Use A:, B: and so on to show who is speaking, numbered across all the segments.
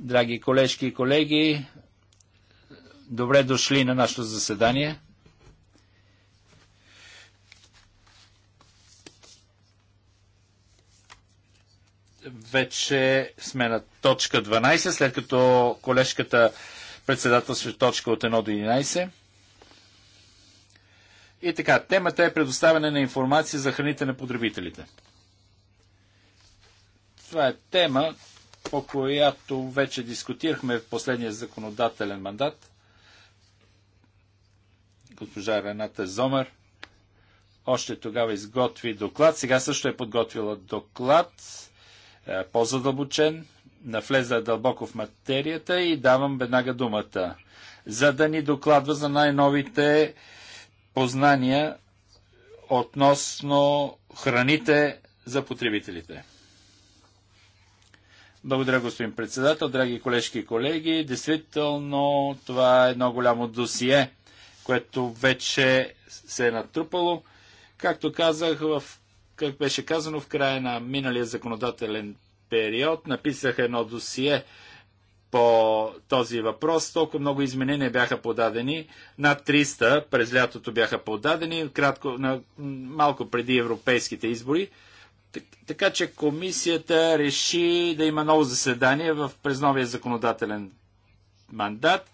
A: Драги
B: колежки и колеги, добре дошли на нашето заседание. Вече сме на точка 12, след като колежката председателства точка от 1 до 11. И така, темата е предоставяне на информация за храните на потребителите. Това е тема, по която вече дискутирахме в последния законодателен мандат. Госпожа Рената Зомер още тогава изготви доклад. Сега също е подготвила доклад, е, по-задълбочен, навлезе дълбоко в материята и давам веднага думата, за да ни докладва за най-новите познания относно храните за потребителите. Благодаря, господин председател, драги колежки и колеги. Действително, това е едно голямо досие, което вече се е натрупало. Както казах, в, как беше казано в края на миналия законодателен период, написах едно досие по този въпрос. Толкова много изменения бяха подадени. Над 300 през лятото бяха подадени, кратко, на, малко преди европейските избори. Така че комисията реши да има ново заседание в, през новия законодателен мандат.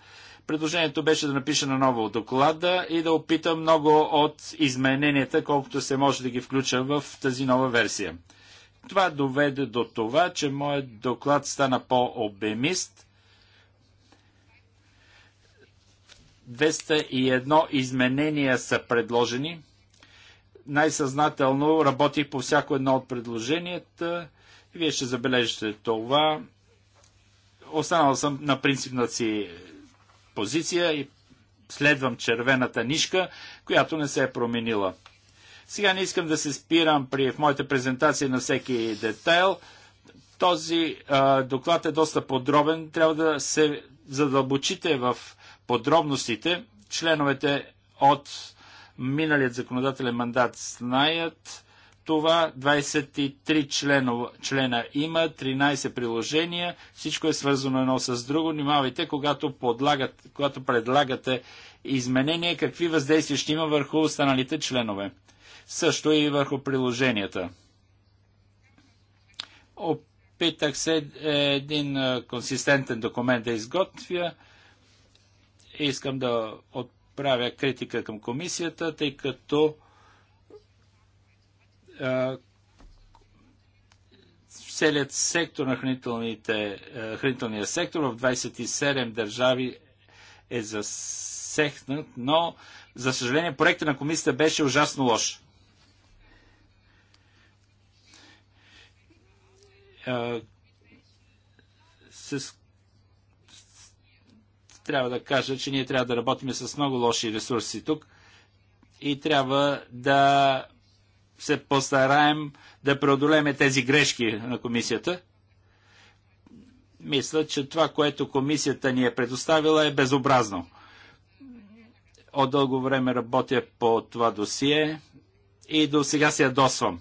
B: Предложението беше да напише на ново доклада и да опита много от измененията, колкото се може да ги включа в тази нова версия. Това доведе до това, че моят доклад стана по-обемист. 201 изменения са предложени най-съзнателно работих по всяко едно от предложенията и вие ще забележите това. Останал съм на принципна си позиция и следвам червената нишка, която не се е променила. Сега не искам да се спирам при, в моите презентации на всеки детайл. Този а, доклад е доста подробен. Трябва да се задълбочите в подробностите. Членовете от миналият законодателен мандат знаят това. 23 члено, члена има, 13 приложения. Всичко е свързано едно с друго. Внимавайте, когато, подлагат, когато предлагате изменения, какви въздействия ще има върху останалите членове. Също и върху приложенията. Опитах се един консистентен документ да изготвя. Искам да от правя критика към комисията, тъй като целият сектор на хранителните, хранителния сектор в 27 държави е засехнат, но за съжаление проекта на комисията беше ужасно лош. С трябва да кажа, че ние трябва да работим с много лоши ресурси тук и трябва да се постараем да преодолеем тези грешки на комисията. Мисля, че това, което комисията ни е предоставила е безобразно. От дълго време работя по това досие и до сега се ядосвам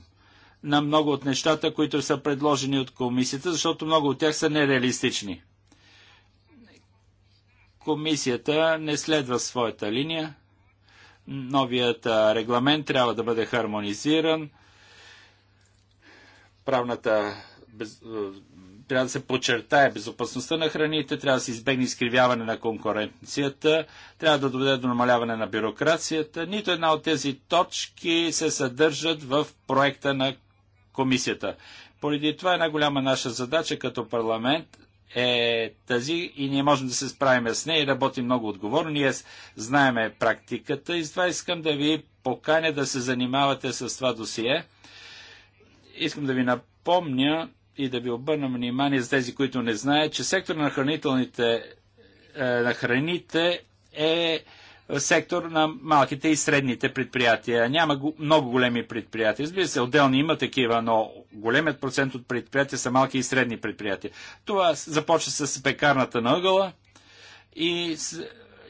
B: на много от нещата, които са предложени от комисията, защото много от тях са нереалистични. Комисията не следва своята линия. Новият регламент трябва да бъде хармонизиран. Правната без... трябва да се подчертае безопасността на храните, трябва да се избегне изкривяване на конкуренцията, трябва да доведе до намаляване на бюрокрацията. Нито една от тези точки се съдържат в проекта на комисията. Поради това е една голяма наша задача като парламент е тази и ние можем да се справим с нея и работим много отговорно. Ние знаеме практиката и това искам да ви поканя да се занимавате с това досие. Искам да ви напомня и да ви обърна внимание за тези, които не знаят, че сектор на хранителните е, на храните е сектор на малките и средните предприятия. Няма много големи предприятия. Разбира се, отделни има такива, но големият процент от предприятия са малки и средни предприятия. Това започва с пекарната на ъгъла и,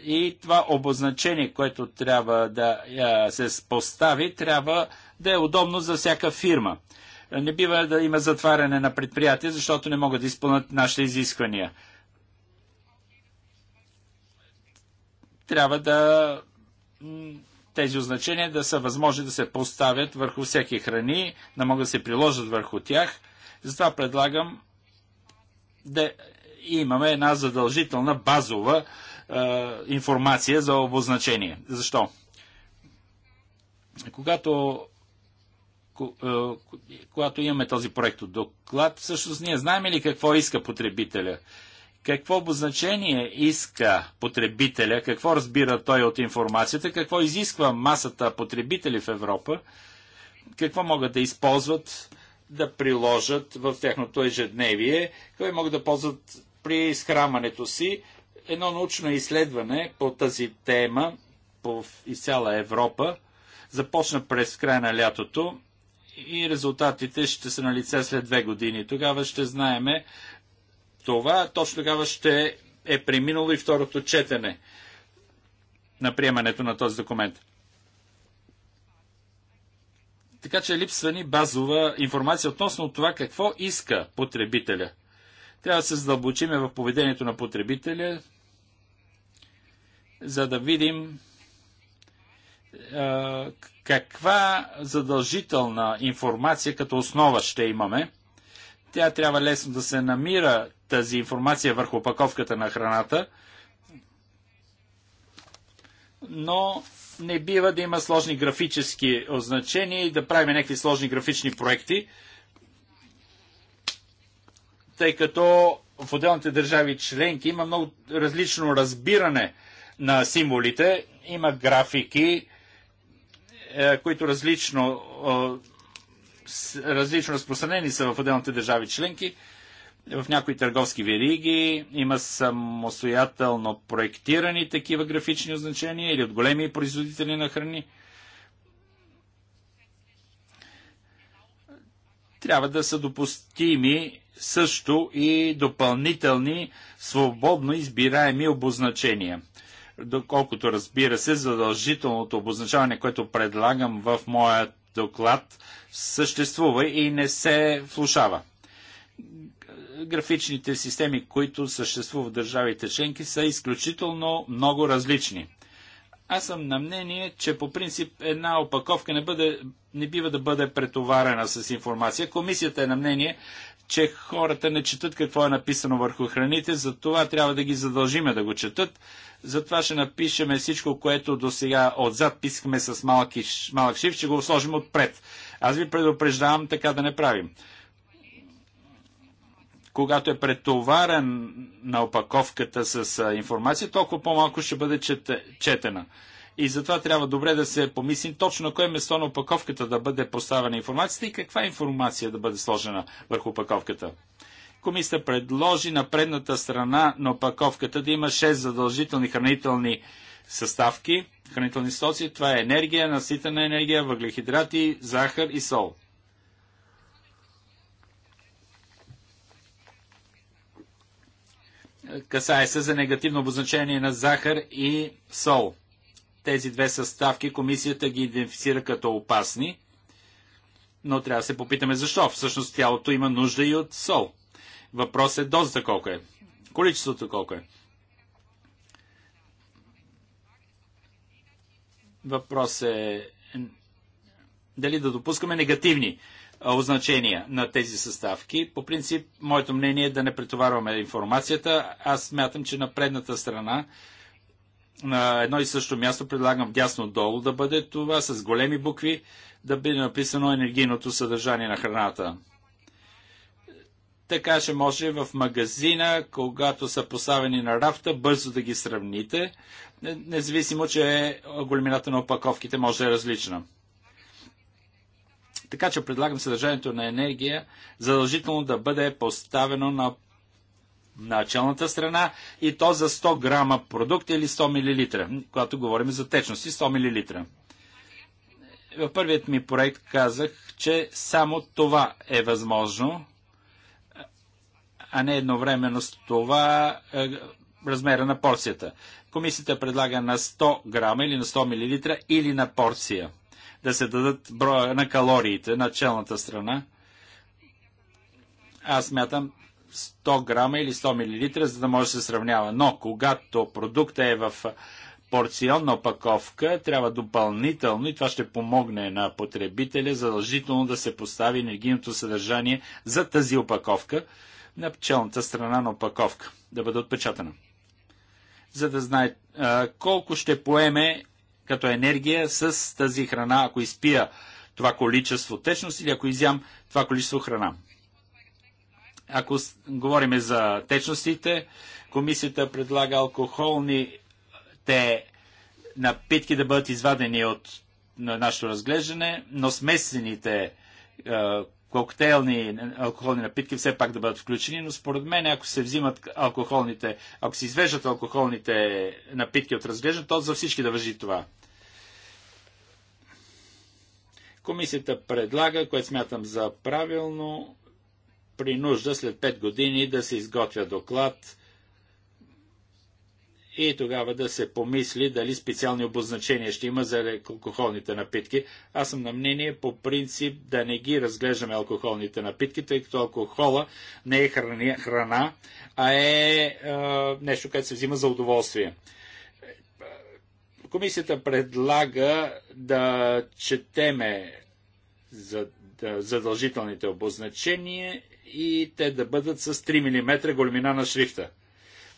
B: и това обозначение, което трябва да се постави, трябва да е удобно за всяка фирма. Не бива да има затваряне на предприятия, защото не могат да изпълнят нашите изисквания. трябва да тези означения да са възможни да се поставят върху всеки храни, да могат да се приложат върху тях. Затова предлагам да имаме една задължителна базова е, информация за обозначение. Защо? Когато, е, когато имаме този проект от доклад, всъщност ние знаем ли какво иска потребителя? какво обозначение иска потребителя, какво разбира той от информацията, какво изисква масата потребители в Европа, какво могат да използват, да приложат в тяхното ежедневие, какво могат да ползват при схрамането си. Едно научно изследване по тази тема по изцяла Европа започна през края на лятото и резултатите ще са на лице след две години. Тогава ще знаеме това точно тогава ще е преминало и второто четене на приемането на този документ. Така че липсва ни базова информация относно това какво иска потребителя. Трябва да се задълбочиме в поведението на потребителя, за да видим каква задължителна информация като основа ще имаме тя трябва лесно да се намира тази информация върху опаковката на храната, но не бива да има сложни графически означения и да правим някакви сложни графични проекти, тъй като в отделните държави членки има много различно разбиране на символите. Има графики, е, които различно е, различно разпространени са в отделните държави членки. В някои търговски вериги има самостоятелно проектирани такива графични означения или от големи производители на храни. Трябва да са допустими също и допълнителни свободно избираеми обозначения. Доколкото разбира се, задължителното обозначаване, което предлагам в моят доклад съществува и не се влушава. Графичните системи, които съществуват в държавите членки, са изключително много различни. Аз съм на мнение, че по принцип една опаковка не, бъде, не бива да бъде претоварена с информация. Комисията е на мнение, че хората не четат какво е написано върху храните, затова трябва да ги задължиме да го четат. Затова ще напишеме всичко, което до сега отзад писахме с малки, малък шиф, ще го сложим отпред. Аз ви предупреждавам така да не правим. Когато е претоварен на опаковката с информация, толкова по-малко ще бъде четена. И затова трябва добре да се помислим точно на кое место на опаковката да бъде поставена информацията и каква информация да бъде сложена върху опаковката. Комисията предложи на предната страна на опаковката да има 6 задължителни хранителни съставки, хранителни стоци. Това е енергия, наситена енергия, въглехидрати, захар и сол. Касае се за негативно обозначение на захар и сол тези две съставки комисията ги идентифицира като опасни, но трябва да се попитаме защо. Всъщност тялото има нужда и от сол. Въпрос е дозата колко е, количеството колко е. Въпрос е дали да допускаме негативни означения на тези съставки. По принцип, моето мнение е да не претоварваме информацията. Аз смятам, че на предната страна на едно и също място предлагам дясно долу да бъде това с големи букви да бъде написано енергийното съдържание на храната. Така ще може в магазина, когато са поставени на рафта, бързо да ги сравните, независимо, че големината на опаковките може да е различна. Така че предлагам съдържанието на енергия задължително да бъде поставено на началната страна и то за 100 грама продукт или 100 мл, когато говорим за течности 100 мл. В първият ми проект казах, че само това е възможно, а не едновременно с това е, размера на порцията. Комисията предлага на 100 грама или на 100 мл или на порция да се дадат броя на калориите на челната страна. Аз мятам, 100 грама или 100 мл, за да може да се сравнява. Но когато продукта е в порционна опаковка, трябва допълнително, и това ще помогне на потребителя, задължително да се постави енергийното съдържание за тази опаковка на пчелната страна на опаковка, да бъде отпечатана. За да знае а, колко ще поеме като енергия с тази храна, ако изпия това количество течност или ако изям това количество храна. Ако говориме за течностите, комисията предлага алкохолните напитки да бъдат извадени от на нашето разглеждане, но смесените е, коктейлни алкохолни напитки все пак да бъдат включени, но според мен, ако се взимат алкохолните, ако се извеждат алкохолните напитки от разглеждане, то за всички да въжи това. Комисията предлага, което смятам за правилно, при нужда след 5 години да се изготвя доклад и тогава да се помисли дали специални обозначения ще има за алкохолните напитки. Аз съм на мнение по принцип да не ги разглеждаме алкохолните напитки, тъй като алкохола не е храна, а е, е нещо, което се взима за удоволствие. Комисията предлага да четеме за задължителните обозначения и те да бъдат с 3 мм големина на шрифта.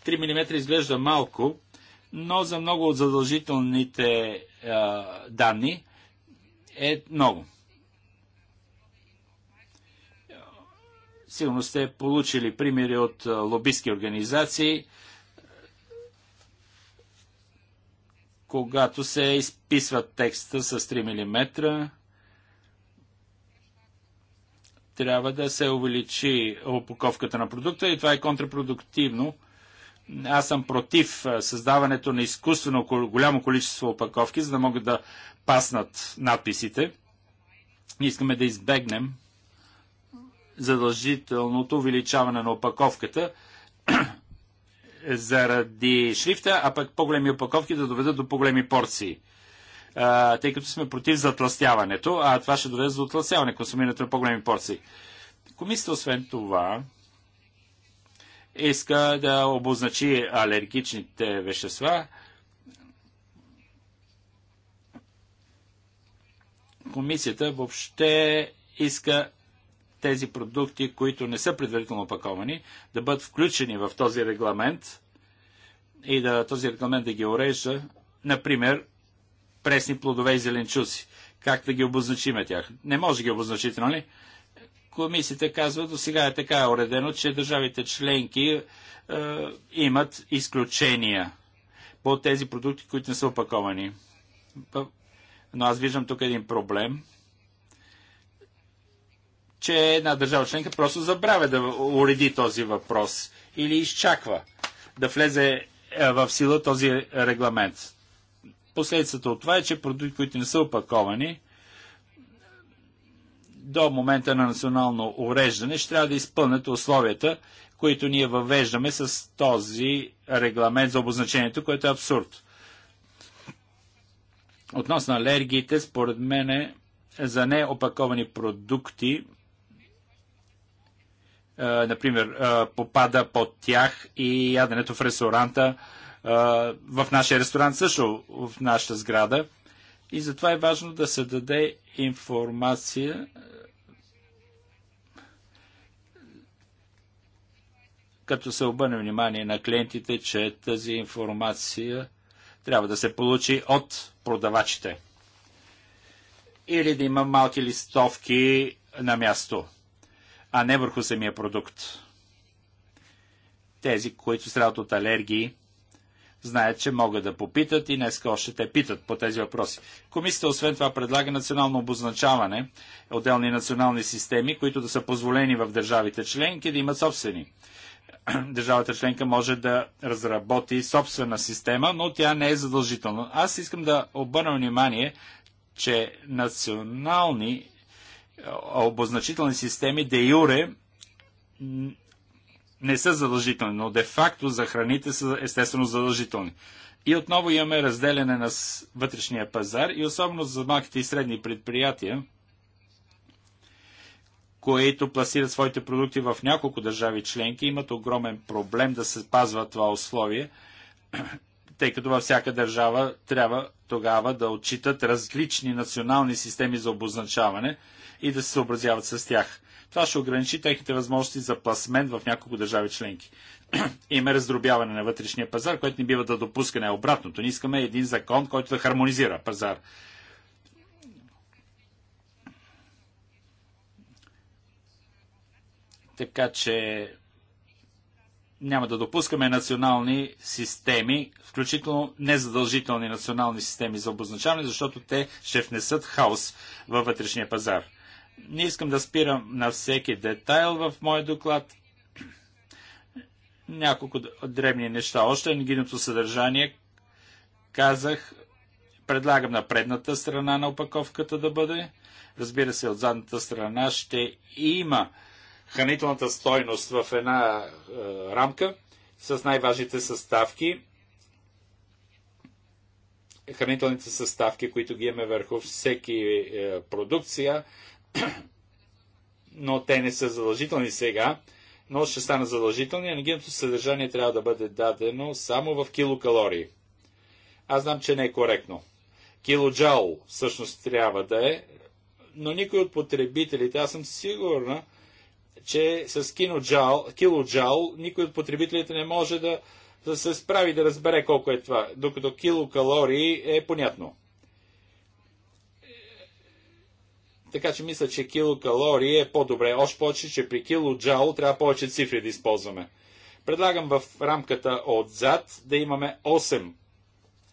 B: 3 мм изглежда малко, но за много от задължителните а, данни е много. Сигурно сте получили примери от лобистки организации, когато се изписват текста с 3 мм, трябва да се увеличи опаковката на продукта и това е контрапродуктивно. Аз съм против създаването на изкуствено голямо количество опаковки, за да могат да паснат надписите. Ние искаме да избегнем задължителното увеличаване на опаковката заради шрифта, а пък по-големи опаковки да доведат до по-големи порции а, тъй като сме против затластяването, а това ще доведе до затластяване, консумирането на по-големи порции. Комисията, освен това, иска да обозначи алергичните вещества. Комисията въобще иска тези продукти, които не са предварително опаковани, да бъдат включени в този регламент и да този регламент да ги урежда, например, пресни плодове и зеленчуци. Как да ги обозначиме тях? Не може да ги обозначите, нали? Комисията казва, до сега е така уредено, че държавите членки е, имат изключения по тези продукти, които не са опаковани. Но аз виждам тук един проблем, че една държава членка просто забравя да уреди този въпрос или изчаква да влезе е, в сила този регламент. Последствата от това е, че продукти, които не са опаковани, до момента на национално уреждане ще трябва да изпълнят условията, които ние въвеждаме с този регламент за обозначението, което е абсурд. Относно алергиите, според мен е за неопаковани продукти, е, например, е, попада под тях и яденето в ресторанта, в нашия ресторант също, в нашата сграда. И затова е важно да се даде информация като се обърне внимание на клиентите, че тази информация трябва да се получи от продавачите. Или да има малки листовки на място, а не върху самия продукт. Тези, които страдат от алергии, знаят, че могат да попитат и днес още те питат по тези въпроси. Комисията освен това предлага национално обозначаване, отделни национални системи, които да са позволени в държавите членки да имат собствени. Държавата членка може да разработи собствена система, но тя не е задължителна. Аз искам да обърна внимание, че национални обозначителни системи де юре не са задължителни, но де-факто за храните са естествено задължителни. И отново имаме разделяне на вътрешния пазар и особено за малките и средни предприятия, които пласират своите продукти в няколко държави членки, имат огромен проблем да се пазва това условие, тъй като във всяка държава трябва тогава да отчитат различни национални системи за обозначаване и да се съобразяват с тях. Това ще ограничи техните възможности за пласмент в няколко държави членки. Има раздробяване на вътрешния пазар, което не бива да допуска не обратното. Ние искаме един закон, който да хармонизира пазар. Така че няма да допускаме национални системи, включително незадължителни национални системи за обозначаване, защото те ще внесат хаос във вътрешния пазар. Не искам да спирам на всеки детайл в моя доклад. Няколко древни неща. Още енгиното съдържание казах, предлагам на предната страна на опаковката да бъде. Разбира се, от задната страна ще има хранителната стойност в една е, рамка с най-важните съставки. Хранителните съставки, които ги имаме върху всеки е, продукция, но те не са задължителни сега, но ще станат задължителни. Енергийното съдържание трябва да бъде дадено само в килокалории. Аз знам, че не е коректно. Килоджал всъщност трябва да е, но никой от потребителите, аз съм сигурна, че с киноджал, килоджал никой от потребителите не може да, да се справи да разбере колко е това, докато килокалории е понятно. Така че мисля, че килокалории е по-добре. Още повече, че при килоджаул трябва повече цифри да използваме. Предлагам в рамката отзад да имаме 8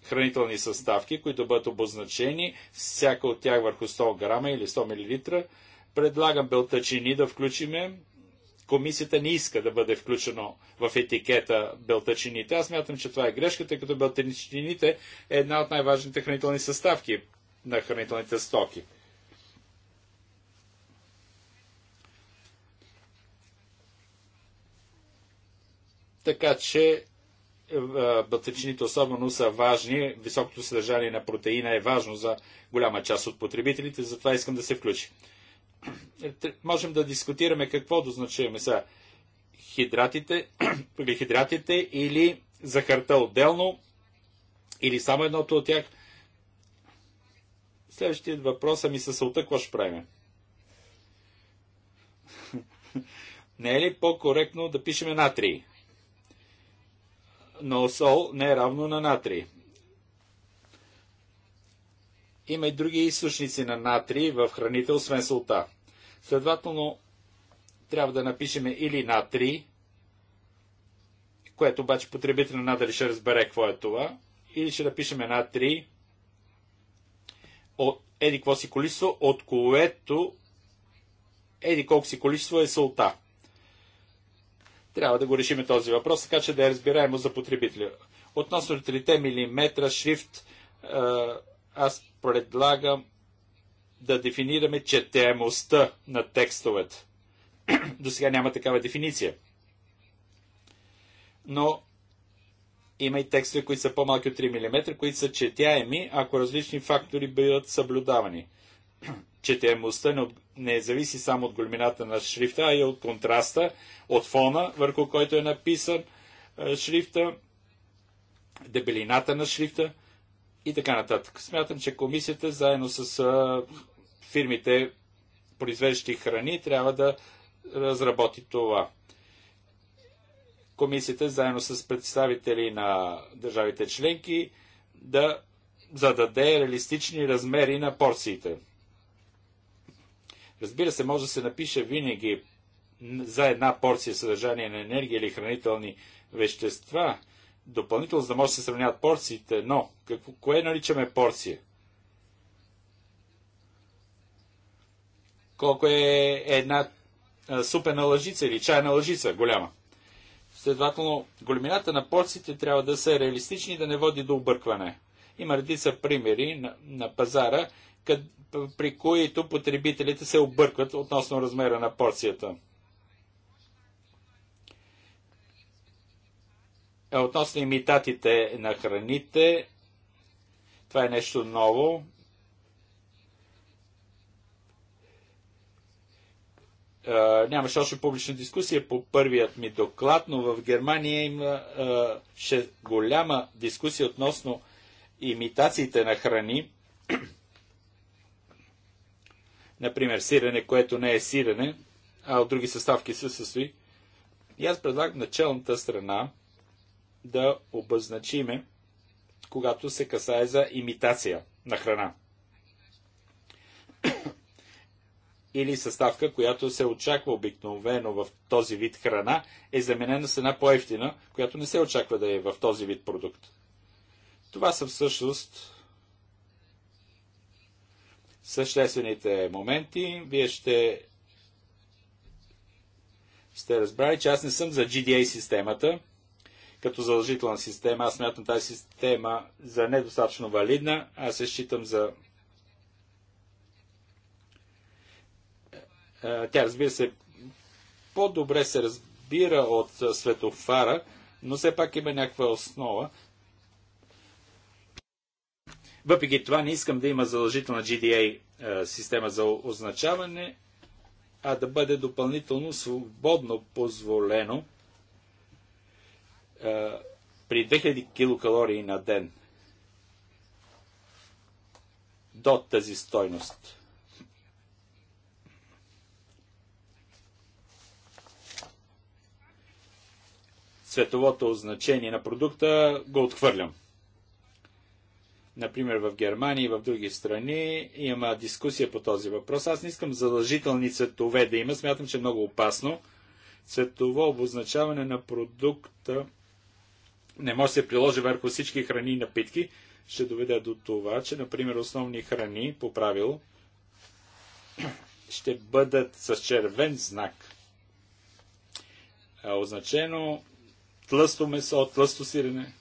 B: хранителни съставки, които бъдат обозначени, всяка от тях върху 100 грама или 100 мл. Предлагам белтачини да включиме. Комисията не иска да бъде включено в етикета белтачините. Аз мятам, че това е грешка, тъй като белтачините е една от най-важните хранителни съставки на хранителните стоки. Така че е, е, бътречините особено са важни. Високото съдържание на протеина е важно за голяма част от потребителите, затова искам да се включи. Е, можем да дискутираме какво дозначаваме са хидратите, хидратите или захарта отделно, или само едното от тях. Следващият въпрос ми със сълта, какво ще правим? Не е ли по-коректно да пишеме натрий? но сол не е равно на натрий. Има и други източници на натрий в храните, освен солта. Следователно, трябва да напишем или натрий, което обаче потребителя надали ще разбере какво е това, или ще напишем натрий от еди какво си количество, от което еди колко си количество е солта. Трябва да го решим този въпрос, така че да е разбираемо за потребителя. Относно 3 мм шрифт, аз предлагам да дефинираме четемостта на текстовете. До сега няма такава дефиниция. Но има и текстове, които са по-малки от 3 мм, които са четяеми, ако различни фактори бъдат съблюдавани. четемостта не, от, не зависи само от големината на шрифта, а и от контраста, от фона, върху който е написан е, шрифта, дебелината на шрифта и така нататък. Смятам, че комисията заедно с е, фирмите, произвеждащи храни, трябва да разработи това. Комисията заедно с представители на държавите членки да зададе реалистични размери на порциите – Разбира се, може да се напише винаги за една порция съдържание на енергия или хранителни вещества, допълнително, за да може да се сравняват порциите, но какво, кое наричаме порция? Колко е една супена лъжица или чайна лъжица голяма? Следователно, големината на порциите трябва да са реалистични и да не води до объркване. Има редица примери на, на пазара, къд, при които потребителите се объркват относно размера на порцията. Е, относно имитатите на храните, това е нещо ново. Е, нямаше още публична дискусия по първият ми доклад, но в Германия има е, голяма дискусия относно имитациите на храни. Например, сирене, което не е сирене, а от други съставки се състои. И аз предлагам началната страна да обозначиме, когато се касае за имитация на храна. Или съставка, която се очаква обикновено в този вид храна, е заменена с една по-ефтина, която не се очаква да е в този вид продукт. Това са всъщност съществените моменти. Вие ще сте разбрали, че аз не съм за GDA системата. Като задължителна система, аз смятам тази система за недостатъчно валидна. Аз се считам за тя разбира се по-добре се разбира от светофара, но все пак има някаква основа. Въпреки това не искам да има задължителна GDA е, система за означаване, а да бъде допълнително свободно позволено е, при 2000 килокалории на ден до тази стойност. Световото значение на продукта го отхвърлям. Например, в Германия и в други страни има дискусия по този въпрос. Аз не искам задължителни цветове да има. Смятам, че е много опасно. Цветово обозначаване на продукта не може да се приложи върху всички храни и напитки. Ще доведе до това, че, например, основни храни по правило ще бъдат с червен знак. Означено тлъсто месо, тлъсто сирене,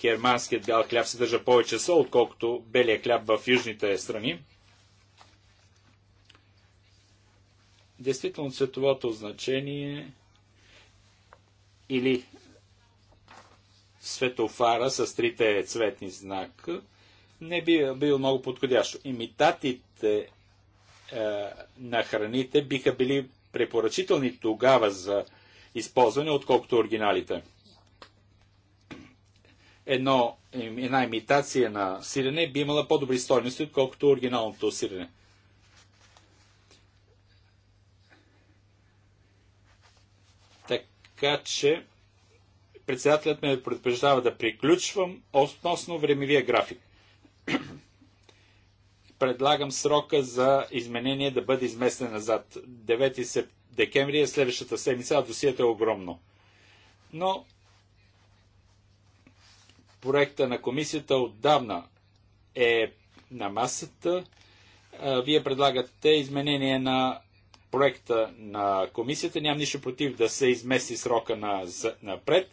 B: германският бял хляб съдържа повече сол, отколкото белия хляб в южните страни. Действително цветовото значение или светофара с трите цветни знака не би бил много подходящо. Имитатите е, на храните биха били препоръчителни тогава за използване, отколкото оригиналите едно, една имитация на сирене би имала по-добри стойности, отколкото оригиналното сирене. Така че председателят ме предупреждава да приключвам относно времевия график. Предлагам срока за изменение да бъде изместен назад. 9 декември е следващата седмица, а досието е огромно. Но Проекта на комисията отдавна е на масата. Вие предлагате изменение на проекта на комисията. Нямам нищо против да се измести срока на, напред.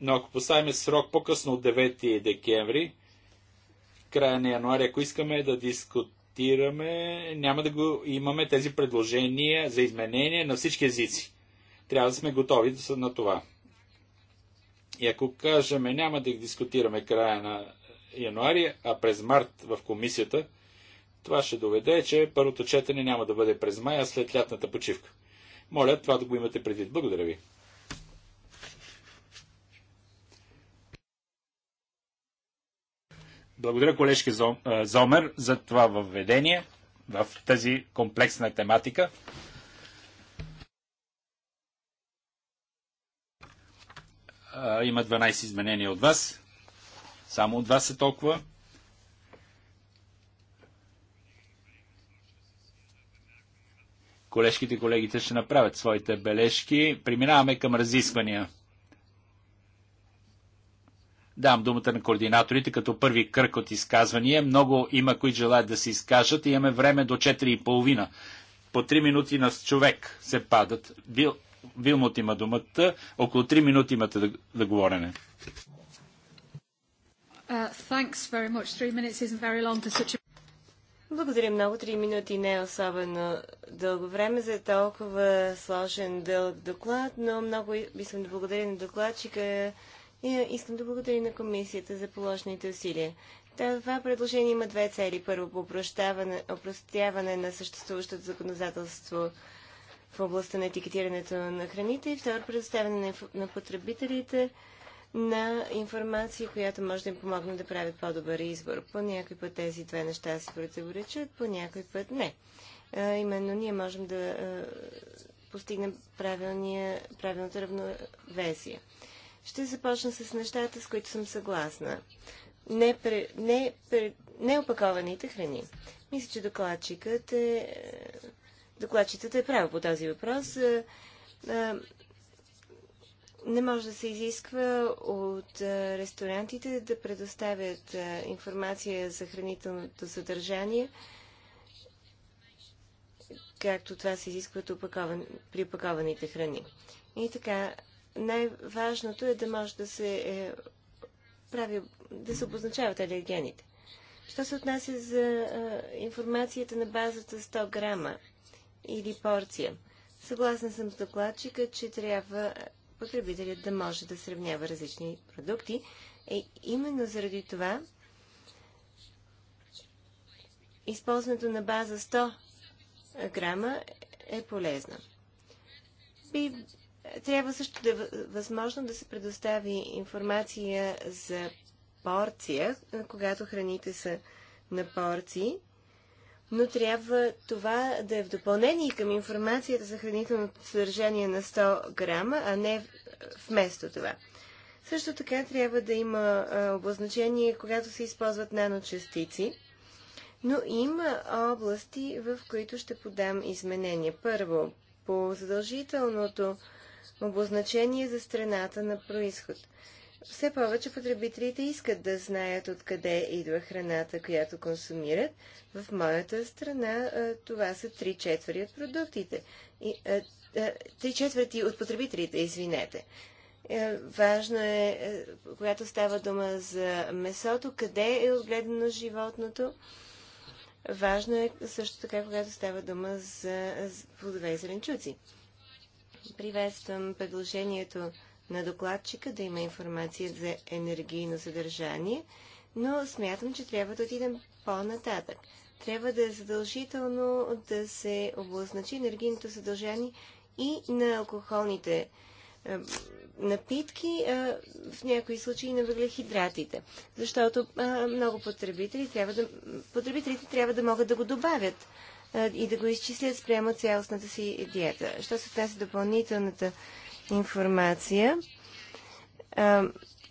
B: Но ако поставим срок по-късно от 9 декември, края на януари, ако искаме да дискутираме, няма да го имаме тези предложения за изменение на всички езици. Трябва да сме готови да са на това. И ако кажем, няма да дискутираме края на януари, а през март в комисията, това ще доведе, че първото четене няма да бъде през май, а след лятната почивка. Моля това да го имате предвид. Благодаря ви. Благодаря, колежки Зомер, за това въведение в тази комплексна тематика. има 12 изменения от вас. Само от вас е толкова. Колежките и колегите ще направят своите бележки. Преминаваме към разисквания. Давам думата на координаторите като първи кръг от изказвания. Много има, които желаят да се изкажат. и Имаме време до 4,5. По 3 минути на човек се падат. Бил, Вилмот има думата. Около 3 минути имате да, да говорене.
A: Uh,
C: благодаря много. Три минути не е особено дълго време за толкова сложен дълг доклад, но много искам да благодаря на докладчика и искам да благодаря на комисията за положените усилия. Това предложение има две цели. Първо, по опростяване на съществуващото законодателство в областта на етикетирането на храните и второ предоставяне на, на потребителите на информация, която може да им помогне да правят по-добър избор. По някой път тези две неща се противоречат, по някой път не. А, именно ние можем да а, постигнем правилното равновесие. Ще започна с нещата, с които съм съгласна. Не, пре, не, пре, неопакованите храни. Мисля, че докладчикът е Докладчицата е права по този въпрос. Е, е, не може да се изисква от е, ресторантите да предоставят информация за хранителното съдържание, както това се изисква при опакованите храни. И така, най-важното е да може да се прави, да се обозначават алергените. Що се отнася за информацията на базата 100 грама? или порция. Съгласна съм с докладчика, че трябва потребителят да може да сравнява различни продукти. Е, именно заради това използването на база 100 грама е полезно. И трябва също да е възможно да се предостави информация за порция, когато храните са на порции, но трябва това да е в допълнение към информацията за хранителното съдържание на 100 грама, а не вместо това. Също така трябва да има обозначение, когато се използват наночастици, но има области, в които ще подам изменения. Първо, по задължителното обозначение за страната на происход все повече потребителите искат да знаят откъде идва храната, която консумират. В моята страна това са три четвърти от продуктите. Три четвърти от потребителите, извинете. Е, важно е, е, когато става дума за месото, къде е отгледано животното. Важно е също така, когато става дума за плодове и зеленчуци. Приветствам предложението на докладчика да има информация за енергийно съдържание, но смятам, че трябва да отидем по-нататък. Трябва да е задължително да се обозначи енергийното съдържание и на алкохолните е, напитки, е, в някои случаи на въглехидратите. Защото е, много потребители трябва да, потребителите трябва да могат да го добавят е, и да го изчислят спрямо цялостната си диета. Що се отнася допълнителната информация.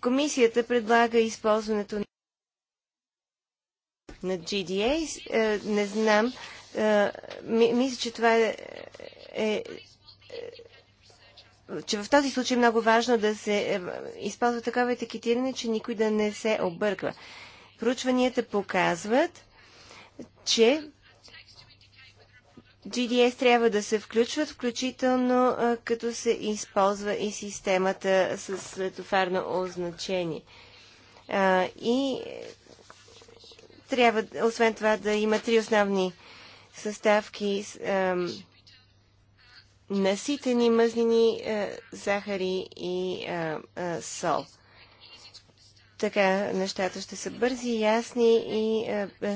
C: Комисията предлага използването на GDA. Е, не знам. Е, мисля, че това е, е, че в този случай е много важно да се използва такова етикетиране, че никой да не се обърква. Проучванията показват, че GDS трябва да се включват, включително като се използва и системата с светофарно означение. И е, трябва, освен това, да има три основни съставки наситени мъзнини, захари и сол. Така нещата ще са бързи, ясни и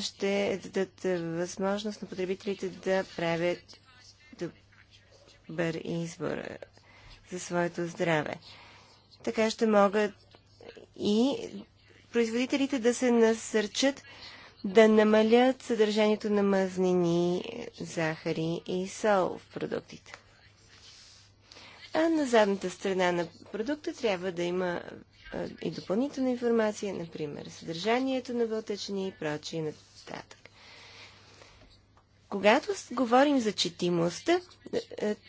C: ще дадат възможност на потребителите да правят добър избор за своето здраве. Така ще могат и производителите да се насърчат да намалят съдържанието на мазнини, захари и сол в продуктите. А на задната страна на продукта трябва да има и допълнителна информация, например, съдържанието на вълтъчни и прочие нататък. Когато говорим за четимостта,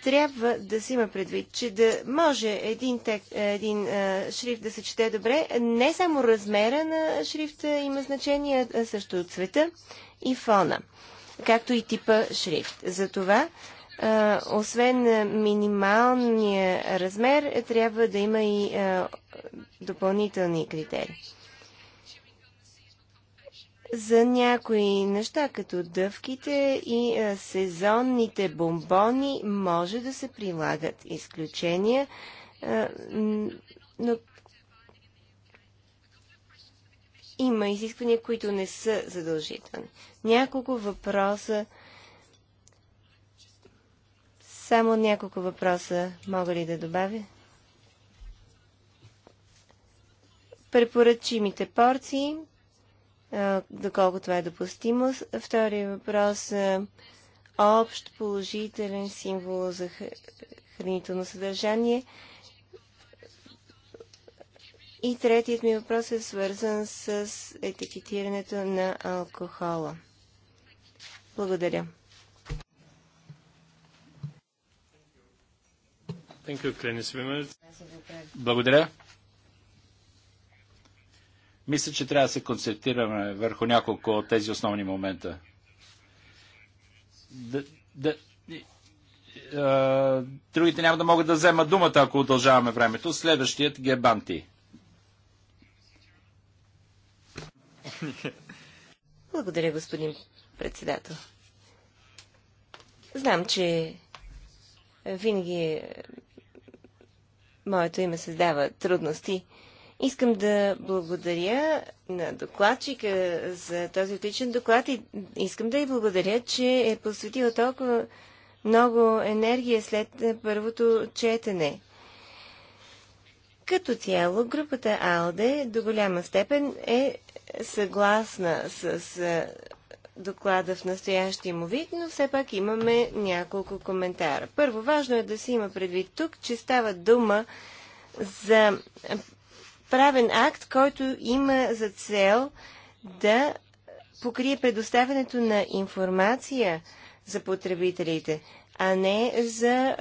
C: трябва да си има предвид, че да може един, тек, един шрифт да се чете добре, не само размера на шрифта има значение, а също цвета и фона, както и типа шрифт. Затова освен минималния размер, е, трябва да има и допълнителни критерии. За някои неща, като дъвките и сезонните бомбони, може да се прилагат изключения, но има изисквания, които не са задължителни. Няколко въпроса само няколко въпроса мога ли да добавя? Препоръчимите порции, доколко това е допустимо. Втория въпрос – общ положителен символ за хранително съдържание. И третият ми въпрос е свързан с етикетирането на алкохола. Благодаря.
A: You, Благодаря.
B: Мисля, че трябва да се концентрираме върху няколко от тези основни момента. Да, да, другите няма да могат да вземат думата, ако удължаваме времето. Следващият ги е Банти.
C: Благодаря, господин председател. Знам, че винаги е моето име създава трудности. Искам да благодаря на докладчика за този отличен доклад и искам да й благодаря, че е посветила толкова много енергия след първото четене. Като цяло, групата АЛДЕ до голяма степен е съгласна с доклада в настоящия му вид, но все пак имаме няколко коментара. Първо, важно е да се има предвид тук, че става дума за правен акт, който има за цел да покрие предоставянето на информация за потребителите, а не за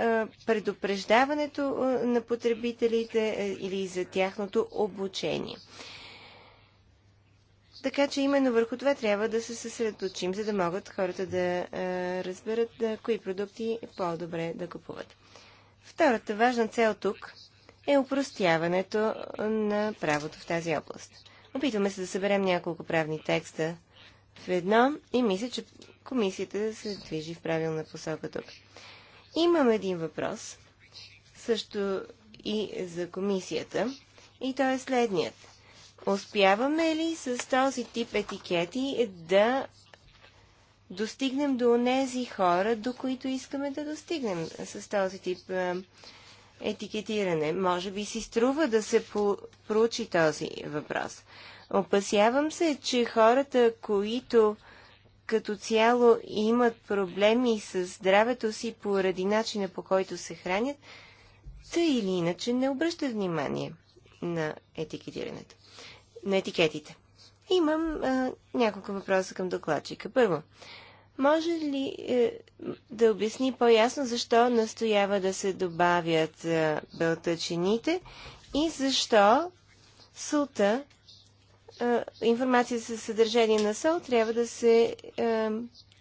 C: предупреждаването на потребителите или за тяхното обучение. Така че именно върху това трябва да се съсредоточим, за да могат хората да а, е, разберат да, кои продукти е по-добре да купуват. Втората важна цел тук е упростяването на правото в тази област. Опитваме се да съберем няколко правни текста в едно и мисля, че комисията се движи в правилна посока тук. Имам един въпрос, също и за комисията, и той е следният – Успяваме ли с този тип етикети да достигнем до тези хора, до които искаме да достигнем с този тип етикетиране? Може би си струва да се проучи този въпрос. Опасявам се, че хората, които като цяло имат проблеми с здравето си поради начина по който се хранят, тъй или иначе не обръщат внимание на етикетирането на етикетите. Имам а, няколко въпроса към докладчика. Първо, може ли е, да обясни по-ясно защо настоява да се добавят е, белтъчините и защо солта, е, информация за съдържание на сол трябва да се е,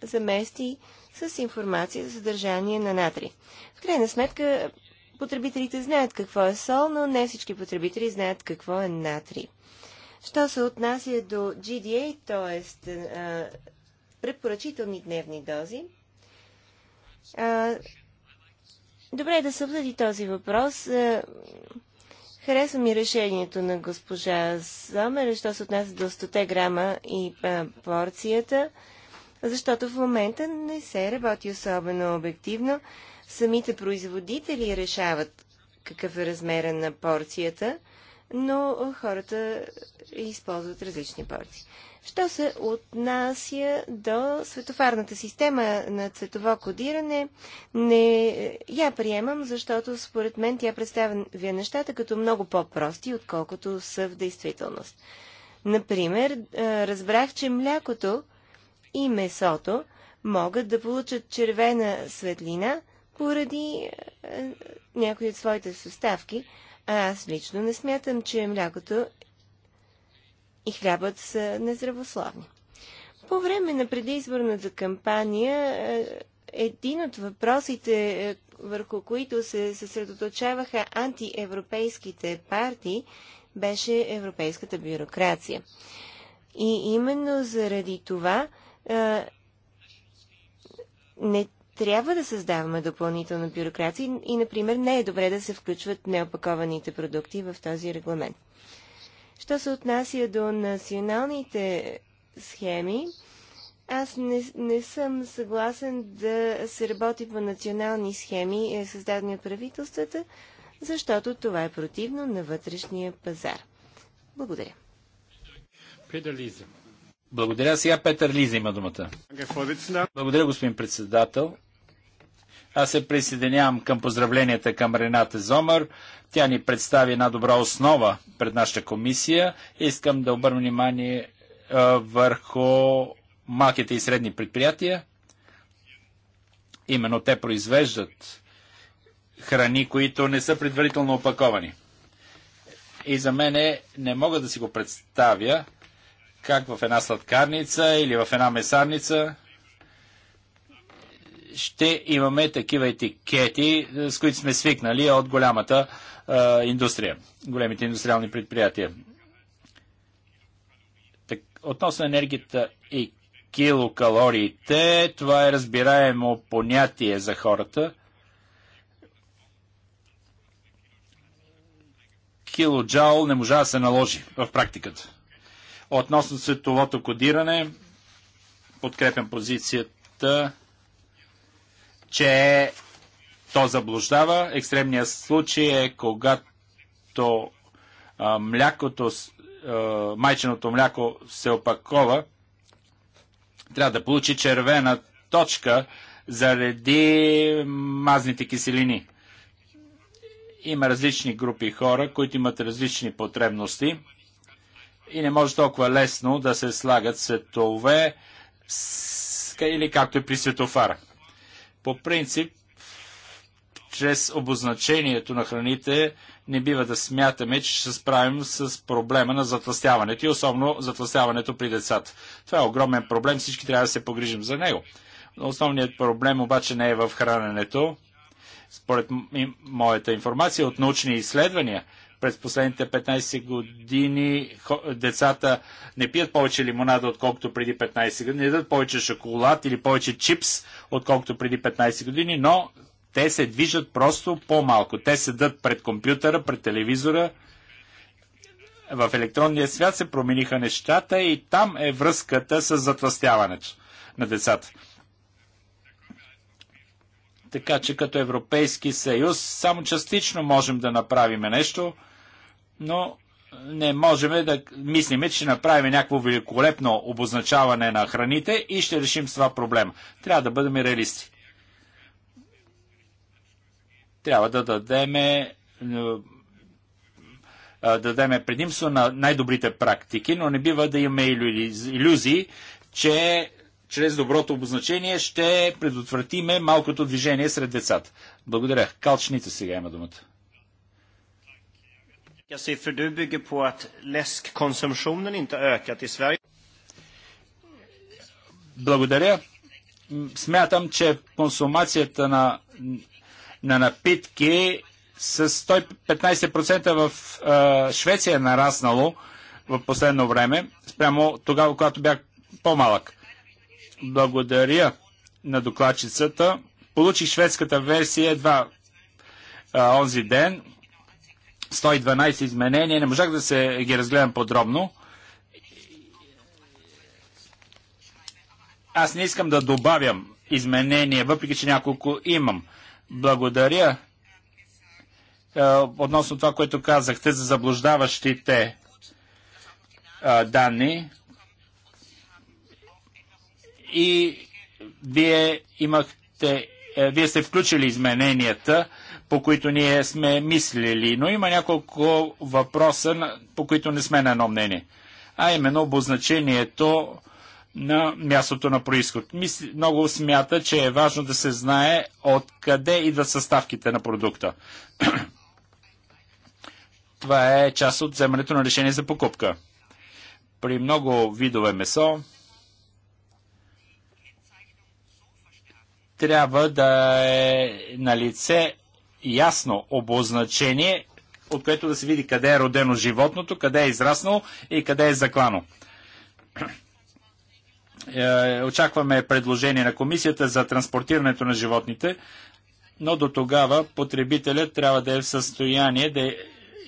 C: замести с информация за съдържание на натри? В крайна сметка, потребителите знаят какво е сол, но не всички потребители знаят какво е натри. Що се отнася до GDA, т.е. препоръчителни дневни дози, добре е да се обсъди този въпрос. Е, харесва ми решението на госпожа Сомер, що се отнася до 100 грама и а, порцията, защото в момента не се работи особено обективно. Самите производители решават какъв е размера на порцията но хората използват различни порти. Що се отнася до светофарната система на цветово кодиране, не я приемам, защото според мен тя представя нещата като много по-прости, отколкото са в действителност. Например, разбрах, че млякото и месото могат да получат червена светлина поради някои от своите съставки, а аз лично не смятам, че млякото и хлябът са нездравословни. По време на предизборната кампания е, един от въпросите, е, върху които се съсредоточаваха антиевропейските партии, беше европейската бюрокрация. И именно заради това е, не трябва да създаваме допълнителна бюрокрация и, например, не е добре да се включват неопакованите продукти в този регламент. Що се отнася до националните схеми, аз не, не съм съгласен да се работи по национални схеми, е, създадени от правителствата, защото това е противно на вътрешния пазар. Благодаря.
A: Петър Лиза.
B: Благодаря. Сега Петър Лиза има думата. Благодаря, господин председател. Аз се присъединявам към поздравленията към Рената Зомър. Тя ни представи една добра основа пред нашата комисия. Искам да обърна внимание а, е, върху малките и средни предприятия. Именно те произвеждат храни, които не са предварително опаковани. И за мен не мога да си го представя как в една сладкарница или в една месарница ще имаме такива етикети, с които сме свикнали от голямата а, индустрия, големите индустриални предприятия. Так, относно енергията и килокалориите, това е разбираемо понятие за хората. Килоджаул не можа да се наложи в практиката. Относно световото кодиране, подкрепям позицията че то заблуждава. Екстремният случай е когато а, млякото, а, майченото мляко се опакова, трябва да получи червена точка заради мазните киселини. Има различни групи хора, които имат различни потребности и не може толкова лесно да се слагат светове или както и при светофара. По принцип, чрез обозначението на храните не бива да смятаме, че ще се справим с проблема на затластяването и особено затластяването при децата. Това е огромен проблем, всички трябва да се погрижим за него. Но основният проблем обаче не е в храненето. Според моята информация от научни изследвания – през последните 15 години децата не пият повече лимонада, отколкото преди 15 години, не дадат повече шоколад или повече чипс, отколкото преди 15 години, но те се движат просто по-малко. Те седат пред компютъра, пред телевизора. В електронния свят се промениха нещата и там е връзката с затластяването на децата. Така че като Европейски съюз само частично можем да направим нещо, но не можем да мислиме, че направим някакво великолепно обозначаване на храните и ще решим с това проблема. Трябва да бъдем реалисти. Трябва да дадеме е, е, да дадеме предимство на най-добрите практики, но не бива да имаме иллюзии, че чрез доброто обозначение ще предотвратиме малкото движение сред децата. Благодаря. Калчните сега има думата. Благодаря. Смятам, че консумацията на, на напитки с 115% в Швеция е нараснало в последно време, спрямо тогава, когато бях по-малък. Благодаря на докладчицата. Получих шведската версия едва а, онзи ден. 112 изменения. Не можах да се ги разгледам подробно. Аз не искам да добавям изменения, въпреки че няколко имам. Благодаря а, относно това, което казахте за заблуждаващите а, данни и вие имахте, е, вие сте включили измененията, по които ние сме мислили, но има няколко въпроса, по които не сме на едно мнение. А именно обозначението на мястото на происход. много смята, че е важно да се знае откъде идват съставките на продукта. Това е част от вземането на решение за покупка. При много видове месо, трябва да е на лице ясно обозначение, от което да се види къде е родено животното, къде е израснало и къде е заклано. Е, очакваме предложение на комисията за транспортирането на животните, но до тогава потребителят трябва да е в състояние да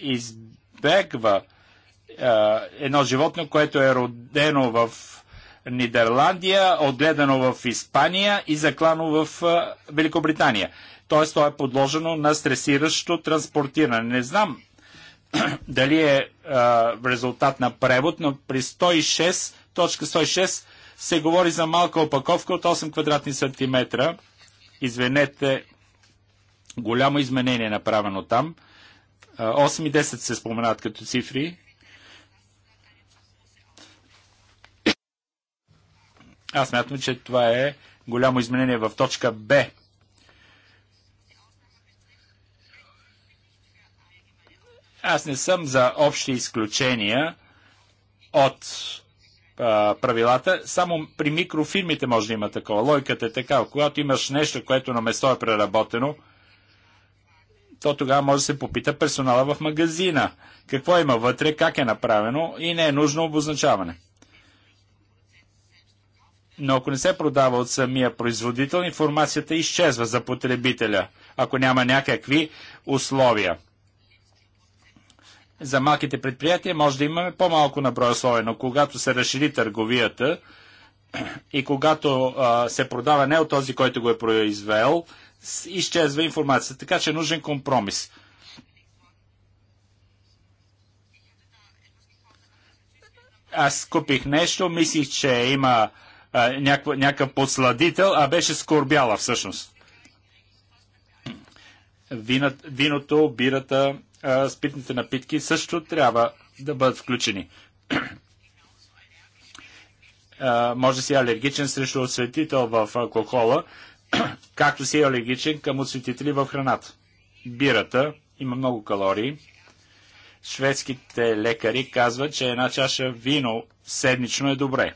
B: избегва е, едно животно, което е родено в Нидерландия, отгледано в Испания и заклано в Великобритания. Т.е. то е подложено на стресиращо транспортиране. Не знам дали е в резултат на превод, но при 106, 106 се говори за малка опаковка от 8 квадратни сантиметра. Извинете, голямо изменение е направено там. 8 и 10 се споменат като цифри. Аз смятам, че това е голямо изменение в точка Б. Аз не съм за общи изключения от а, правилата. Само при микрофирмите може да има такова. Лойката е така. Когато имаш нещо, което на место е преработено, то тогава може да се попита персонала в магазина. Какво има вътре, как е направено и не е нужно обозначаване. Но ако не се продава от самия производител, информацията изчезва за потребителя, ако няма някакви условия. За малките предприятия може да имаме по-малко на брой условия, но когато се разшири търговията и когато а, се продава не от този, който го е произвел, изчезва информацията. Така че е нужен компромис. Аз купих нещо, мислих, че има някакъв, подсладител, а беше скорбяла всъщност. Вина, виното, бирата, а, спитните напитки също трябва да бъдат включени. а, може си алергичен срещу осветител в алкохола, както си е алергичен към осветители в храната. Бирата има много калории. Шведските лекари казват, че една чаша вино седмично е добре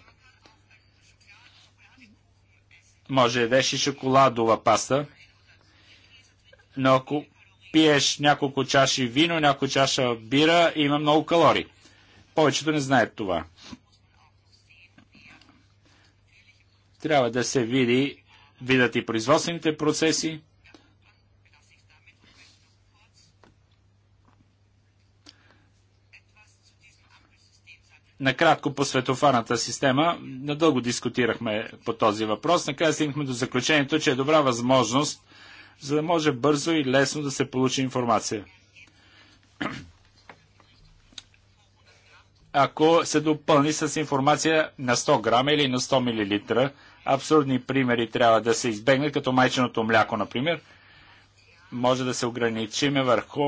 B: може беше шоколадова паста, но ако пиеш няколко чаши вино, няколко чаша бира, има много калории. Повечето не знаят това. Трябва да се види, видят и производствените процеси, Накратко по светофарната система, надълго дискутирахме по този въпрос. Накрая стигнахме до заключението, че е добра възможност, за да може бързо и лесно да се получи информация. Ако се допълни с информация на 100 грама или на 100 мл, абсурдни примери трябва да се избегнат, като майченото мляко, например, може да се ограничиме върху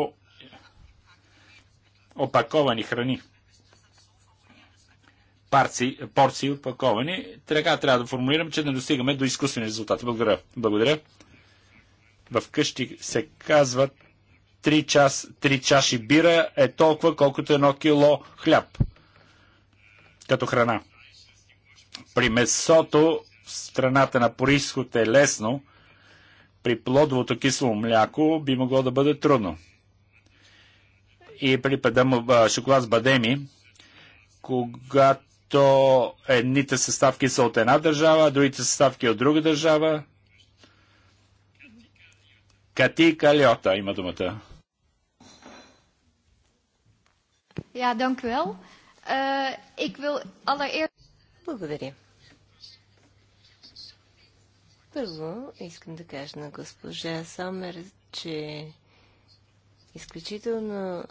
B: опаковани храни парци, порции опаковани. Така трябва да формулирам, че не достигаме до изкуствени резултати. Благодаря. Благодаря. В къщи се казват 3, час, 3 чаши бира е толкова, колкото едно кило хляб като храна. При месото в страната на происход е лесно, при плодовото кисело мляко би могло да бъде трудно. И при шоколад с бадеми, когато защо едните съставки са от една държава, другите съставки от друга държава. Кати Калиота има думата.
C: Ja, dank u wel. Uh, ik wil allereerst... Благодаря. Първо искам да кажа на госпожа Сомер, че изключително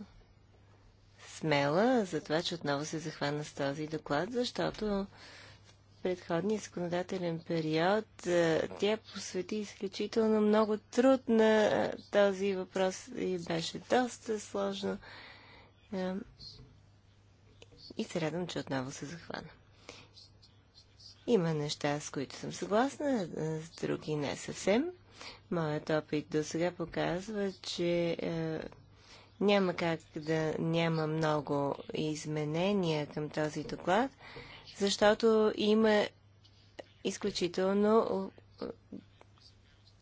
C: смела за това, че отново се захвана с този доклад, защото в предходния законодателен период тя посвети изключително много труд на този въпрос и беше доста сложно. И се радвам, че отново се захвана. Има неща, с които съм съгласна, с други не съвсем. Моят опит до сега показва, че няма как да няма много изменения към този доклад, защото има изключително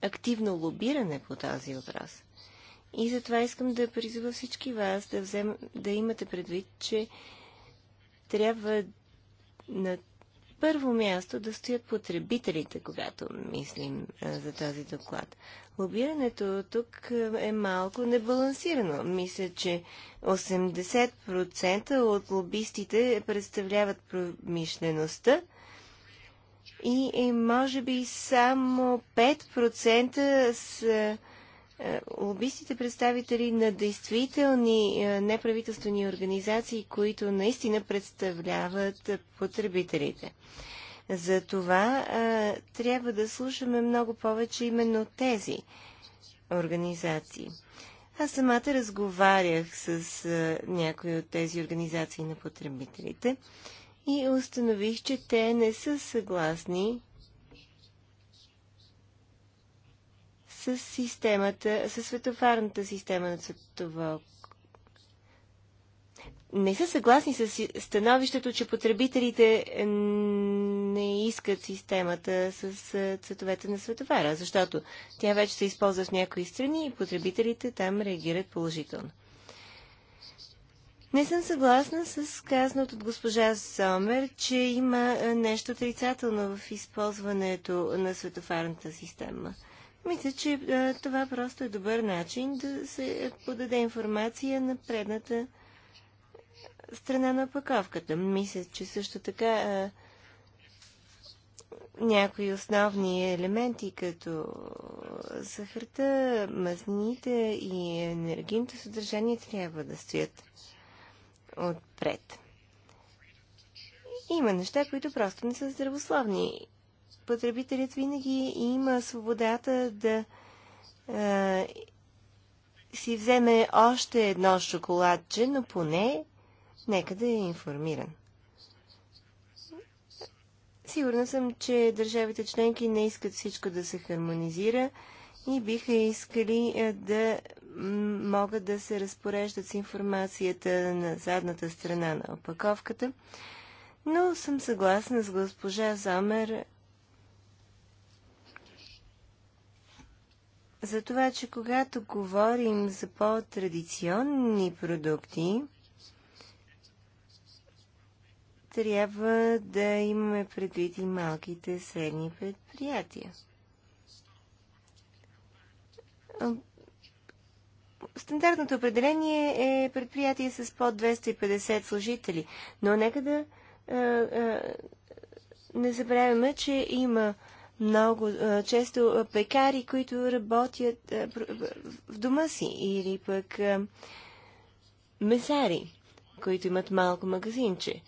C: активно лобиране по този въпрос. И затова искам да призова всички вас да, взем, да имате предвид, че трябва на първо място да стоят потребителите, когато мислим а, за този доклад. Лобирането тук е малко небалансирано. Мисля, че 80% от лобистите представляват промишлеността и, и може би само 5% са е, лобистите представители на действителни е, неправителствени организации, които наистина представляват потребителите. За това е, трябва да слушаме много повече именно тези организации. Аз самата разговарях с някои от тези организации на потребителите и установих, че те не са съгласни с системата, с светофарната система на цветово. Не са съгласни с становището, че потребителите не искат системата с цветовете на светофара, защото тя вече се използва в някои страни и потребителите там реагират положително. Не съм съгласна с казаното от госпожа Сомер, че има нещо отрицателно в използването на светофарната система. Мисля, че а, това просто е добър начин да се подаде информация на предната страна на опаковката. Мисля, че също така а, някои основни елементи, като сахарта, мазнините и енергийното съдържание трябва да стоят отпред. Има неща, които просто не са здравословни потребителят винаги има свободата да а, си вземе още едно шоколадче, но поне нека да е информиран. Сигурна съм, че държавите членки не искат всичко да се хармонизира и биха искали да могат да се разпореждат с информацията на задната страна на опаковката. Но съм съгласна с госпожа Замер, за това, че когато говорим за по-традиционни продукти, трябва да имаме предвид и малките средни предприятия. Стандартното определение е предприятие с под 250 служители, но нека да а, а, не забравяме, че има много често пекари, които работят в дома си или пък месари, които имат малко магазинче.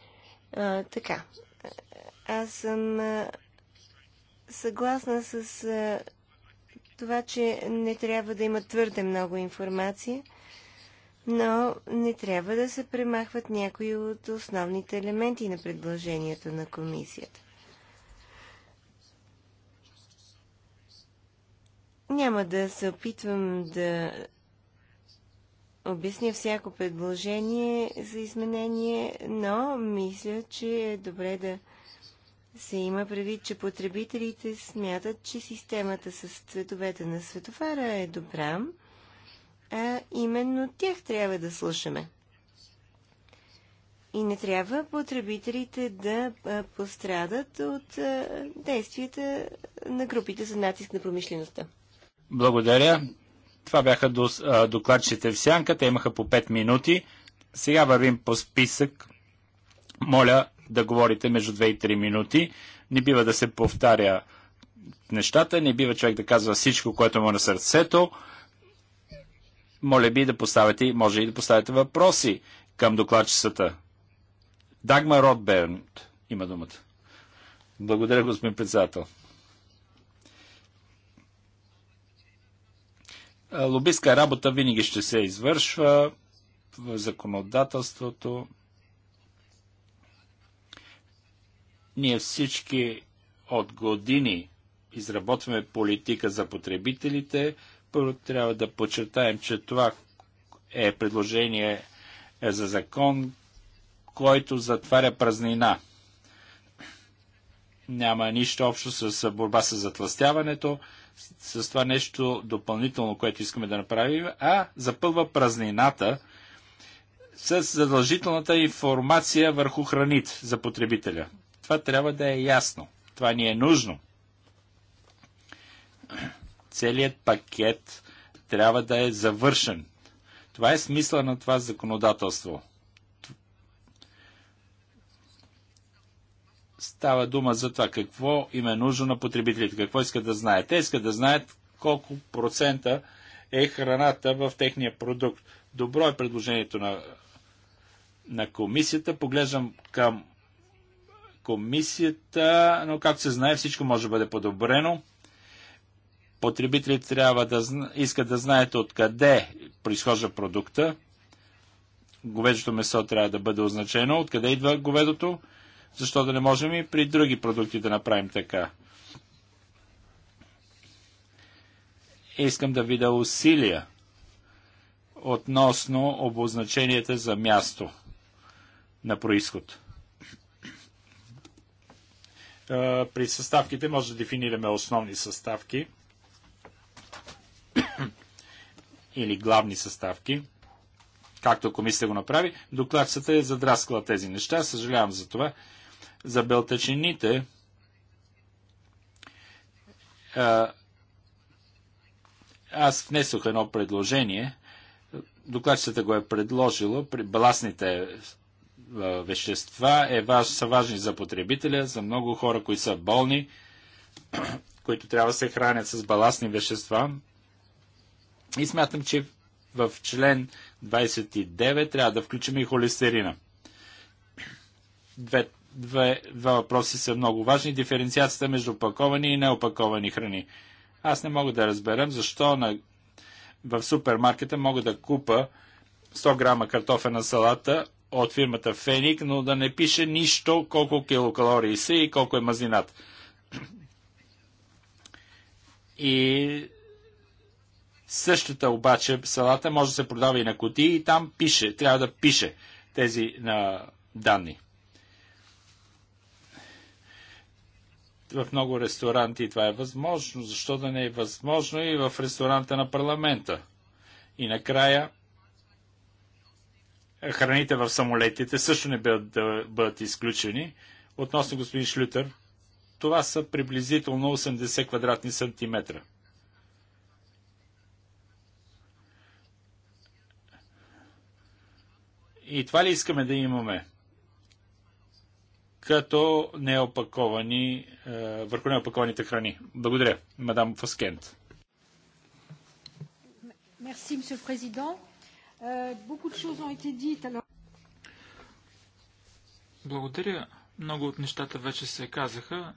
C: А, така. Аз съм съгласна с това, че не трябва да има твърде много информация, но не трябва да се премахват някои от основните елементи на предложението на комисията. Няма да се опитвам да обясня всяко предложение за изменение, но мисля, че е добре да се има предвид, че потребителите смятат, че системата с цветовете на светофара е добра, а именно тях трябва да слушаме. И не трябва потребителите да пострадат от действията на групите за натиск на промишлеността.
B: Благодаря. Това бяха докладчите в сянка. Те имаха по 5 минути. Сега вървим по списък. Моля да говорите между 2 и 3 минути. Не бива да се повтаря нещата. Не бива човек да казва всичко, което му е на сърцето. Моля би да поставите, може и да поставите въпроси към докладчицата. Дагма Ротберн има думата. Благодаря, господин председател. Лобистка работа винаги ще се извършва в законодателството. Ние всички от години изработваме политика за потребителите. Първо трябва да подчертаем, че това е предложение е за закон, който затваря празнина. Няма нищо общо с борба с затластяването с това нещо допълнително, което искаме да направим, а запълва празнината с задължителната информация върху храните за потребителя. Това трябва да е ясно. Това ни е нужно. Целият пакет трябва да е завършен. Това е смисъла на това законодателство – става дума за това какво им е нужно на потребителите, какво искат да знаят. Те искат да знаят колко процента е храната в техния продукт. Добро е предложението на, на комисията. Поглеждам към комисията, но както се знае, всичко може да бъде подобрено. Потребителите трябва да искат да знаят откъде произхожда продукта. Говеждото месо трябва да бъде означено, откъде идва говедото. Защо да не можем и при други продукти да направим така? Искам да видя усилия относно обозначенията за място на происход. При съставките може да дефинираме основни съставки или главни съставки, както комисията го направи. Докладчицата е задраскала тези неща. Съжалявам за това за белтъчините, аз внесох едно предложение. Докладчицата го е предложила. Баласните вещества е важ, са важни за потребителя, за много хора, които са болни, които трябва да се хранят с баластни вещества. И смятам, че в член 29 трябва да включим и холестерина. Две Две, два въпроси са много важни. Диференциацията между опаковани и неопаковани храни. Аз не мога да разберем защо на, в супермаркета мога да купа 100 грама картофена салата от фирмата Феник, но да не пише нищо колко килокалории са и колко е мазинат. И същата обаче салата може да се продава и на кутии и там пише, трябва да пише тези на данни. в много ресторанти това е възможно. Защо да не е възможно и в ресторанта на парламента? И накрая, храните в самолетите също не бъдат, да бъдат изключени. Относно господин Шлютер, това са приблизително 80 квадратни сантиметра. И това ли искаме да имаме? като неопаковани, е, върху неопакованите храни. Благодаря, мадам Фаскент.
C: Merci, monsieur
A: е,
D: Благодаря. Много от нещата вече се казаха.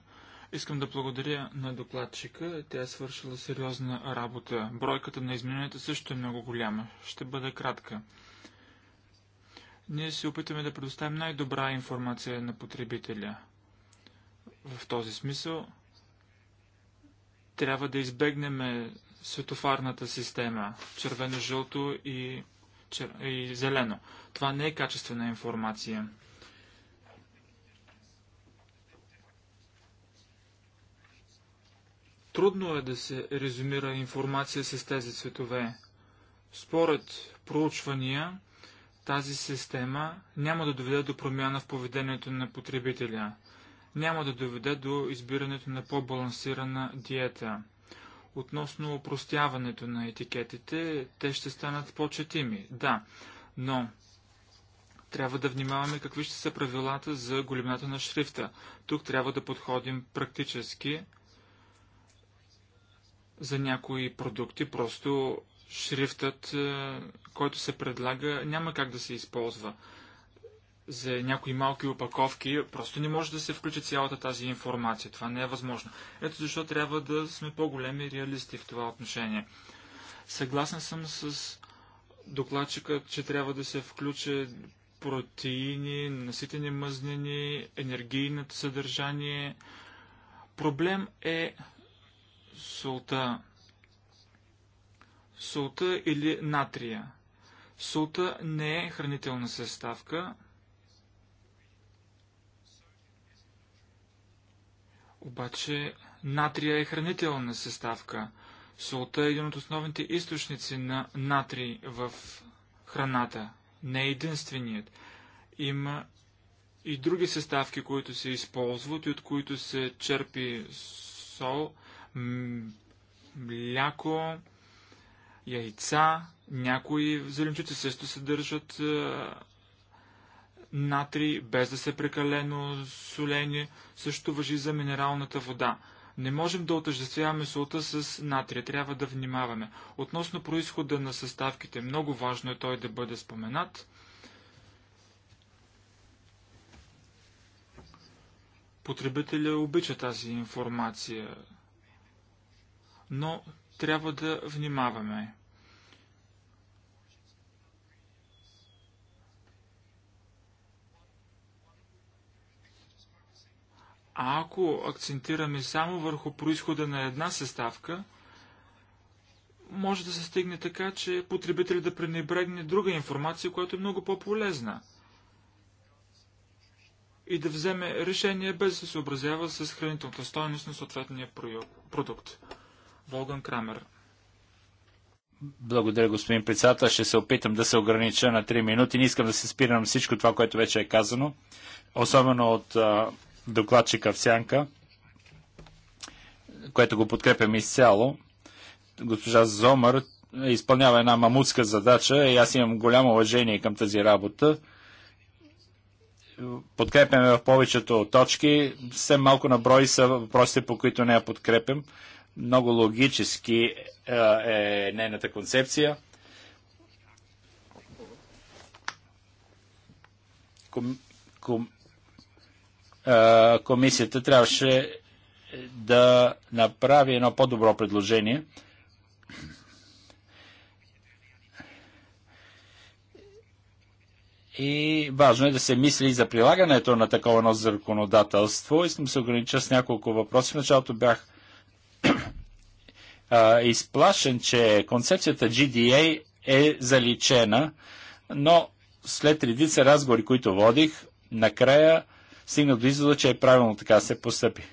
D: Искам да благодаря на докладчика. Тя е свършила сериозна работа. Бройката на измененията също е много голяма. Ще бъда кратка. Ние се опитваме да предоставим най-добра информация на потребителя. В този смисъл трябва да избегнем светофарната система червено-жълто и, чер... и зелено. Това не е качествена информация. Трудно е да се резюмира информация с тези цветове. Според проучвания, тази система няма да доведе до промяна в поведението на потребителя. Няма да доведе до избирането на по-балансирана диета. Относно упростяването на етикетите, те ще станат по-четими, да, но трябва да внимаваме какви ще са правилата за големината на шрифта. Тук трябва да подходим практически. За някои продукти просто шрифтът, е, който се предлага, няма как да се използва. За някои малки опаковки просто не може да се включи цялата тази информация. Това не е възможно. Ето защо трябва да сме по-големи реалисти в това отношение. Съгласен съм с докладчика, че трябва да се включи протеини, наситени мъзнени, енергийното съдържание. Проблем е солта солта или натрия. Солта не е хранителна съставка. Обаче натрия е хранителна съставка. Солта е един от основните източници на натрий в храната. Не е единственият. Има и други съставки, които се използват и от които се черпи сол, мляко, яйца, някои зеленчуци също съдържат е, натрий, без да са прекалено солени. Също въжи за минералната вода. Не можем да отъждествяваме солта с натрия, трябва да внимаваме. Относно происхода на съставките, много важно е той да бъде споменат. Потребителя обича тази информация, но трябва да внимаваме. А ако акцентираме само върху происхода на една съставка, може да се стигне така, че потребителят да пренебрегне друга информация, която е много по-полезна и да вземе решение без да се съобразява с хранителната стоеност на съответния продукт. Волган Крамер.
B: Благодаря, господин председател. Ще се опитам да се огранича на 3 минути. Не искам да се спирам всичко това, което вече е казано, особено от докладчика Авсянка, сянка, което го подкрепям изцяло. Госпожа Зомър изпълнява една мамутска задача и аз имам голямо уважение към тази работа. Подкрепяме в повечето точки. Все малко на брой са въпросите, по които не я подкрепям. Много логически е, е нейната концепция. Ком, ком, комисията трябваше да направи едно по-добро предложение. И важно е да се мисли и за прилагането на такова едно законодателство. Искам да се огранича с няколко въпроси. В началото бях а, изплашен, че концепцията GDA е заличена, но след редица разговори, които водих, накрая стигна до извода, че е правилно така се постъпи.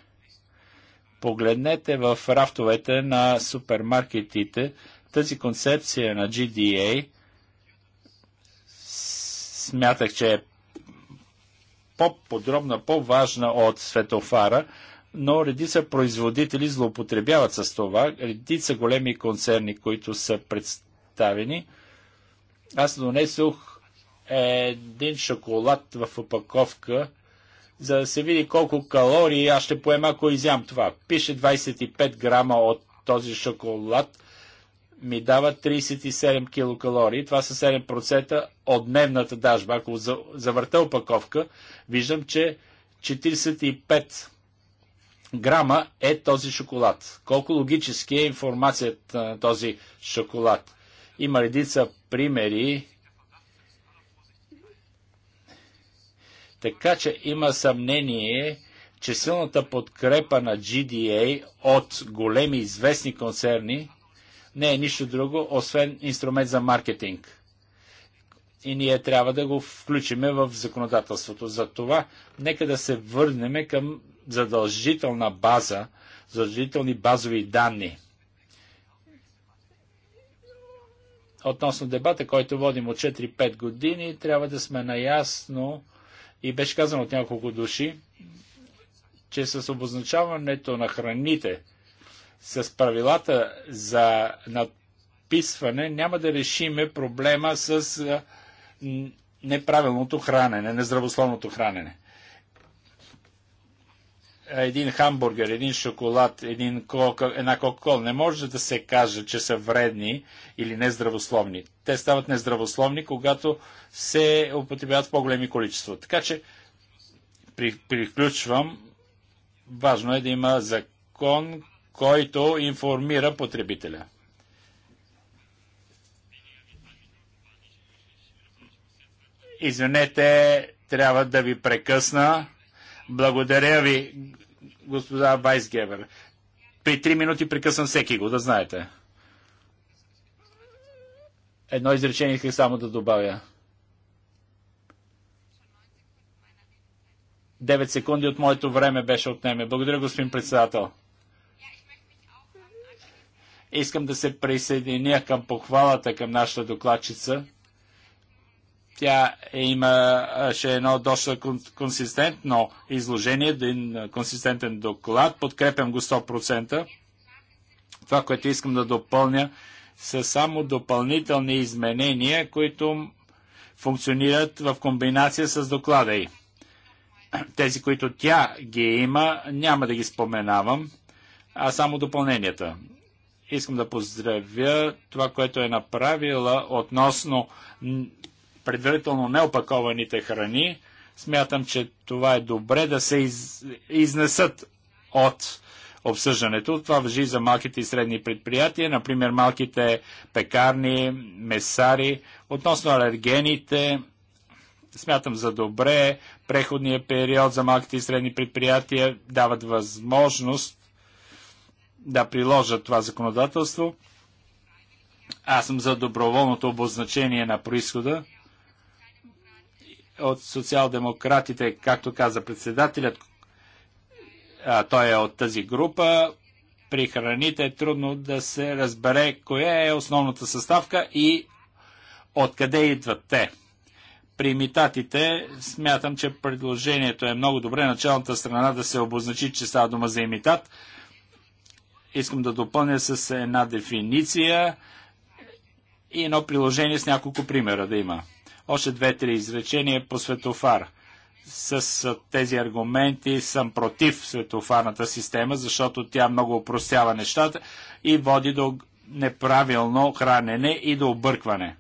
B: Погледнете в рафтовете на супермаркетите тази концепция на GDA. Смятах, че е по-подробна, по-важна от светофара, но редица производители злоупотребяват с това. Редица големи концерни, които са представени. Аз донесох един шоколад в опаковка за да се види колко калории аз ще поема, ако изям това. Пише 25 грама от този шоколад ми дава 37 килокалории. Това са 7% от дневната дажба. Ако завърта опаковка, виждам, че 45 грама е този шоколад. Колко логически е информацията на този шоколад? Има редица примери Така че има съмнение, че силната подкрепа на GDA от големи известни концерни не е нищо друго, освен инструмент за маркетинг. И ние трябва да го включиме в законодателството. За това нека да се върнем към задължителна база, задължителни базови данни. Относно дебата, който водим от 4-5 години, трябва да сме наясно, и беше казано от няколко души, че с обозначаването на храните, с правилата за надписване, няма да решиме проблема с неправилното хранене, нездравословното хранене един хамбургер, един шоколад, един кока, една кока-кола не може да се каже, че са вредни или нездравословни. Те стават нездравословни, когато се употребяват по-големи количества. Така че при, приключвам. Важно е да има закон, който информира потребителя. Извинете, трябва да ви прекъсна благодаря ви, господа Вайсгевер. При три минути прекъсвам всеки го, да знаете. Едно изречение исках само да добавя. 9 секунди от моето време беше отнеме. Благодаря, господин председател. Искам да се присъединя към похвалата към нашата докладчица тя е, имаше едно доста консистентно изложение, един консистентен доклад. Подкрепям го 100%. Това, което искам да допълня, са само допълнителни изменения, които функционират в комбинация с доклада й. Тези, които тя ги има, няма да ги споменавам, а само допълненията. Искам да поздравя това, което е направила относно предварително неопакованите храни, смятам, че това е добре да се из, изнесат от обсъждането. Това въжи за малките и средни предприятия, например малките пекарни, месари. Относно алергените, смятам за добре, преходният период за малките и средни предприятия дават възможност да приложат това законодателство. Аз съм за доброволното обозначение на происхода от социал-демократите, както каза председателят, а той е от тази група, при храните е трудно да се разбере коя е основната съставка и откъде идват те. При имитатите смятам, че предложението е много добре. Началната страна да се обозначи, че става дума за имитат. Искам да допълня с една дефиниция и едно приложение с няколко примера да има. Още две-три изречения по светофар. С тези аргументи съм против светофарната система, защото тя много упростява нещата и води до неправилно хранене и до объркване.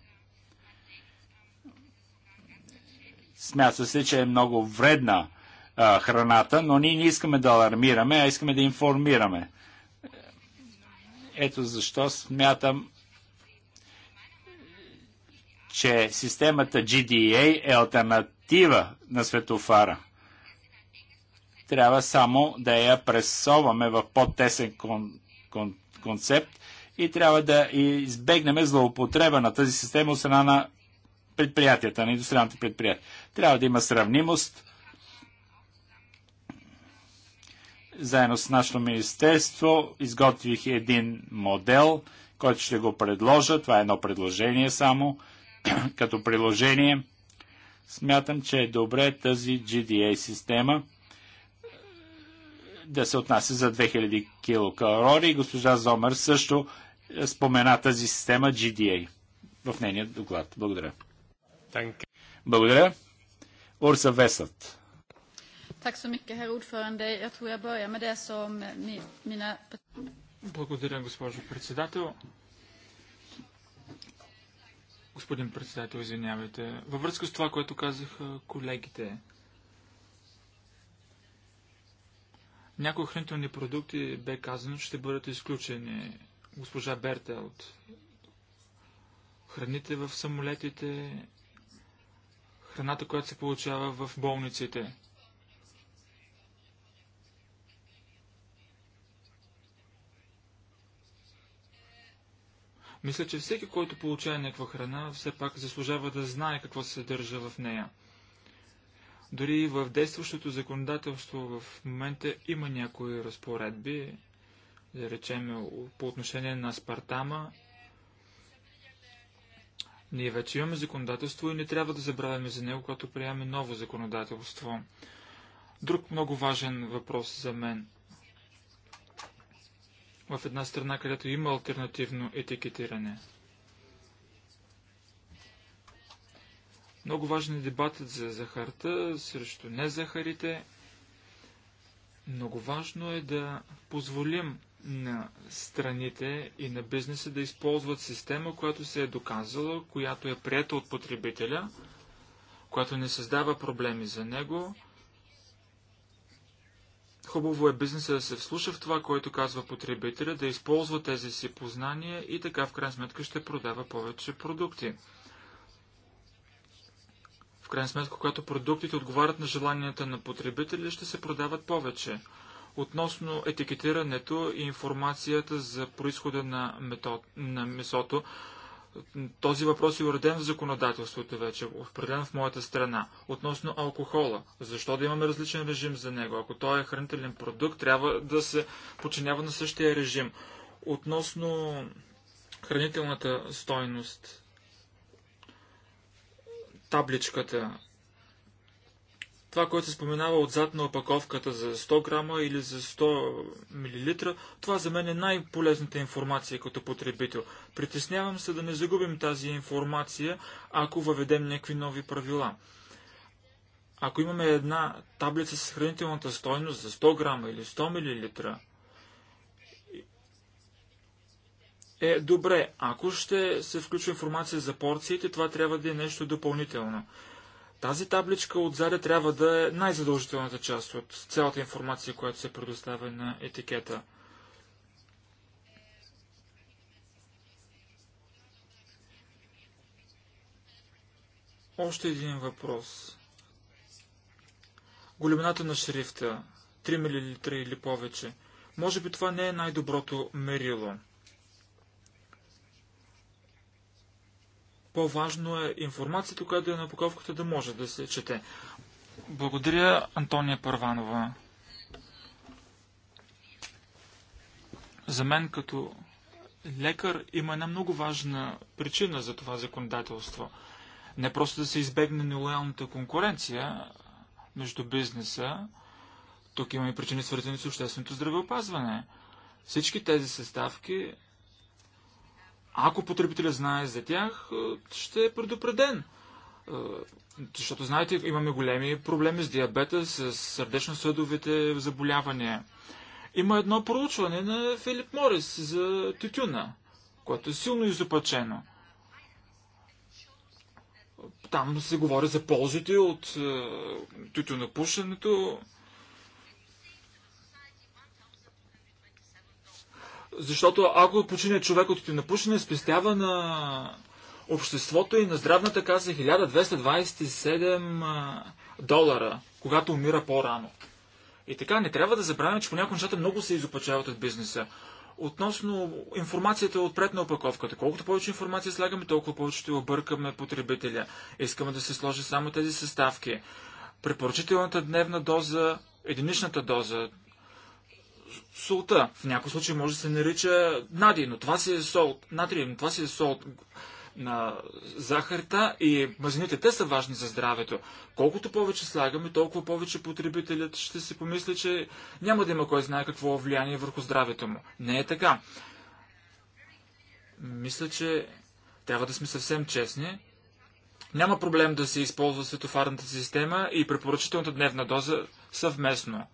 B: Смята се, че е много вредна а, храната, но ние не искаме да алармираме, а искаме да информираме. Ето защо смятам, че системата GDA е альтернатива на светофара. Трябва само да я пресоваме в по-тесен кон, кон, концепт и трябва да избегнем злоупотреба на тази система от страна на предприятията, на индустриалните предприятия. Трябва да има сравнимост заедно с нашето министерство изготвих един модел, който ще го предложа. Това е едно предложение само – като приложение. Смятам, че е добре тази GDA система е, да се отнася за 2000 килокалории. Госпожа Зомер също е, спомена тази система GDA в нейния доклад. Благодаря. Благодаря. Урса Весът.
D: Благодаря, госпожо председател. Господин председател, извинявайте. Във връзка с това, което казаха колегите, някои хранителни продукти бе казано, че ще бъдат изключени. Госпожа Берте, от храните в самолетите, храната, която се получава в болниците. Мисля, че всеки, който получава някаква храна, все пак заслужава да знае какво се съдържа в нея. Дори в действащото законодателство в момента има някои разпоредби, да речем по отношение на Спартама. Ние вече имаме законодателство и не трябва да забравяме за него, когато приемаме ново законодателство. Друг много важен въпрос за мен – в една страна, където има альтернативно етикетиране. Много важен е дебатът за захарта срещу незахарите. Много важно е да позволим на страните и на бизнеса да използват система, която се е доказала, която е приета от потребителя, която не създава проблеми за него Хубаво е бизнеса да се вслуша в това, което казва потребителя, да използва тези си познания и така в крайна сметка ще продава повече продукти. В крайна сметка, когато продуктите отговарят на желанията на потребителя, ще се продават повече. Относно етикетирането и информацията за происхода на, метод, на месото, този въпрос е уреден в законодателството вече, определен в моята страна. Относно алкохола, защо да имаме различен режим за него? Ако той е хранителен продукт, трябва да се подчинява на същия режим. Относно хранителната стойност, табличката, това, което се споменава отзад на опаковката за 100 грама или за 100 мл, това за мен е най-полезната информация като потребител. Притеснявам се да не загубим тази информация, ако въведем някакви нови правила. Ако имаме една таблица с хранителната стойност за 100 грама или 100 мл, е добре, ако ще се включва информация за порциите, това трябва да е нещо допълнително. Тази табличка отзаде трябва да е най-задължителната част от цялата информация, която се предоставя на етикета. Още един въпрос. Големината на шрифта 3 мл или повече. Може би това не е най-доброто мерило. По-важно е информацията, която е на упаковката, да може да се чете. Благодаря, Антония Първанова. За мен като лекар има една много важна причина за това законодателство. Не просто да се избегне нелоялната конкуренция между бизнеса, тук има и причини свързани с общественото здравеопазване. Всички тези съставки ако потребителя знае за тях, ще е предупреден. Защото, знаете, имаме големи проблеми с диабета, с сърдечно-съдовите заболявания. Има едно проучване на Филип Морис за тютюна, което е силно изопачено. Там се говори за ползите от тютюнопушенето, Защото ако почине човек от тютюнопушене, спестява на обществото и на здравната каса 1227 долара, когато умира по-рано. И така, не трябва да забравяме, че понякога нещата много се изопачават от бизнеса. Относно информацията отпред на опаковката. Колкото повече информация слагаме, толкова повече ще объркаме потребителя. Искаме да се сложи само тези съставки. Препоръчителната дневна доза, единичната доза, солта. В някои случаи може да се нарича нади, но това си е солт, натрий, но това си е солт на захарта и мазините те са важни за здравето. Колкото повече слагаме, толкова повече потребителят ще си помисли, че няма да има кой знае какво влияние върху здравето му. Не е така. Мисля, че трябва да сме съвсем честни. Няма проблем да се използва светофарната система и препоръчителната дневна доза съвместно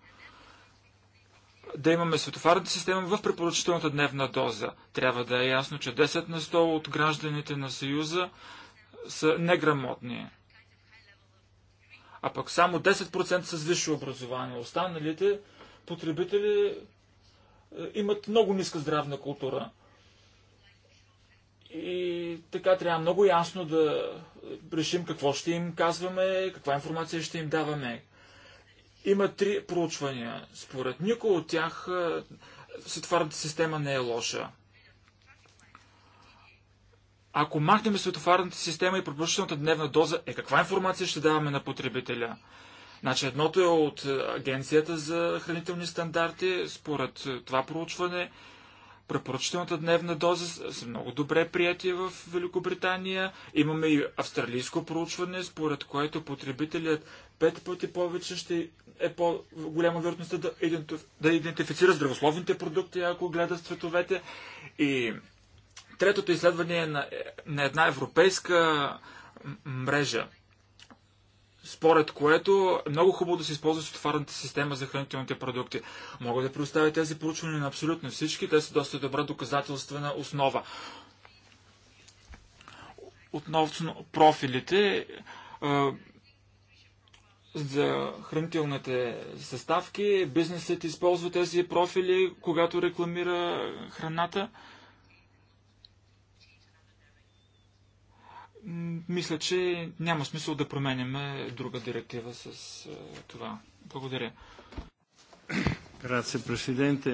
D: да имаме светофарната система в препоръчителната дневна доза. Трябва да е ясно, че 10 на 100 от гражданите на Съюза са неграмотни. А пък само 10% са с висше образование. Останалите потребители е, имат много ниска здравна култура. И така трябва много ясно да решим какво ще им казваме, каква информация ще им даваме, има три проучвания. Според никой от тях светофарната система не е лоша. Ако махнем светофарната система и пропущената дневна доза, е каква информация ще даваме на потребителя? Значи едното е от Агенцията за хранителни стандарти. Според това проучване, препоръчителната дневна доза са много добре прияти в Великобритания. Имаме и австралийско проучване, според което потребителят пет пъти повече ще е по-голяма вероятността да, идентиф... да идентифицира здравословните продукти, ако гледа с цветовете. И третото изследване е на, на една европейска мрежа, според което е много хубаво да се използва светофарната система за хранителните продукти. Мога да предоставя тези проучвания на абсолютно всички, те са доста добра доказателствена основа. Относно профилите, за хранителните съставки. Бизнесът използва тези профили, когато рекламира храната. Мисля, че няма смисъл да променяме друга директива с е, това. Благодаря.
A: Грация, президенте.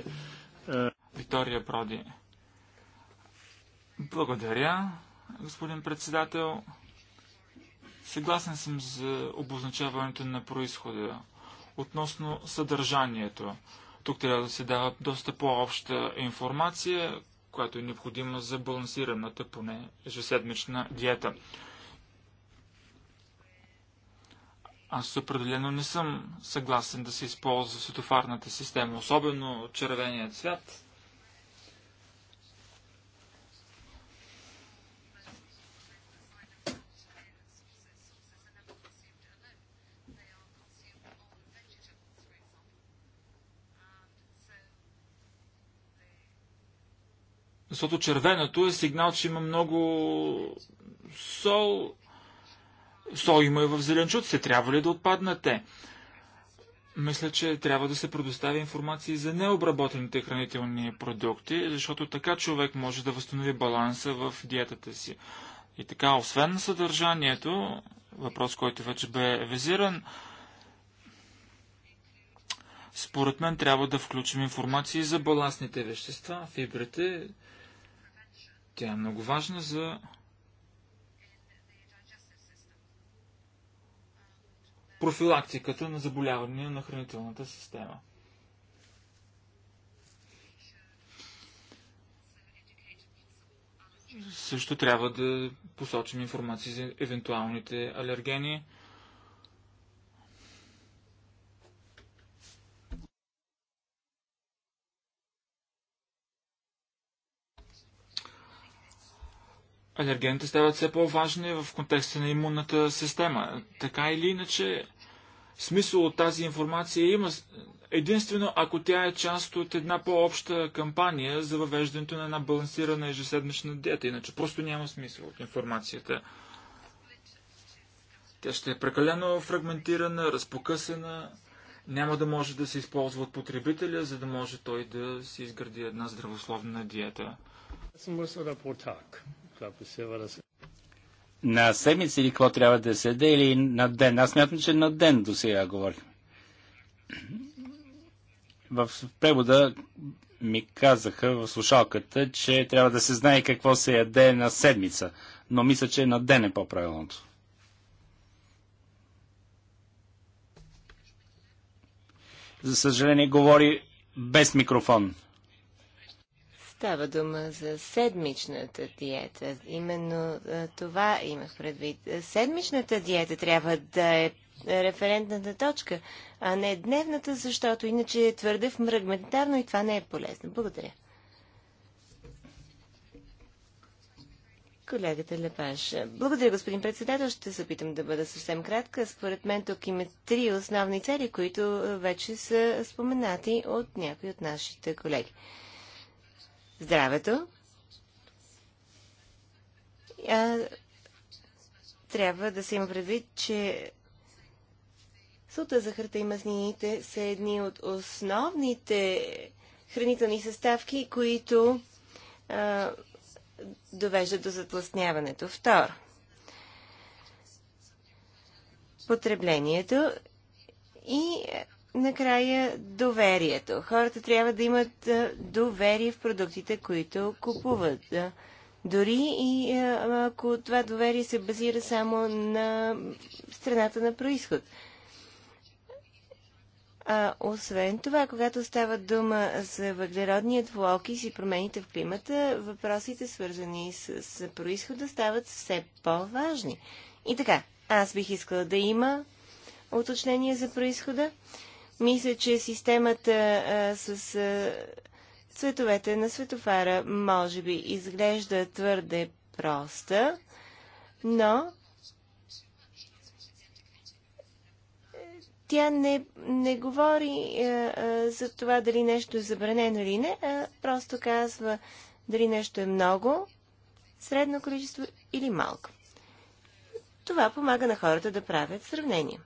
A: Е,
D: Виктория Проди. Благодаря, господин председател. Съгласен съм за обозначаването на происхода. Относно съдържанието, тук трябва да се дава доста по-обща информация, която е необходима за балансираната поне ежеседмична диета. Аз определено не съм съгласен да се използва светофарната система, особено червения цвят. Защото червеното е сигнал, че има много сол. Сол има и в зеленчуците. Трябва ли да отпаднат те? Мисля, че трябва да се предоставя информация за необработените хранителни продукти, защото така човек може да възстанови баланса в диетата си. И така, освен на съдържанието, въпрос, който вече бе визиран, според мен трябва да включим информации за балансните вещества, фибрите, тя е много важна за профилактиката на заболявания на хранителната система. Също трябва да посочим информация за евентуалните алергени, алергените стават все по-важни в контекста на имунната система. Така или иначе, смисъл от тази информация има единствено ако тя е част от една по-обща кампания за въвеждането на една балансирана ежеседмична диета. Иначе просто няма смисъл от информацията. Тя ще е прекалено фрагментирана, разпокъсана, няма да може да се използва от потребителя, за да може той да си изгради една здравословна диета.
B: На седмица или какво трябва да се даде или на ден? Аз мятам, че на ден до сега говорим. В превода ми казаха в слушалката, че трябва да се знае какво се яде на седмица. Но мисля, че на ден е по-правилното. За съжаление, говори без микрофон.
C: Става дума за седмичната диета. Именно това имах предвид. Седмичната диета трябва да е референтната точка, а не дневната, защото иначе е твърде фрагментарно и това не е полезно. Благодаря. Колегата Лепаш. Благодаря, господин председател. Ще се опитам да бъда съвсем кратка. Според мен тук има три основни цели, които вече са споменати от някои от нашите колеги здравето, а, трябва да се им предвид, че сута, храта и мазнините са едни от основните хранителни съставки, които а, довеждат до затлъсняването. Второ, потреблението и накрая доверието. Хората трябва да имат доверие в продуктите, които купуват. Дори и ако това доверие се базира само на страната на происход. А, освен това, когато става дума за въглеродният влокис и промените в климата, въпросите свързани с, с происхода стават все по-важни. И така, аз бих искала да има уточнение за происхода. Мисля, че системата а, с а, цветовете на светофара може би изглежда твърде проста, но тя не, не говори а, а, за това дали нещо е забранено или не, а просто казва дали нещо е много, средно количество или малко. Това помага на хората да правят сравнение.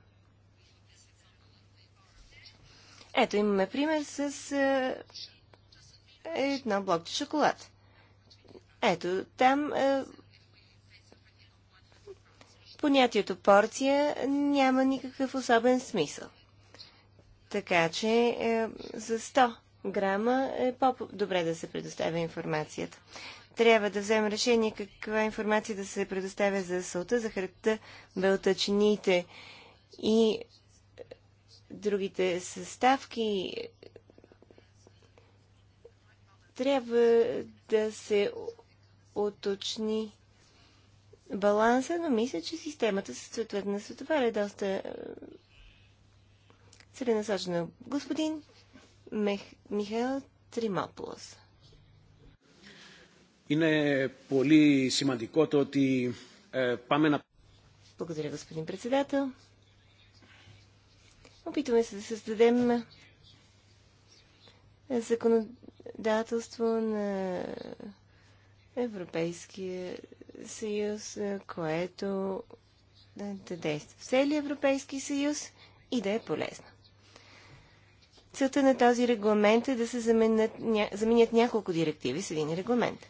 C: Ето имаме пример с едно блокче шоколад. Ето, там понятието порция няма никакъв особен смисъл. Така че за 100 грама е по-добре да се предоставя информацията. Трябва да вземем решение каква информация да се предоставя за солта, захарта, белтъчините и другите съставки, трябва да се уточни баланса, но мисля, че системата със съответна световара е доста е, целенасочена. Господин Мех... Михаил Тримополос. Είναι πολύ σημαντικό το ότι ε, Благодаря, господин председател. Опитваме се да създадем законодателство на Европейския съюз, което да действа в целия Европейски съюз и да е полезно. Целта на този регламент е да се заменят, ня... заменят няколко директиви с един регламент.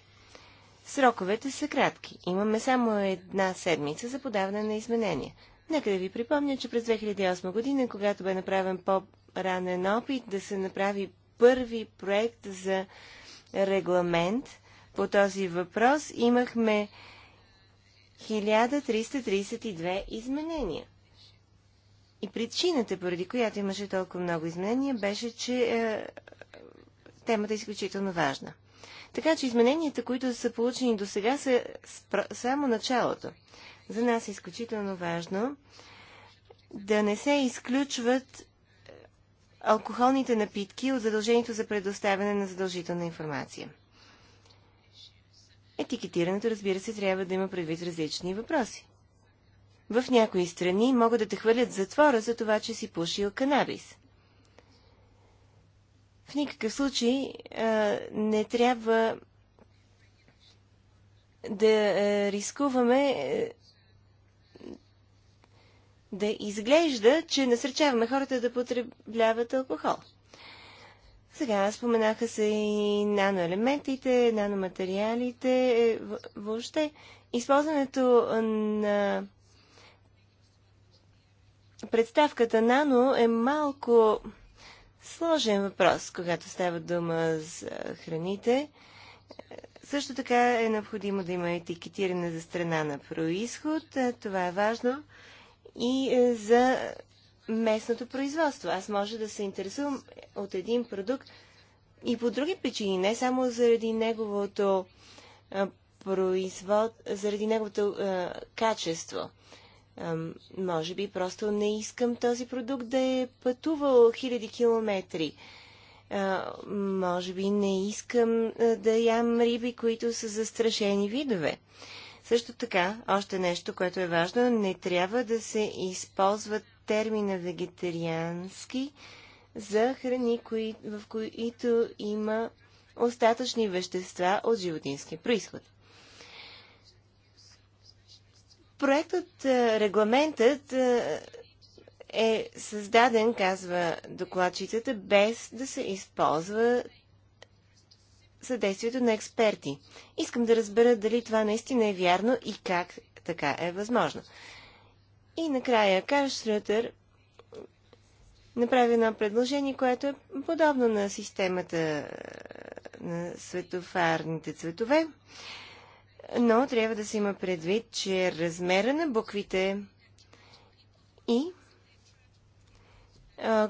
C: Сроковете са кратки. Имаме само една седмица за подаване на изменения. Нека да ви припомня, че през 2008 година, когато бе направен по-ранен опит да се направи първи проект за регламент по този въпрос, имахме 1332 изменения. И причината, поради която имаше толкова много изменения, беше, че е, темата е изключително важна. Така че измененията, които са получени до сега, са само началото. За нас е изключително важно да не се изключват е, алкохолните напитки от задължението за предоставяне на задължителна информация. Етикетирането, разбира се, трябва да има предвид различни въпроси. В някои страни могат да те хвърлят затвора за това, че си пушил канабис. В никакъв случай а, е, не трябва да е, рискуваме да изглежда, че насърчаваме хората да потребляват алкохол. Сега споменаха се и наноелементите, наноматериалите, е, въобще използването на представката нано е малко сложен въпрос, когато става дума за храните. Също така е необходимо да има етикетиране за страна на происход. Е, това е важно и е, за местното производство. Аз може да се интересувам от един продукт и по други причини, не само заради неговото производ, заради неговото а, качество. А, може би просто не искам този продукт да е пътувал хиляди километри. А, може би не искам а, да ям риби, които са застрашени видове. А, също така, още нещо, което е важно, не трябва да се използват термина вегетариански за храни, кои, в които има остатъчни вещества от животински происход. Проектът, регламентът е създаден, казва докладчицата, без да се използва съдействието на експерти. Искам да разбера дали това наистина е вярно и как така е възможно. И накрая Карл Шрютер направи едно предложение, което е подобно на системата е, на светофарните цветове, но трябва да се има предвид, че е размера на буквите и е,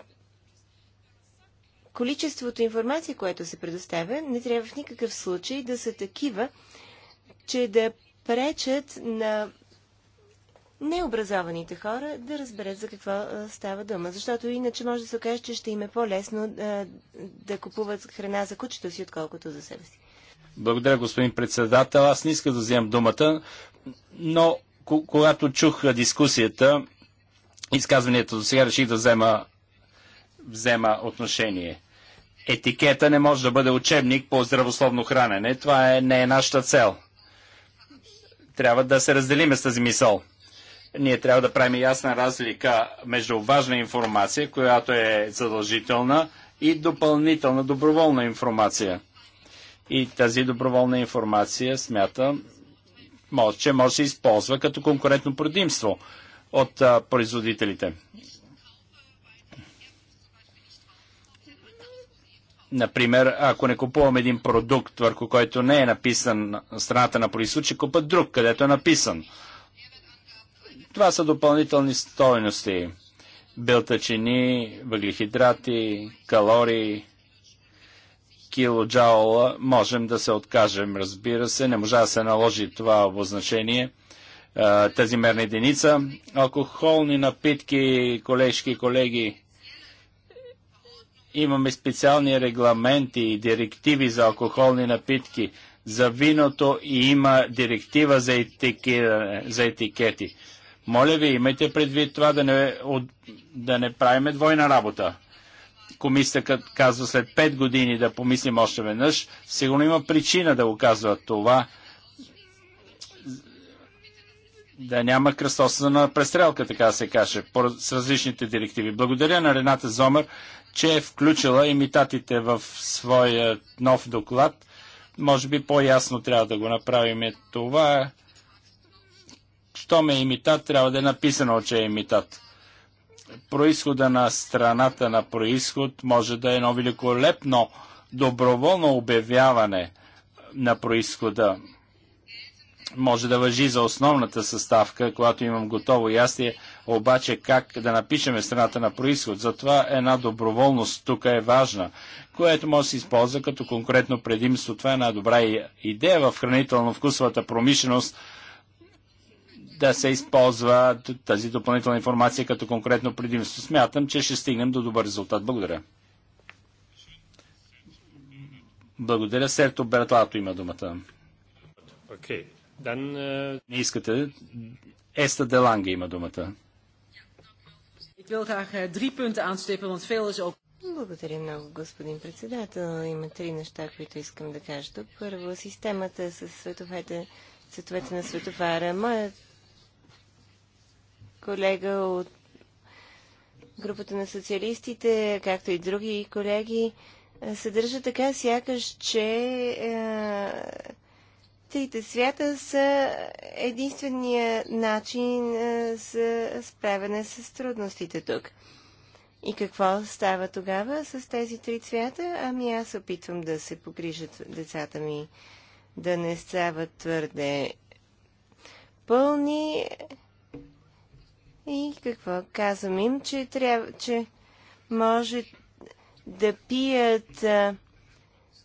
C: количеството информация, което се предоставя, не трябва в никакъв случай да са такива, че да пречат на необразованите хора да разберат за какво става дума. Защото иначе може да се окаже, че ще им е по-лесно да купуват храна за кучето си, отколкото за себе си.
B: Благодаря, господин председател. Аз не искам да вземам думата, но когато чух дискусията, изказването до сега реших да взема взема отношение. Етикета не може да бъде учебник по здравословно хранене. Това е, не е нашата цел. Трябва да се разделиме с тази мисъл. Ние трябва да правим ясна разлика между важна информация, която е задължителна, и допълнителна доброволна информация. И тази доброволна информация, смятам, може, че може да се използва като конкурентно предимство от а, производителите. Например, ако не купувам един продукт, върху който не е написан страната на происход, ще купа друг, където е написан. Това са допълнителни стойности. Белтачини, въглехидрати, калории, килоджаула. Можем да се откажем, разбира се. Не може да се наложи това обозначение тази мерна единица. Алкохолни напитки, колежки и колеги, Имаме специални регламенти и директиви за алкохолни напитки. За виното и има директива за, етики, за етикети. Моля ви, имайте предвид това да не, да не правиме двойна работа. Комисията казва след 5 години да помислим още веднъж. Сигурно има причина да го казва това да няма кръстосана престрелка, така да се каже, с различните директиви. Благодаря на Рената Зомер, че е включила имитатите в своя нов доклад. Може би по-ясно трябва да го направим това. щом е имитат, трябва да е написано, че е имитат. Происхода на страната на происход може да е едно великолепно доброволно обявяване на происхода може да въжи за основната съставка, когато имам готово ястие, обаче как да напишеме страната на происход. Затова една доброволност тук е важна, което може да се използва като конкретно предимство. Това е една добра идея в хранително-вкусовата промишленост, да се използва тази допълнителна информация като конкретно предимство. Смятам, че ще стигнем до добър резултат. Благодаря. Благодаря. Серто Бертлато има думата.
A: Okay. Е, Не
B: искате. Еста Деланге има думата.
C: Е, Благодаря много, господин председател. Има три неща, които искам да кажа тук. Първо, системата с световете, световете на световара. Моят колега от групата на социалистите, както и други колеги, е, съдържа така, сякаш, че е, Трите свята са единствения начин е, за справяне с трудностите тук. И какво става тогава с тези три цвята? Ами аз опитвам да се погрижат децата ми да не стават твърде пълни. И какво? Казвам им, че трябва, че може да пият а, е,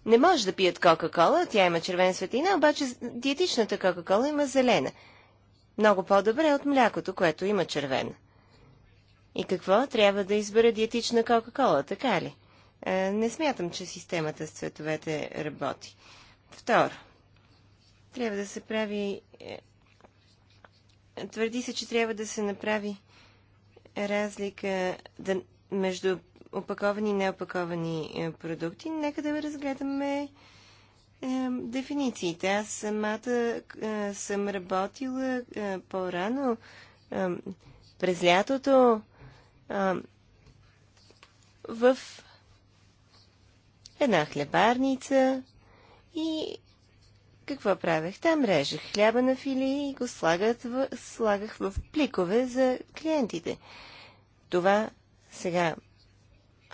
C: не може да пият Кока-Кола, тя има червена светлина, обаче диетичната Кока-Кола има зелена. Много по-добре от млякото, което има червена. И какво? Трябва да избера диетична Кока-Кола, така ли? не смятам, че системата с цветовете работи. Второ, трябва да се прави... Е, твърди се, че трябва да се направи разлика да, между опаковани и неопаковани е, продукти, нека да разгледаме е, дефинициите. Аз самата е, съм работила е, по-рано е, през лятото е, в една хлебарница и какво правех? Там режех хляба на фили и го слагат в, слагах в пликове за клиентите. Това сега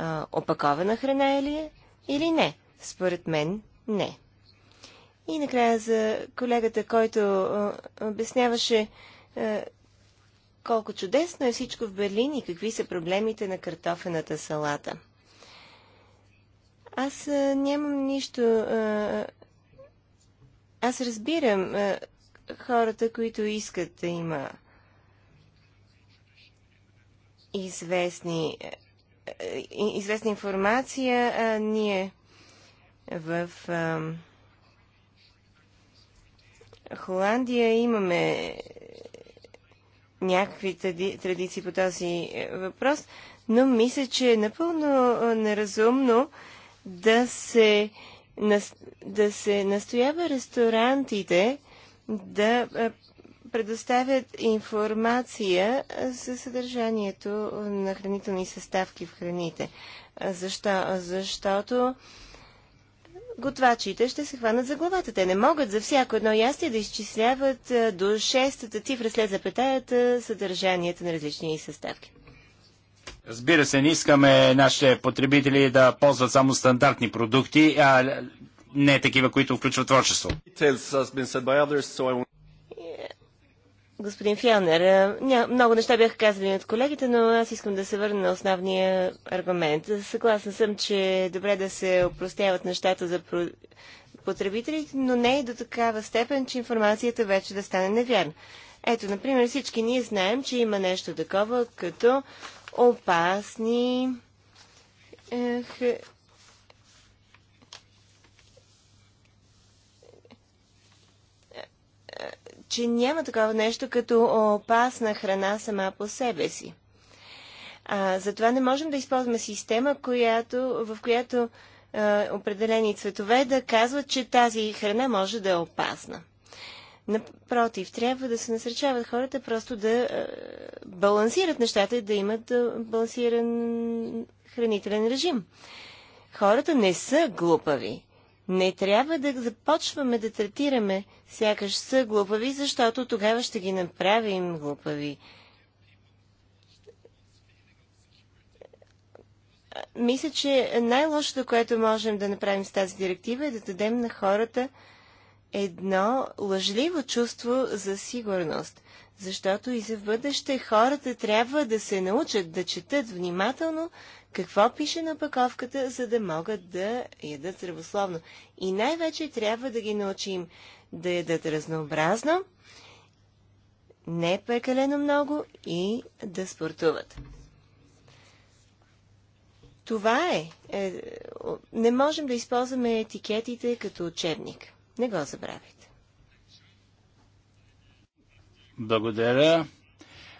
C: а, опакована храна или е, е или не? Според мен не. И накрая за колегата, който а, обясняваше а, колко чудесно е всичко в Берлин и какви са проблемите на картофената салата. Аз а, нямам нищо. А, аз разбирам а, хората, които искат да има известни известна информация, а, ние в а, Холандия имаме някакви тради, традиции по този е, въпрос, но мисля, че е напълно неразумно да се, да се настоява ресторантите да предоставят информация за съдържанието на хранителни съставки в храните. Защо? Защото готвачите ще се хванат за главата. Те не могат за всяко едно ястие да изчисляват до шестата цифра след запетаята съдържанието на различни съставки.
B: Разбира се, не искаме нашите потребители да ползват само стандартни продукти, а не такива, които включват творчество
C: господин Фелнер. Много неща бяха казани от колегите, но аз искам да се върна на основния аргумент. Съгласна съм, че е добре да се опростяват нещата за потребителите, но не и до такава степен, че информацията вече да стане невярна. Ето, например, всички ние знаем, че има нещо такова, като опасни е, че няма такова нещо като опасна храна сама по себе си. А, затова не можем да използваме система, която, в която а, определени цветове да казват, че тази храна може да е опасна. Напротив, трябва да се насречават хората просто да а, балансират нещата и да имат а, балансиран хранителен режим. Хората не са глупави. Не трябва да започваме да третираме сякаш са глупави, защото тогава ще ги направим глупави. Мисля, че най-лошото, което можем да направим с тази директива е да дадем на хората едно лъжливо чувство за сигурност. Защото и за бъдеще хората трябва да се научат да четат внимателно какво пише на паковката, за да могат да ядат здравословно. И най-вече трябва да ги научим да ядат разнообразно, не прекалено много и да спортуват. Това е. е не можем да използваме етикетите като учебник. Не го забравяйте.
B: Благодаря.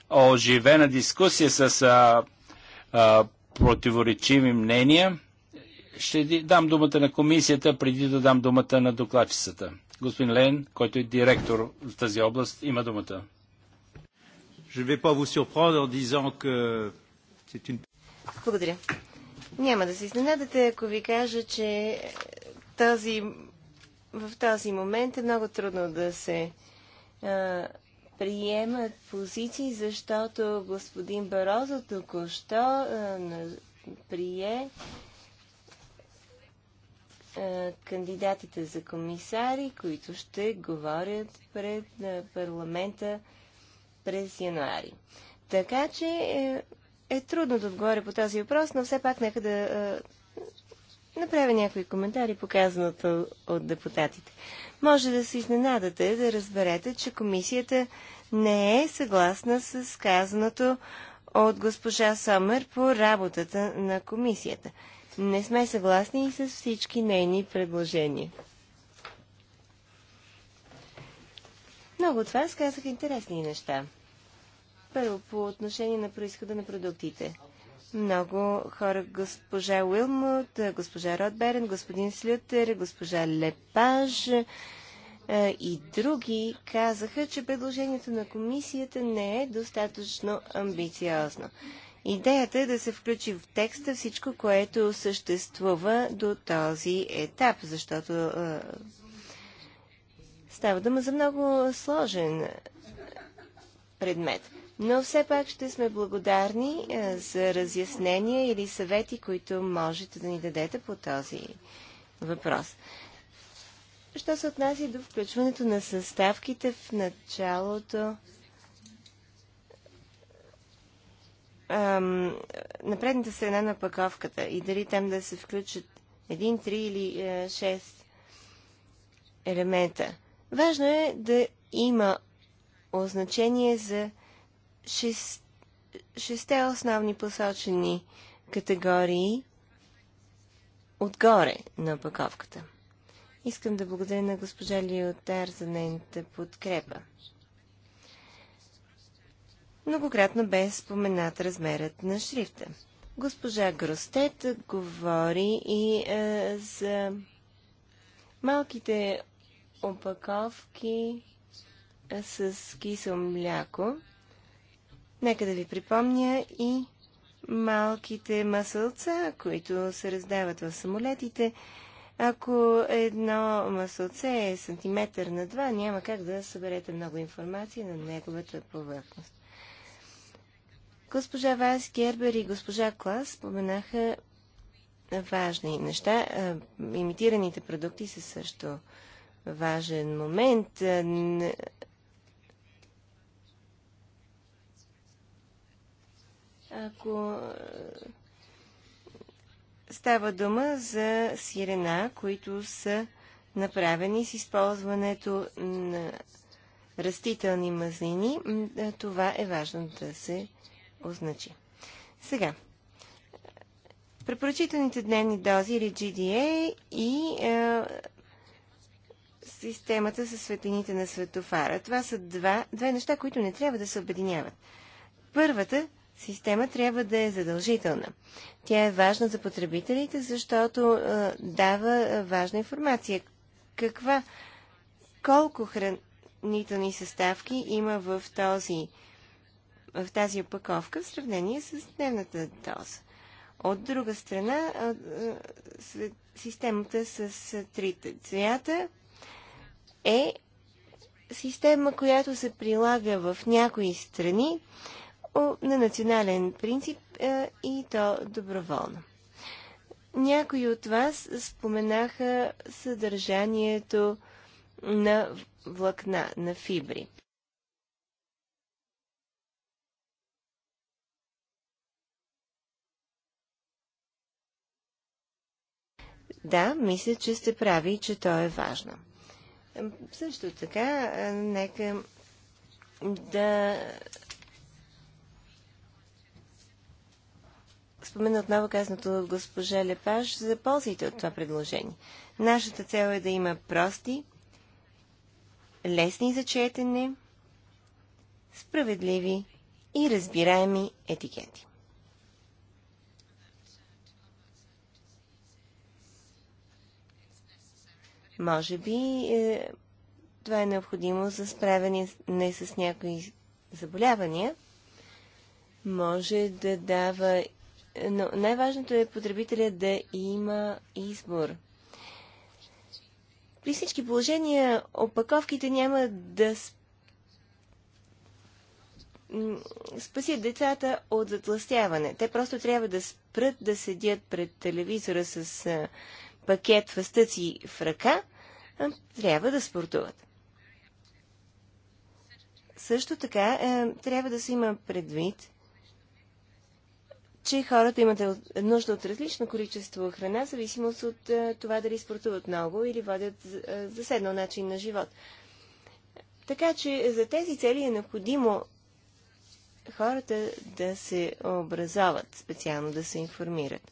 B: Оживена дискусия с а, а, противоречиви мнения. Ще дам думата на комисията, преди да дам думата на докладчицата. Господин Лен, който е директор в тази област, има думата.
C: Благодаря. Няма да се изненадате, ако ви кажа, че този, в този момент е много трудно да се а, приемат позиции, защото господин Барозо току-що прие кандидатите за комисари, които ще говорят пред парламента през януари. Така че е, е трудно да отговоря по този въпрос, но все пак нека да направя някои коментари по казаното от депутатите. Може да се изненадате да разберете, че комисията не е съгласна с казаното от госпожа Сомер по работата на комисията. Не сме съгласни и с всички нейни предложения. Много от вас казах интересни неща. Първо, по отношение на происхода на продуктите – много хора. Госпожа Уилмут, госпожа Ротберен, господин Слютер, госпожа Лепаж е, и други казаха, че предложението на комисията не е достатъчно амбициозно. Идеята е да се включи в текста всичко, което съществува до този етап, защото е, става дума за много сложен предмет но все пак ще сме благодарни за разяснения или съвети, които можете да ни дадете по този въпрос. Що се отнася до включването на съставките в началото? на предната страна на паковката и дали там да се включат един, три или е, шест елемента. Важно е да има означение за шесте основни посочени категории отгоре на опаковката. Искам да благодаря на госпожа Лиотар за нейната подкрепа. Многократно бе споменат размерът на шрифта. Госпожа Гростет говори и е, за малките опаковки е, с кисело мляко. Нека да ви припомня и малките масълца, които се раздават в самолетите. Ако едно масълце е сантиметър на два, няма как да съберете много информация на неговата повърхност. Госпожа Вайс Гербер и госпожа Клас споменаха важни неща. Имитираните продукти са също важен момент. ако е, става дума за сирена, които са направени с използването на растителни мазнини, е, това е важно да се означи. Сега, препоръчителните дневни дози или GDA и е, системата със светлините на светофара. Това са два, две неща, които не трябва да се обединяват. Първата – система трябва да е задължителна. Тя е важна за потребителите, защото а, дава важна информация. Каква, колко хранителни съставки има в, този, в тази опаковка в сравнение с дневната доза. От друга страна, а, а, системата с трите цвята е система, която се прилага в някои страни на национален принцип е, и то доброволно. Някои от вас споменаха съдържанието на влакна, на фибри. Да, мисля, че сте прави че то е важно. Също така, е, нека да спомена отново казаното от госпожа Лепаш за ползите от това предложение. Нашата цел е да има прости, лесни за четене, справедливи и разбираеми етикети. Може би е, това е необходимо за справяне не с някои заболявания. Може да дава но най-важното е потребителя да има избор. При всички положения опаковките няма да спасят децата от затластяване. Те просто трябва да спрат да седят пред телевизора с пакет фастъци в ръка, трябва да спортуват. Също така трябва да се има предвид, че хората имат нужда от различно количество храна, в зависимост от е, това дали спортуват много или водят е, заседнал начин на живот. Така че за тези цели е необходимо хората да се образоват, специално да се информират.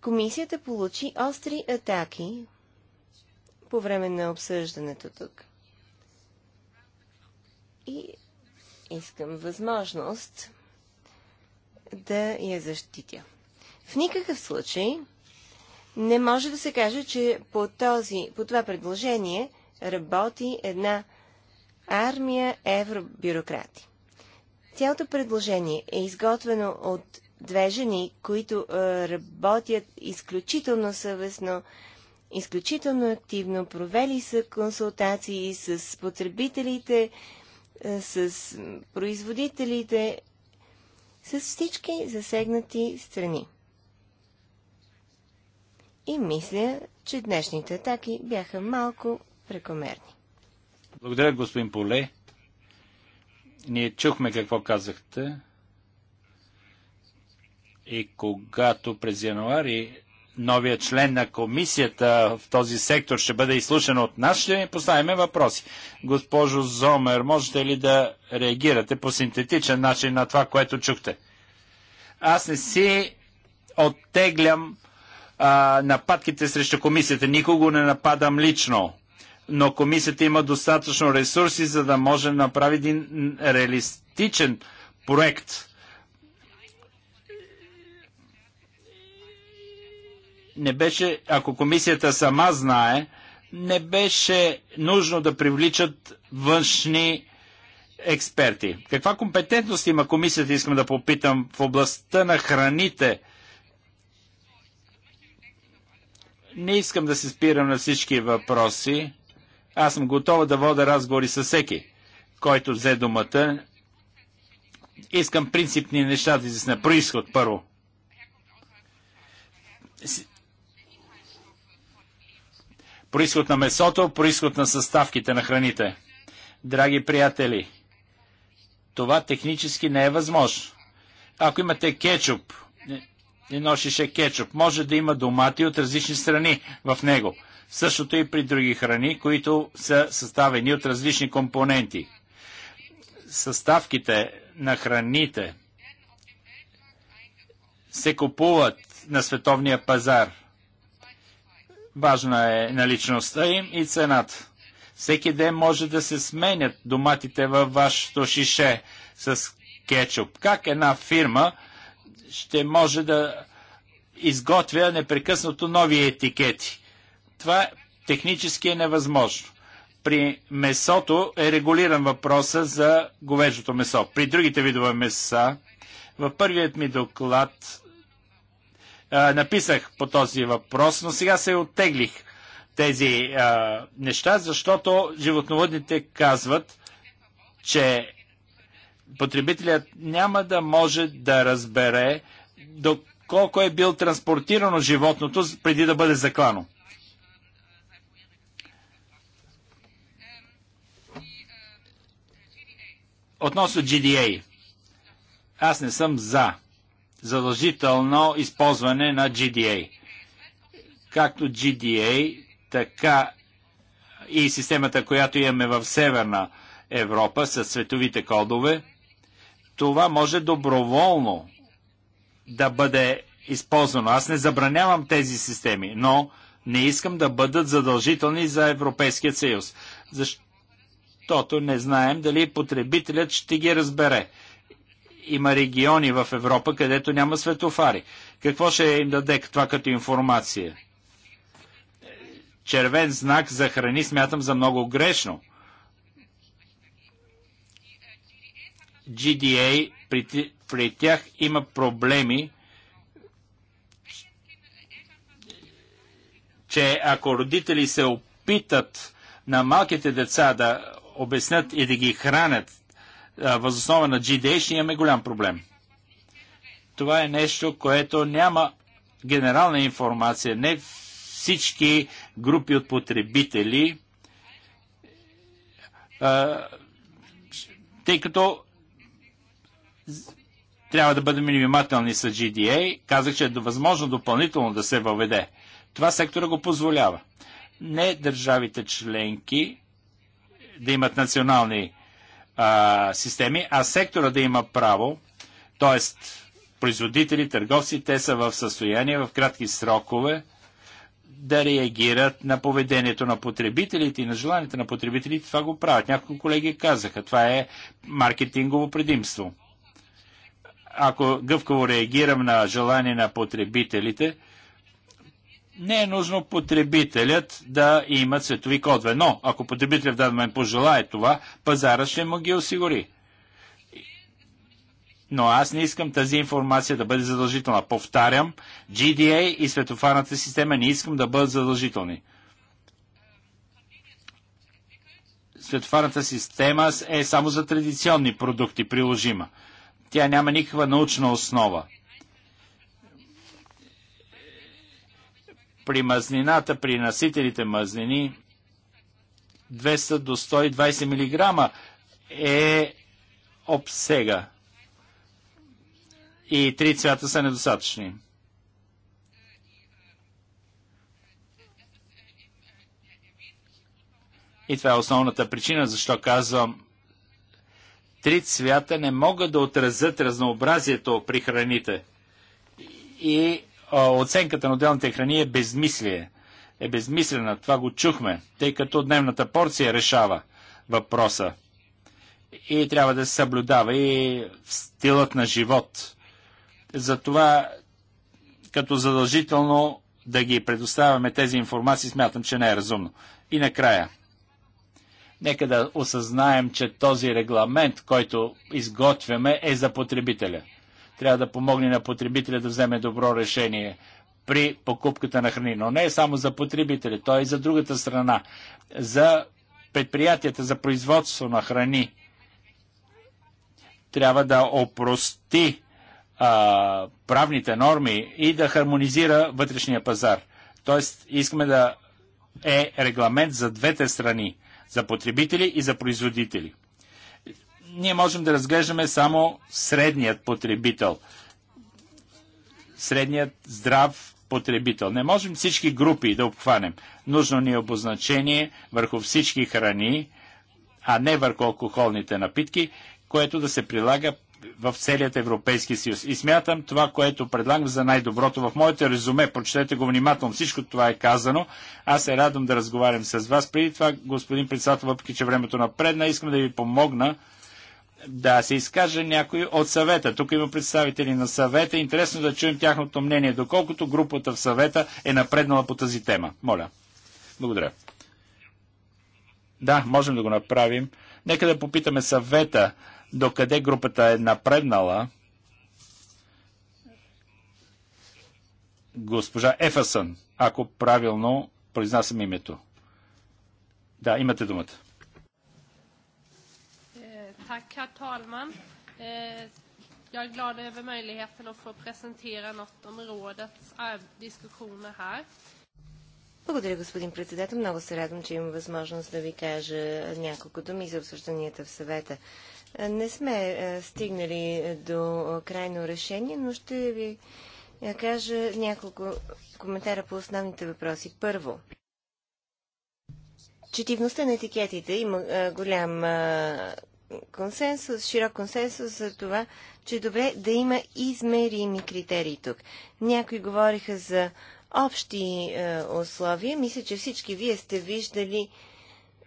C: Комисията получи остри атаки по време на обсъждането тук. И искам възможност да я защитя. В никакъв случай не може да се каже, че по, този, по това предложение работи една армия евробюрократи. Цялото предложение е изготвено от две жени, които работят изключително съвестно, изключително активно, провели са консултации с потребителите, с производителите, с всички засегнати страни. И мисля, че днешните атаки бяха малко прекомерни.
B: Благодаря, господин Поле. Ние чухме какво казахте. И когато през януари новия член на комисията в този сектор ще бъде изслушан от нас, ще ни поставим въпроси. Госпожо Зомер, можете ли да реагирате по синтетичен начин на това, което чухте? Аз не си оттеглям а, нападките срещу комисията. Никого не нападам лично. Но комисията има достатъчно ресурси, за да може да направи един реалистичен проект не беше, ако комисията сама знае, не беше нужно да привличат външни експерти. Каква компетентност има комисията, искам да попитам, в областта на храните? Не искам да се спирам на всички въпроси. Аз съм готова да вода разговори с всеки, който взе думата. Искам принципни неща да изясня. Происход първо происход на месото, происход на съставките на храните. Драги приятели, това технически не е възможно. Ако имате кетчуп, не ношеше кетчуп, може да има домати от различни страни в него. Същото и при други храни, които са съставени от различни компоненти. Съставките на храните се купуват на световния пазар – Важна е наличността им и цената. Всеки ден може да се сменят доматите във вашето шише с кетчуп. Как една фирма ще може да изготвя непрекъснато нови етикети? Това технически е невъзможно. При месото е регулиран въпроса за говеждото месо. При другите видове меса, във първият ми доклад а, написах по този въпрос, но сега се оттеглих тези а, неща, защото животновъдните казват, че потребителят няма да може да разбере доколко е бил транспортирано животното преди да бъде заклано. Относно GDA. Аз не съм за задължително използване на GDA. Както GDA, така и системата, която имаме в Северна Европа с световите кодове, това може доброволно да бъде използвано. Аз не забранявам тези системи, но не искам да бъдат задължителни за Европейския съюз, защото не знаем дали потребителят ще ги разбере има региони в Европа, където няма светофари. Какво ще им даде това като информация? Червен знак за храни смятам за много грешно. GDA, при, при тях има проблеми, че ако родители се опитат на малките деца да обяснят и да ги хранят възоснова на GDA, ще имаме голям проблем. Това е нещо, което няма генерална информация. Не всички групи от потребители, тъй като трябва да бъдем внимателни с GDA, казах, че е възможно допълнително да се въведе. Това сектора го позволява. Не държавите членки да имат национални а, системи, а сектора да има право, т.е. производители, търговци, те са в състояние в кратки срокове да реагират на поведението на потребителите и на желанията на потребителите. Това го правят. Няколко колеги казаха, това е маркетингово предимство. Ако гъвкаво реагирам на желание на потребителите, не е нужно потребителят да има цветови кодове. Но, ако потребителят в даден момент пожелае това, пазара ще му ги осигури. Но аз не искам тази информация да бъде задължителна. Повтарям, GDA и светофарната система не искам да бъдат задължителни. Светофарната система е само за традиционни продукти приложима. Тя няма никаква научна основа. при мазнината, при насителите мазнини, 200 до 120 мг е обсега. И три цвята са недостатъчни. И това е основната причина, защо казвам, три цвята не могат да отразят разнообразието при храните. И оценката на отделните храни е безмислие. Е безмислена, това го чухме, тъй като дневната порция решава въпроса. И трябва да се съблюдава и стилът на живот. Затова като задължително да ги предоставяме тези информации, смятам, че не е разумно. И накрая, нека да осъзнаем, че този регламент, който изготвяме, е за потребителя – трябва да помогне на потребителя да вземе добро решение при покупката на храни. Но не е само за потребители, то е и за другата страна. За предприятията за производство на храни трябва да опрости а, правните норми и да хармонизира вътрешния пазар. Тоест искаме да е регламент за двете страни, за потребители и за производители ние можем да разглеждаме само средният потребител. Средният здрав потребител. Не можем всички групи да обхванем. Нужно ни е обозначение върху всички храни, а не върху алкохолните напитки, което да се прилага в целият Европейски съюз. И смятам това, което предлагам за най-доброто. В моите резюме, прочетете го внимателно, всичко това е казано. Аз се радвам да разговарям с вас. Преди това, господин председател, въпреки че времето напредна, искам да ви помогна да се изкаже някой от съвета. Тук има представители на съвета. Интересно да чуем тяхното мнение, доколкото групата в съвета е напреднала по тази тема. Моля. Благодаря. Да, можем да го направим. Нека да попитаме съвета докъде групата е напреднала. Госпожа Ефасън, ако правилно произнасям името. Да, имате думата.
C: Tack, herr talman. Eh, jag är glad över möjligheten att få presentera något om rådets diskussioner här. Благодаря, господин председател. Много се радвам, че имам възможност да ви кажа няколко думи за обсъжданията в съвета. Е, не сме е, стигнали е, до крайно решение, но ще ви кажа няколко коментара по основните въпроси. Първо, четивността на етикетите има голям консенсус, широк консенсус за това, че е добре да има измерими критерии тук. Някои говориха за общи е, условия. Мисля, че всички вие сте виждали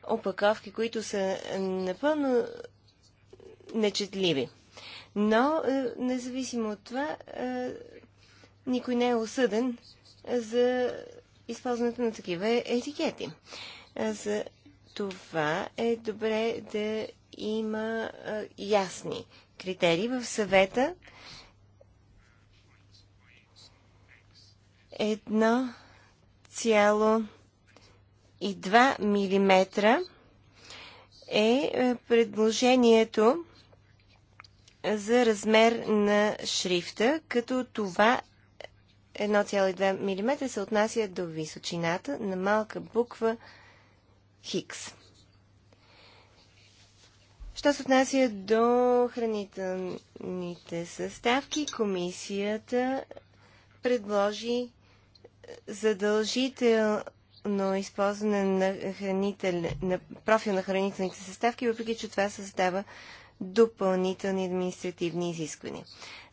C: опаковки, които са напълно нечетливи. Но, е, независимо от това, е, никой не е осъден за използването на такива етикети. Е, за това е добре да има ясни критерии в съвета. Едно цяло и 2 мм е, е предложението за размер на шрифта, като това 1,2 мм се отнася до височината на малка буква Хикс. Що се отнася до хранителните съставки, комисията предложи задължително използване на, хранител, на профил на хранителните съставки, въпреки че това създава допълнителни административни изисквания.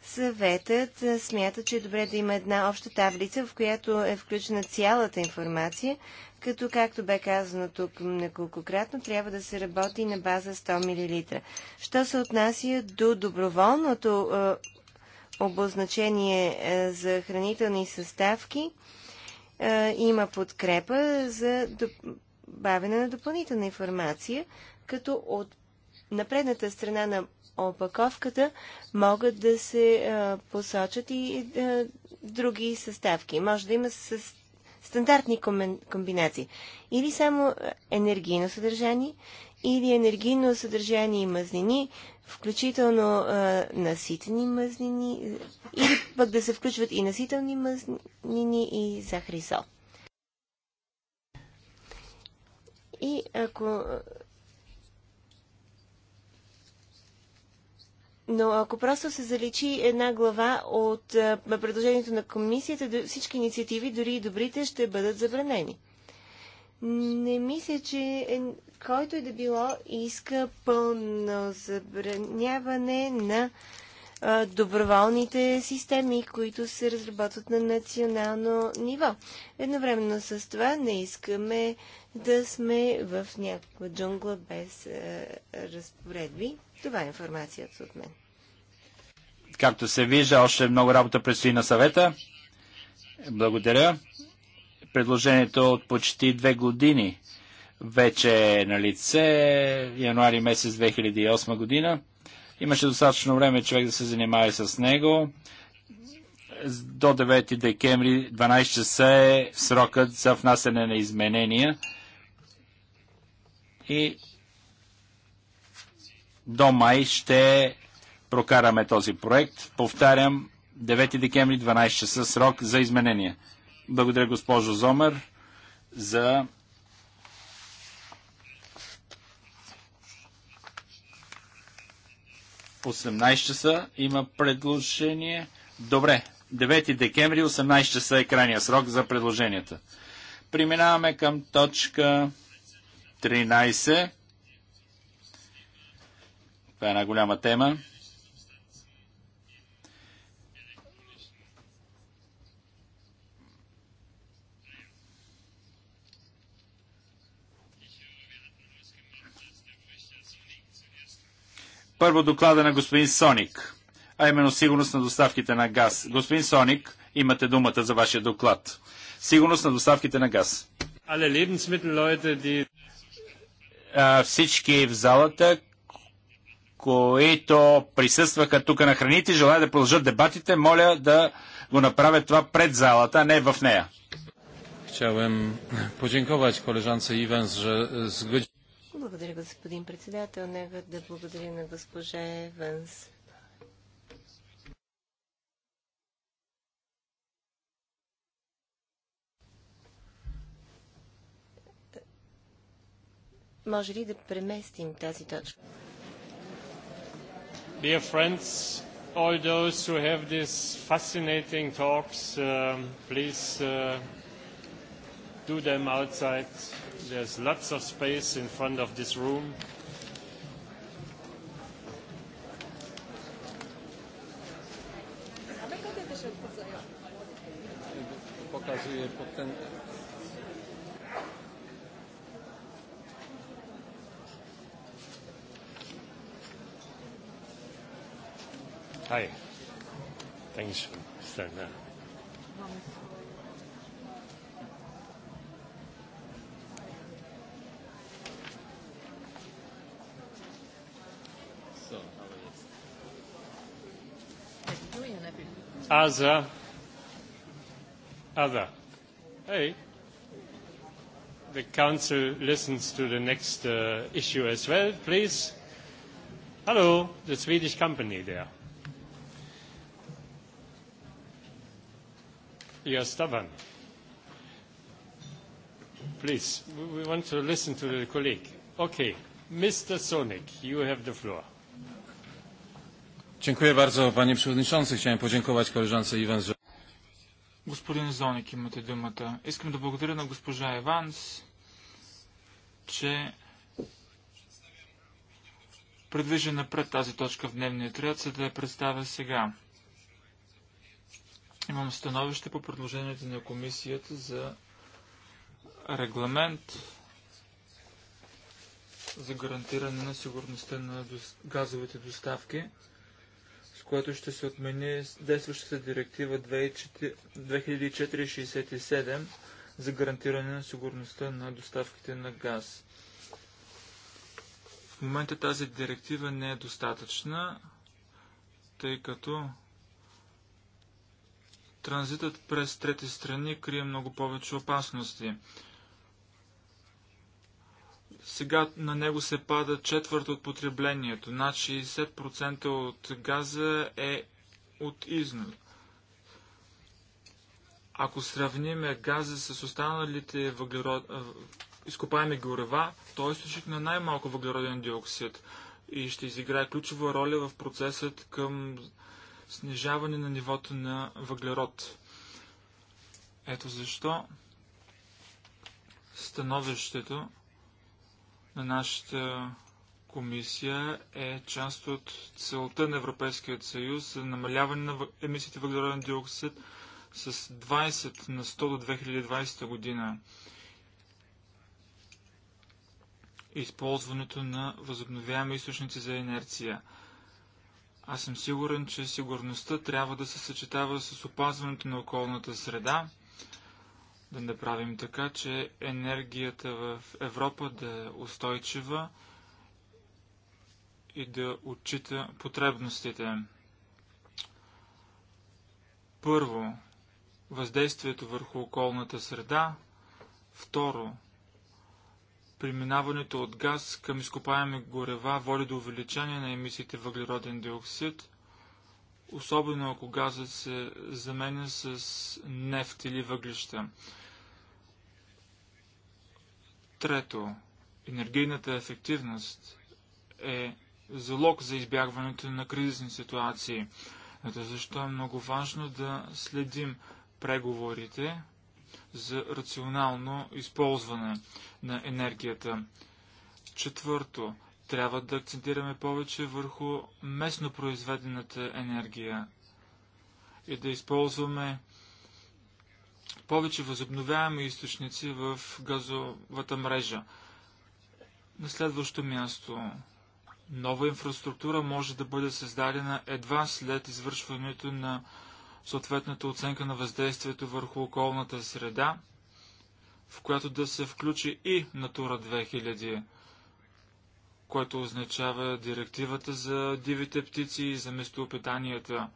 C: Съветът смята, че е добре да има една обща таблица, в която е включена цялата информация, като както бе казано тук неколкократно, трябва да се работи на база 100 мл. Що се отнася до доброволното е, обозначение е, за хранителни съставки, е, има подкрепа за добавяне на допълнителна информация, като от напредната страна на опаковката могат да се е, посочат и е, други съставки. Може да има съставки стандартни комбинации. Или само енергийно съдържание, или енергийно съдържание и мазнини, включително а, наситени мазнини, или пък да се включват и насителни мазнини и захарисол. И ако Но ако просто се заличи една глава от предложението на комисията, всички инициативи, дори и добрите, ще бъдат забранени. Не мисля, че е, който и е да било иска пълно забраняване на доброволните системи, които се разработват на национално ниво. Едновременно с това не искаме да сме в някаква джунгла без разпоредби. Това е информацията от мен.
B: Както се вижда, още много работа предстои на съвета. Благодаря. Предложението от почти две години вече е на лице. Януари месец 2008 година. Имаше достатъчно време човек да се занимава с него. До 9 декември 12 часа е срокът за внасяне на изменения. И до май ще прокараме този проект. Повтарям, 9 декември, 12 часа срок за изменения. Благодаря госпожо Зомер за В 18 часа има предложение. Добре, 9 декември, 18 часа е крайния срок за предложенията. Преминаваме към точка 13. Това е една голяма тема. Първо доклада на господин Соник, а именно сигурност на доставките на газ. Господин Соник, имате думата за вашия доклад. Сигурност на доставките на газ.
A: всички в залата,
B: които присъстваха тук на храните, желая да продължат дебатите, моля да го направят това пред залата, а не в нея.
A: Chciałem podziękować koleżance Iwens, że zgodziła. Благодаря, господин председател. Нека
C: да благодаря на госпожа Еванс. Може ли да преместим тази точка?
A: Dear friends, all those who have these fascinating talks, um, please uh, do them outside. There's lots of space in front of this room. Pokazuję pod ten Hi. Thanks for standing there. Other. Other. Hey. The council listens to the next uh, issue as well, please. Hello, the Swedish company there. you are stubborn. Please, we want to listen to the colleague. Okay, Mr. Sonic, you have the floor.
D: Dziękuję bardzo, panie przewodniczący. Chciałem podziękować koleżance Iwans. Господин Зоник, имате думата. Искам да благодаря на госпожа Еванс, че предвижда напред тази точка в дневния ред, за да я представя сега. Имам становище по предложението на комисията за регламент за гарантиране на сигурността на газовите доставки, с което ще се отмени действащата директива 2467 за гарантиране на сигурността на доставките на газ. В момента тази директива не е достатъчна, тъй като транзитът през трети страни крие много повече опасности. Сега на него се пада четвърт от потреблението. Над 60% от газа е от износ. Ако сравним газа с останалите въглерод... изкопаеми горева, той е източник на най-малко въглероден диоксид и ще изиграе ключова роля в процесът към снижаване на нивото на въглерод. Ето защо становището на нашата комисия е част от целта на Европейския съюз за намаляване на емисиите въглероден диоксид с 20 на 100 до 2020 година. Използването на възобновяеми източници за инерция – аз съм сигурен, че сигурността трябва да се съчетава с опазването на околната среда, да направим така, че енергията в Европа да е устойчива и да отчита потребностите. Първо, въздействието върху околната среда. Второ, Преминаването от газ към изкопаеми горева води до увеличение на емисиите въглероден диоксид, особено ако газът се заменя с нефт или въглища. Трето, енергийната ефективност е залог за избягването на кризисни ситуации. Ето защо е много важно да следим преговорите за рационално използване на енергията. Четвърто, трябва да акцентираме повече върху местно произведената енергия и да използваме повече възобновяеми източници в газовата мрежа. На следващо място, нова инфраструктура може да бъде създадена едва след извършването на съответната оценка на въздействието върху околната среда, в която да се включи и Натура 2000, което означава директивата за дивите птици и за местоопитанията.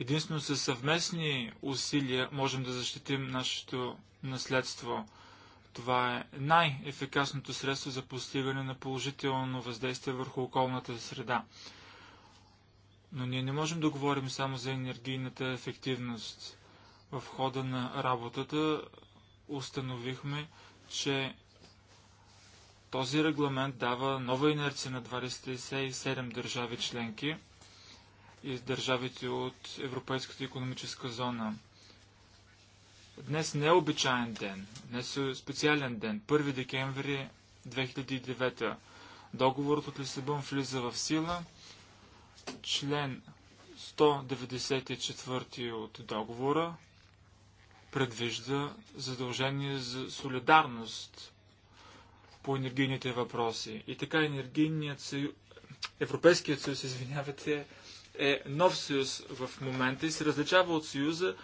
D: Единствено със съвместни усилия можем да защитим нашето наследство. Това е най-ефикасното средство за постигане на положително въздействие върху околната среда. Но ние не можем да говорим само за енергийната ефективност. В хода на работата установихме, че този регламент дава нова инерция на 27 държави членки и държавите от Европейската економическа зона. Днес не е обичайен ден, днес е специален ден, 1 декември 2009. Договорът от Лисабон влиза в сила – Член 194 от договора предвижда задължение за солидарност по енергийните въпроси. И така енергийният съюз, Европейският съюз, извинявате, е нов съюз в момента и се различава от съюза,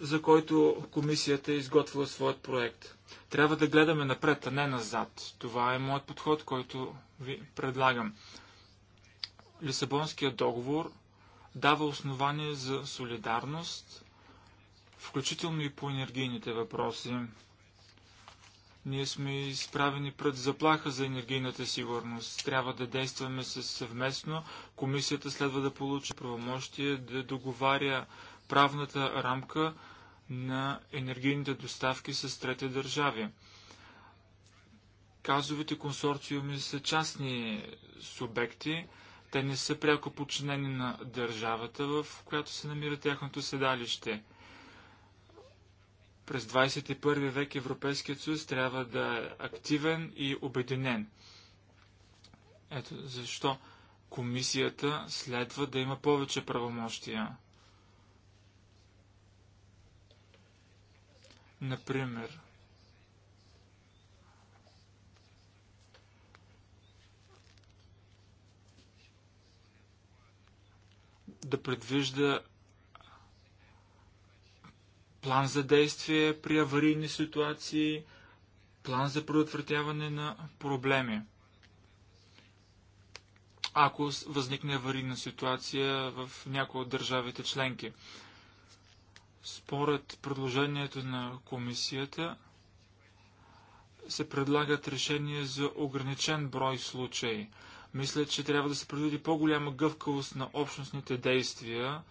D: за който комисията е изготвила своят проект. Трябва да гледаме напред, а не назад. Това е моят подход, който ви предлагам. Лисабонският договор дава основание за солидарност, включително и по енергийните въпроси. Ние сме изправени пред заплаха за енергийната сигурност. Трябва да действаме съвместно. Комисията следва да получи правомощие да договаря правната рамка на енергийните доставки с трети държави. Казовите консорциуми са частни субекти, те не са пряко подчинени на държавата, в която се намира тяхното седалище. През 21 век Европейският съюз трябва да е активен и обединен. Ето защо комисията следва да има повече правомощия. Например, да предвижда план за действие при аварийни ситуации, план за предотвратяване на проблеми. Ако възникне аварийна ситуация в някои от държавите членки. Според предложението на комисията се предлагат решения за ограничен брой случаи – мисля, че трябва да се предвиди по-голяма гъвкавост на общностните действия.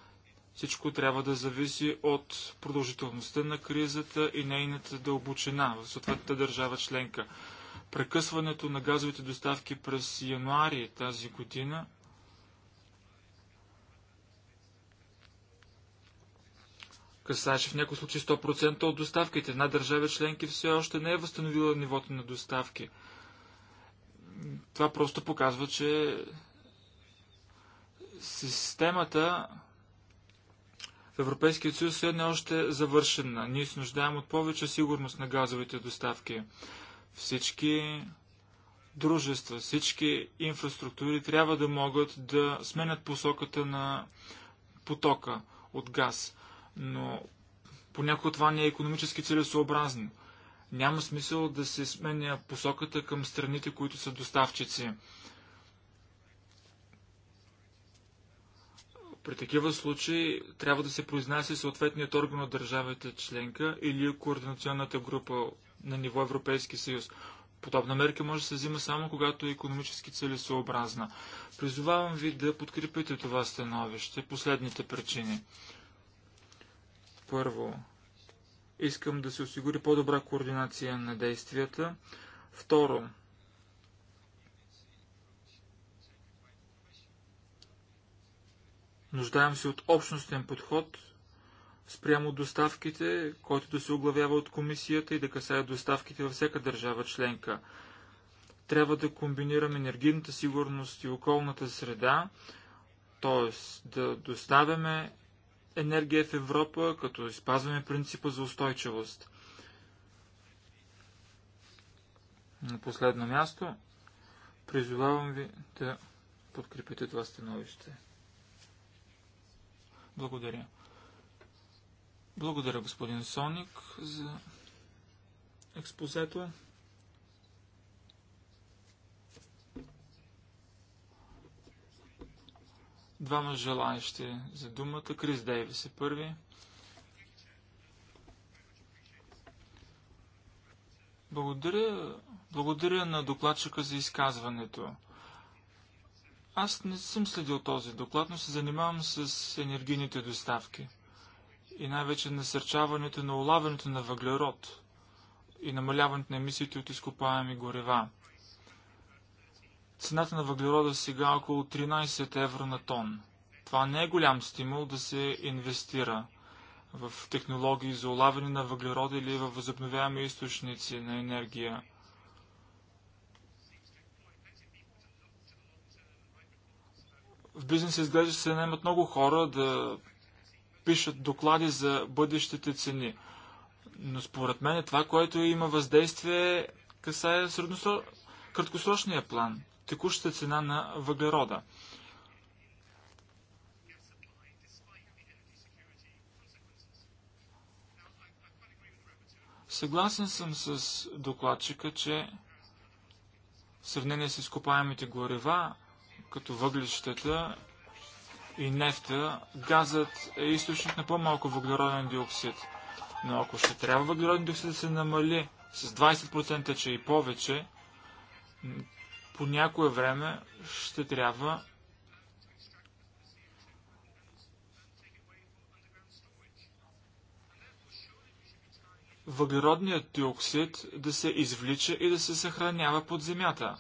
D: Всичко трябва да зависи от продължителността на кризата и нейната дълбочина в съответната държава членка. Прекъсването на газовите доставки през януари тази година касаеше в някои случаи 100% от доставките. Една държава членки все още не е възстановила нивото на доставки. Това просто показва, че системата в Европейския съюз е не още завършена. Ние се нуждаем от повече сигурност на газовите доставки. Всички дружества, всички инфраструктури трябва да могат да сменят посоката на потока от газ. Но понякога това не е економически целесообразно. Няма смисъл да се сменя посоката към страните, които са доставчици. При такива случаи трябва да се произнася съответният орган от държавата членка или координационната група на ниво Европейски съюз. Подобна мерка може да се взима само когато е економически целесообразна. Призовавам ви да подкрепите това становище. Последните причини. Първо, Искам да се осигури по-добра координация на действията. Второ, нуждаем се от общностен подход спрямо доставките, който да се оглавява от комисията и да касае доставките във всяка държава членка. Трябва да комбинираме енергийната сигурност и околната среда, т.е. да доставяме енергия в Европа, като изпазваме принципа за устойчивост. На последно място, призовавам ви да подкрепите това становище. Благодаря. Благодаря, господин Соник, за експозето. Двама желаящи за думата. Крис Дейвис е първи. Благодаря, благодаря на докладчика за изказването. Аз не съм следил този доклад, но се занимавам с енергийните доставки и най-вече насърчаването на улавянето на въглерод и намаляването на емисиите от изкопаеми горева. Цената на въглерода сега е около 13 евро на тон. Това не е голям стимул да се инвестира в технологии за улавяне на въглерода или в възобновяеми източници на енергия. В бизнеса изглежда се наемат много хора да пишат доклади за бъдещите цени. Но според мен това, което има въздействие, касае средносрочния краткосрочния план текущата цена на въглерода. Съгласен съм с докладчика, че в сравнение с изкопаемите горева, като въглищата и нефта, газът е източник на по-малко въглероден диоксид. Но ако ще трябва въглероден диоксид да се намали с 20% че и повече, по някое време ще трябва въглеродният диоксид да се извлича и да се съхранява под земята.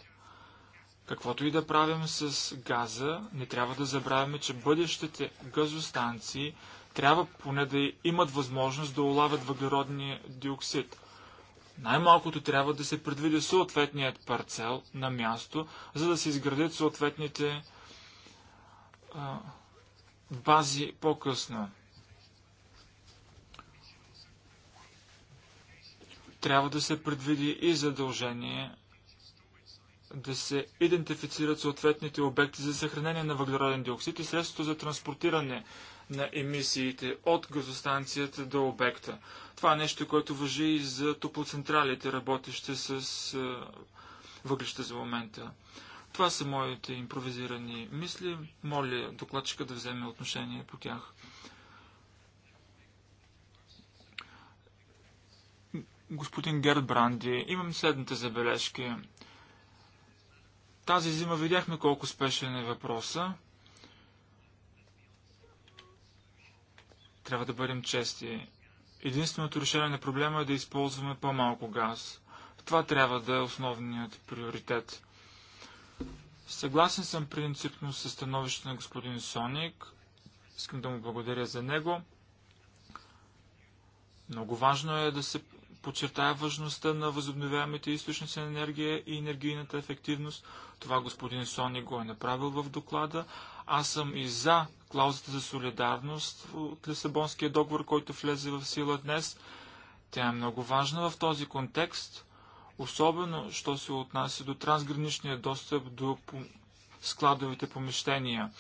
D: Каквото и да правим с газа, не трябва да забравяме, че бъдещите газостанции трябва поне да имат възможност да улавят въглеродния диоксид. Най-малкото трябва да се предвиди съответният парцел на място, за да се изградят съответните а, бази по-късно. Трябва да се предвиди и задължение да се идентифицират съответните обекти за съхранение на въглероден диоксид и средството за транспортиране на емисиите от газостанцията до обекта. Това е нещо, което въжи и за топлоцентралите, работещи с е, въглища за момента. Това са моите импровизирани мисли. Моля докладчика да вземе отношение по тях. Господин Герд Бранди, имам следните забележки. Тази зима видяхме колко спешен е въпроса. Трябва да бъдем чести. Единственото решение на проблема е да използваме по-малко газ. Това трябва да е основният приоритет. Съгласен съм принципно с становището на господин Соник. Искам да му благодаря за него. Много важно е да се подчертая важността на възобновяемите източници на енергия и енергийната ефективност. Това господин Сони го е направил в доклада, аз съм и за клаузата за солидарност от Лисабонския договор, който влезе в сила днес. Тя е много важна в този контекст, особено, що се отнася до трансграничния достъп до складовите помещения.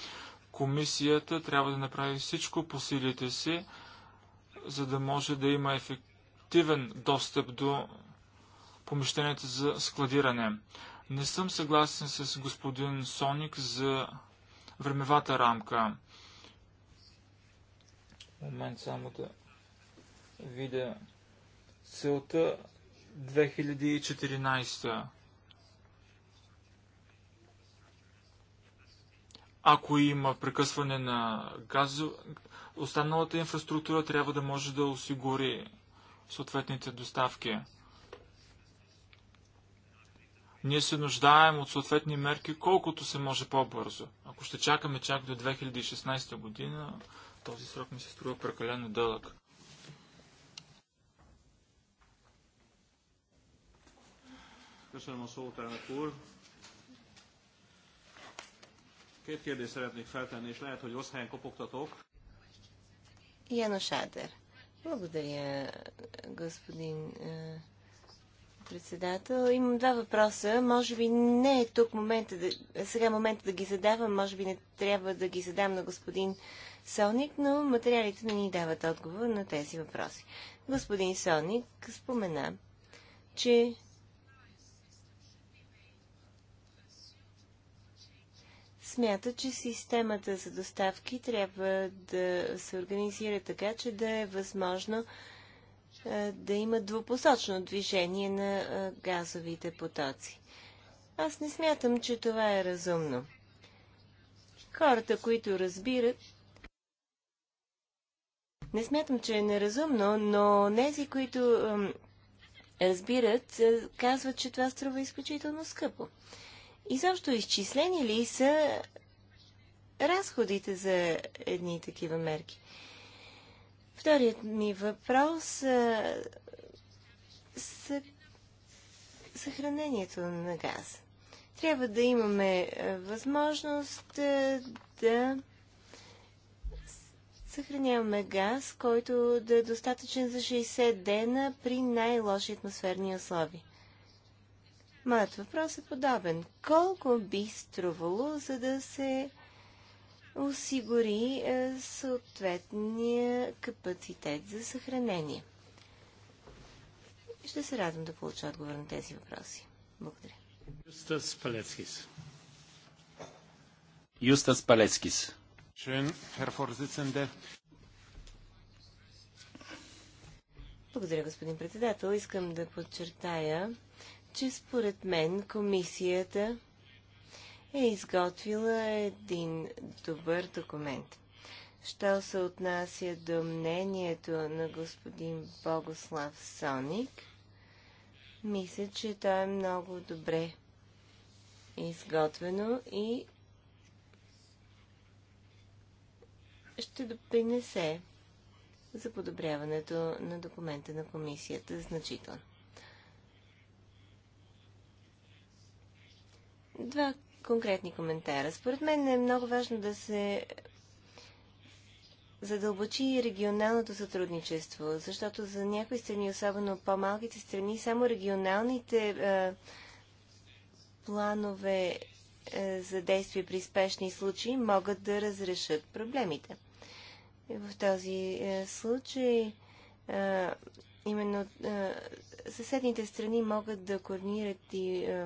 D: Комисията трябва да направи всичко по силите си, за да може да има ефективен достъп до помещенията за складиране. Не съм съгласен с господин Соник за времевата рамка. Момент само да видя целта 2014. Ако има прекъсване на газ, останалата инфраструктура трябва да може да осигури съответните доставки. Ние се нуждаем от съответни мерки колкото се може по-бързо. Ако ще чакаме чак до 2016 година, този срок ми се струва прекалено дълъг.
C: Яно Шадер. Благодаря, господин председател. Имам два въпроса. Може би не е тук момента да, сега е момента да ги задавам, може би не трябва да ги задам на господин Соник, но материалите не ни дават отговор на тези въпроси. Господин Соник спомена, че смята, че системата за доставки трябва да се организира така, че да е възможно е, да има двупосочно движение на е, газовите потоци. Аз не смятам, че това е разумно. Хората, които разбират, не смятам, че е неразумно, но нези, които разбират, е, казват, че това струва изключително скъпо. И защо изчислени ли са разходите за едни такива мерки? Вторият ми въпрос е са съхранението на газ. Трябва да имаме възможност да съхраняваме газ, който да е достатъчен за 60 дена при най-лоши атмосферни условия. Моят въпрос е подобен. Колко би струвало, за да се осигури е, съответния капацитет за съхранение. Ще се радвам да получа отговор на тези въпроси. Благодаря.
A: Юстас Палецкис.
B: Юстас Палецкис.
C: Благодаря, господин председател. Искам да подчертая, че според мен комисията е изготвила един добър документ. Що се отнася до мнението на господин Богослав Соник, мисля, че то е много добре изготвено и ще допринесе за подобряването на документа на комисията значително. Два конкретни коментара. Според мен е много важно да се задълбочи регионалното сътрудничество, защото за някои страни, особено по-малките страни, само регионалните е, планове е, за действие при спешни случаи могат да разрешат проблемите. В този е, случай е, именно е, съседните страни могат да координират и е,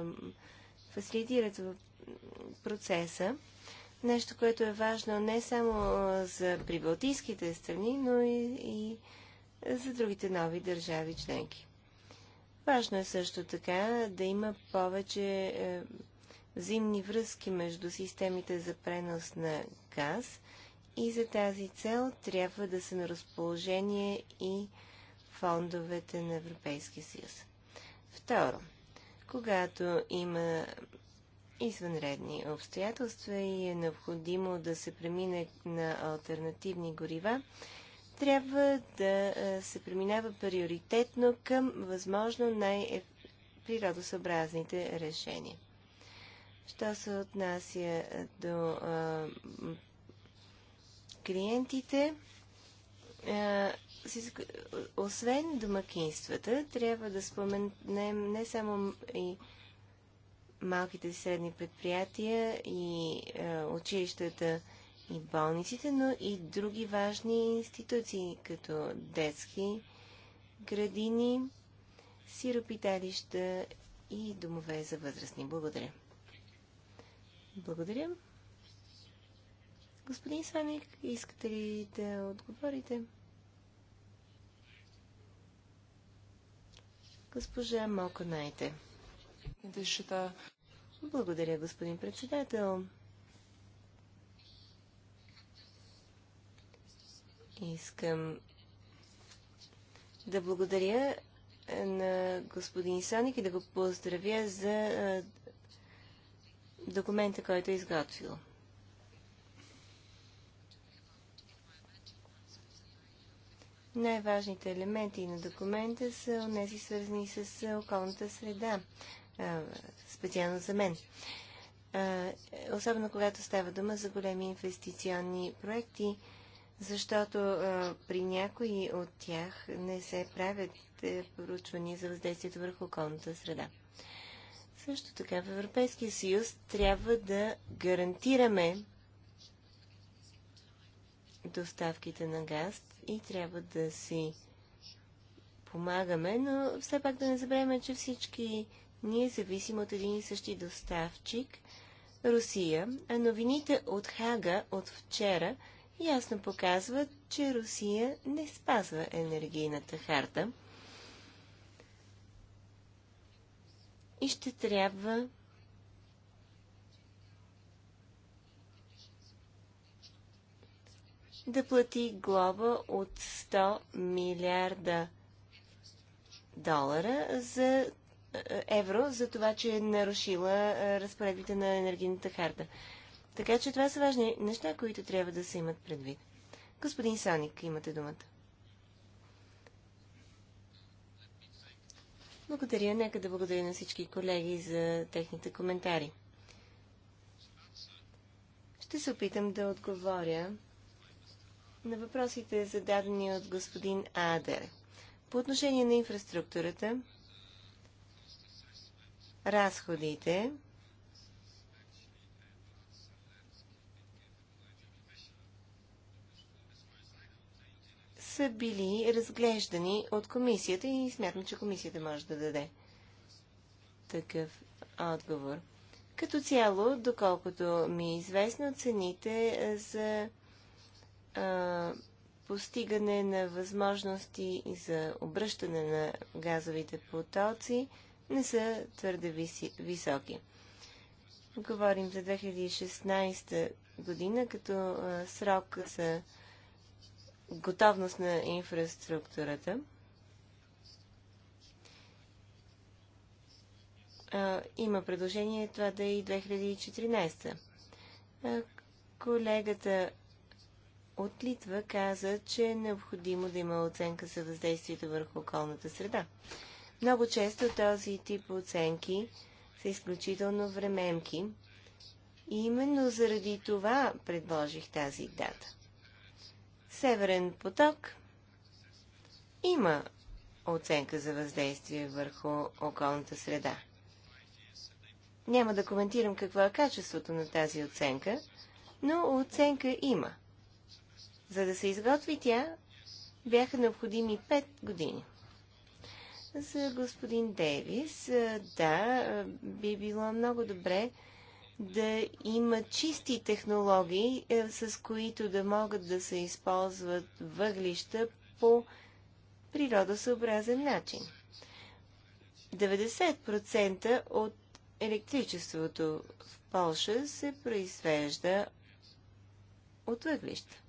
C: фасилитират процеса. Нещо, което е важно не само за прибалтийските страни, но и, и за другите нови държави членки. Важно е също така да има повече е, взаимни връзки между системите за пренос на газ и за тази цел трябва да са на разположение и фондовете на Европейския съюз. Второ, когато има извънредни обстоятелства и е необходимо да се премине на альтернативни горива, трябва да се преминава приоритетно към възможно най-природосъобразните решения. Що се отнася до а, клиентите, а, освен домакинствата, трябва да споменем не само и малките и средни предприятия и е, училищата и болниците, но и други важни институции, като детски градини, сиропиталища и домове за възрастни. Благодаря. Благодаря. Господин Самик, искате ли да отговорите? Госпожа Малконайте. Šitą благодаря, господин председател. Искам да благодаря на господин Саник и да го поздравя за документа, който е изготвил. Най-важните елементи на документа са тези свързани с околната среда специално за мен. Особено когато става дума за големи инвестиционни проекти, защото при някои от тях не се правят проучвания за въздействието върху околната среда. Също така в Европейския съюз трябва да гарантираме доставките на газ и трябва да си помагаме, но все пак да не забравяме, че всички ние зависим от един и същи доставчик – Русия, а новините от Хага от вчера ясно показват, че Русия не спазва енергийната харта и ще трябва да плати глоба от 100 милиарда долара за е, евро за това, че е нарушила е, разпоредбите на енергийната харта. Така че това са важни неща, които трябва да се имат предвид. Господин Саник, имате думата. Благодаря. Нека да благодаря на всички колеги за техните коментари. Ще се опитам да отговоря на въпросите зададени от господин Адер. По отношение на инфраструктурата, разходите, са били разглеждани от комисията и смятам, че комисията може да даде такъв отговор. Като цяло, доколкото ми е известно, цените за а, постигане на възможности за обръщане на газовите потоци не са твърде виси, високи. Говорим за 2016 година като а, срок за готовност на инфраструктурата. А, има предложение това да е и 2014. А, колегата от Литва каза, че е необходимо да има оценка за въздействието върху околната среда. Много често този тип оценки са изключително времемки и именно заради това предложих тази дата. Северен поток има оценка за въздействие върху околната среда. Няма да коментирам какво е качеството на тази оценка, но оценка има. За да се изготви тя, бяха необходими 5 години. За господин Дейвис, да, би било много добре да има чисти технологии, с които да могат да се използват въглища по природосъобразен начин. 90% от електричеството в Польша се произвежда от въглища.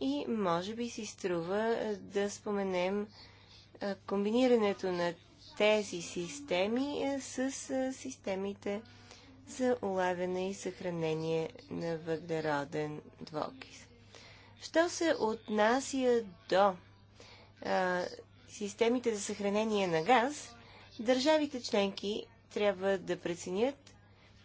C: И може би си струва е, да споменем е, комбинирането на тези системи е, с системите за улавяне и съхранение на въглероден двокис. Що се отнася до а, системите за съхранение на газ, държавите членки трябва да преценят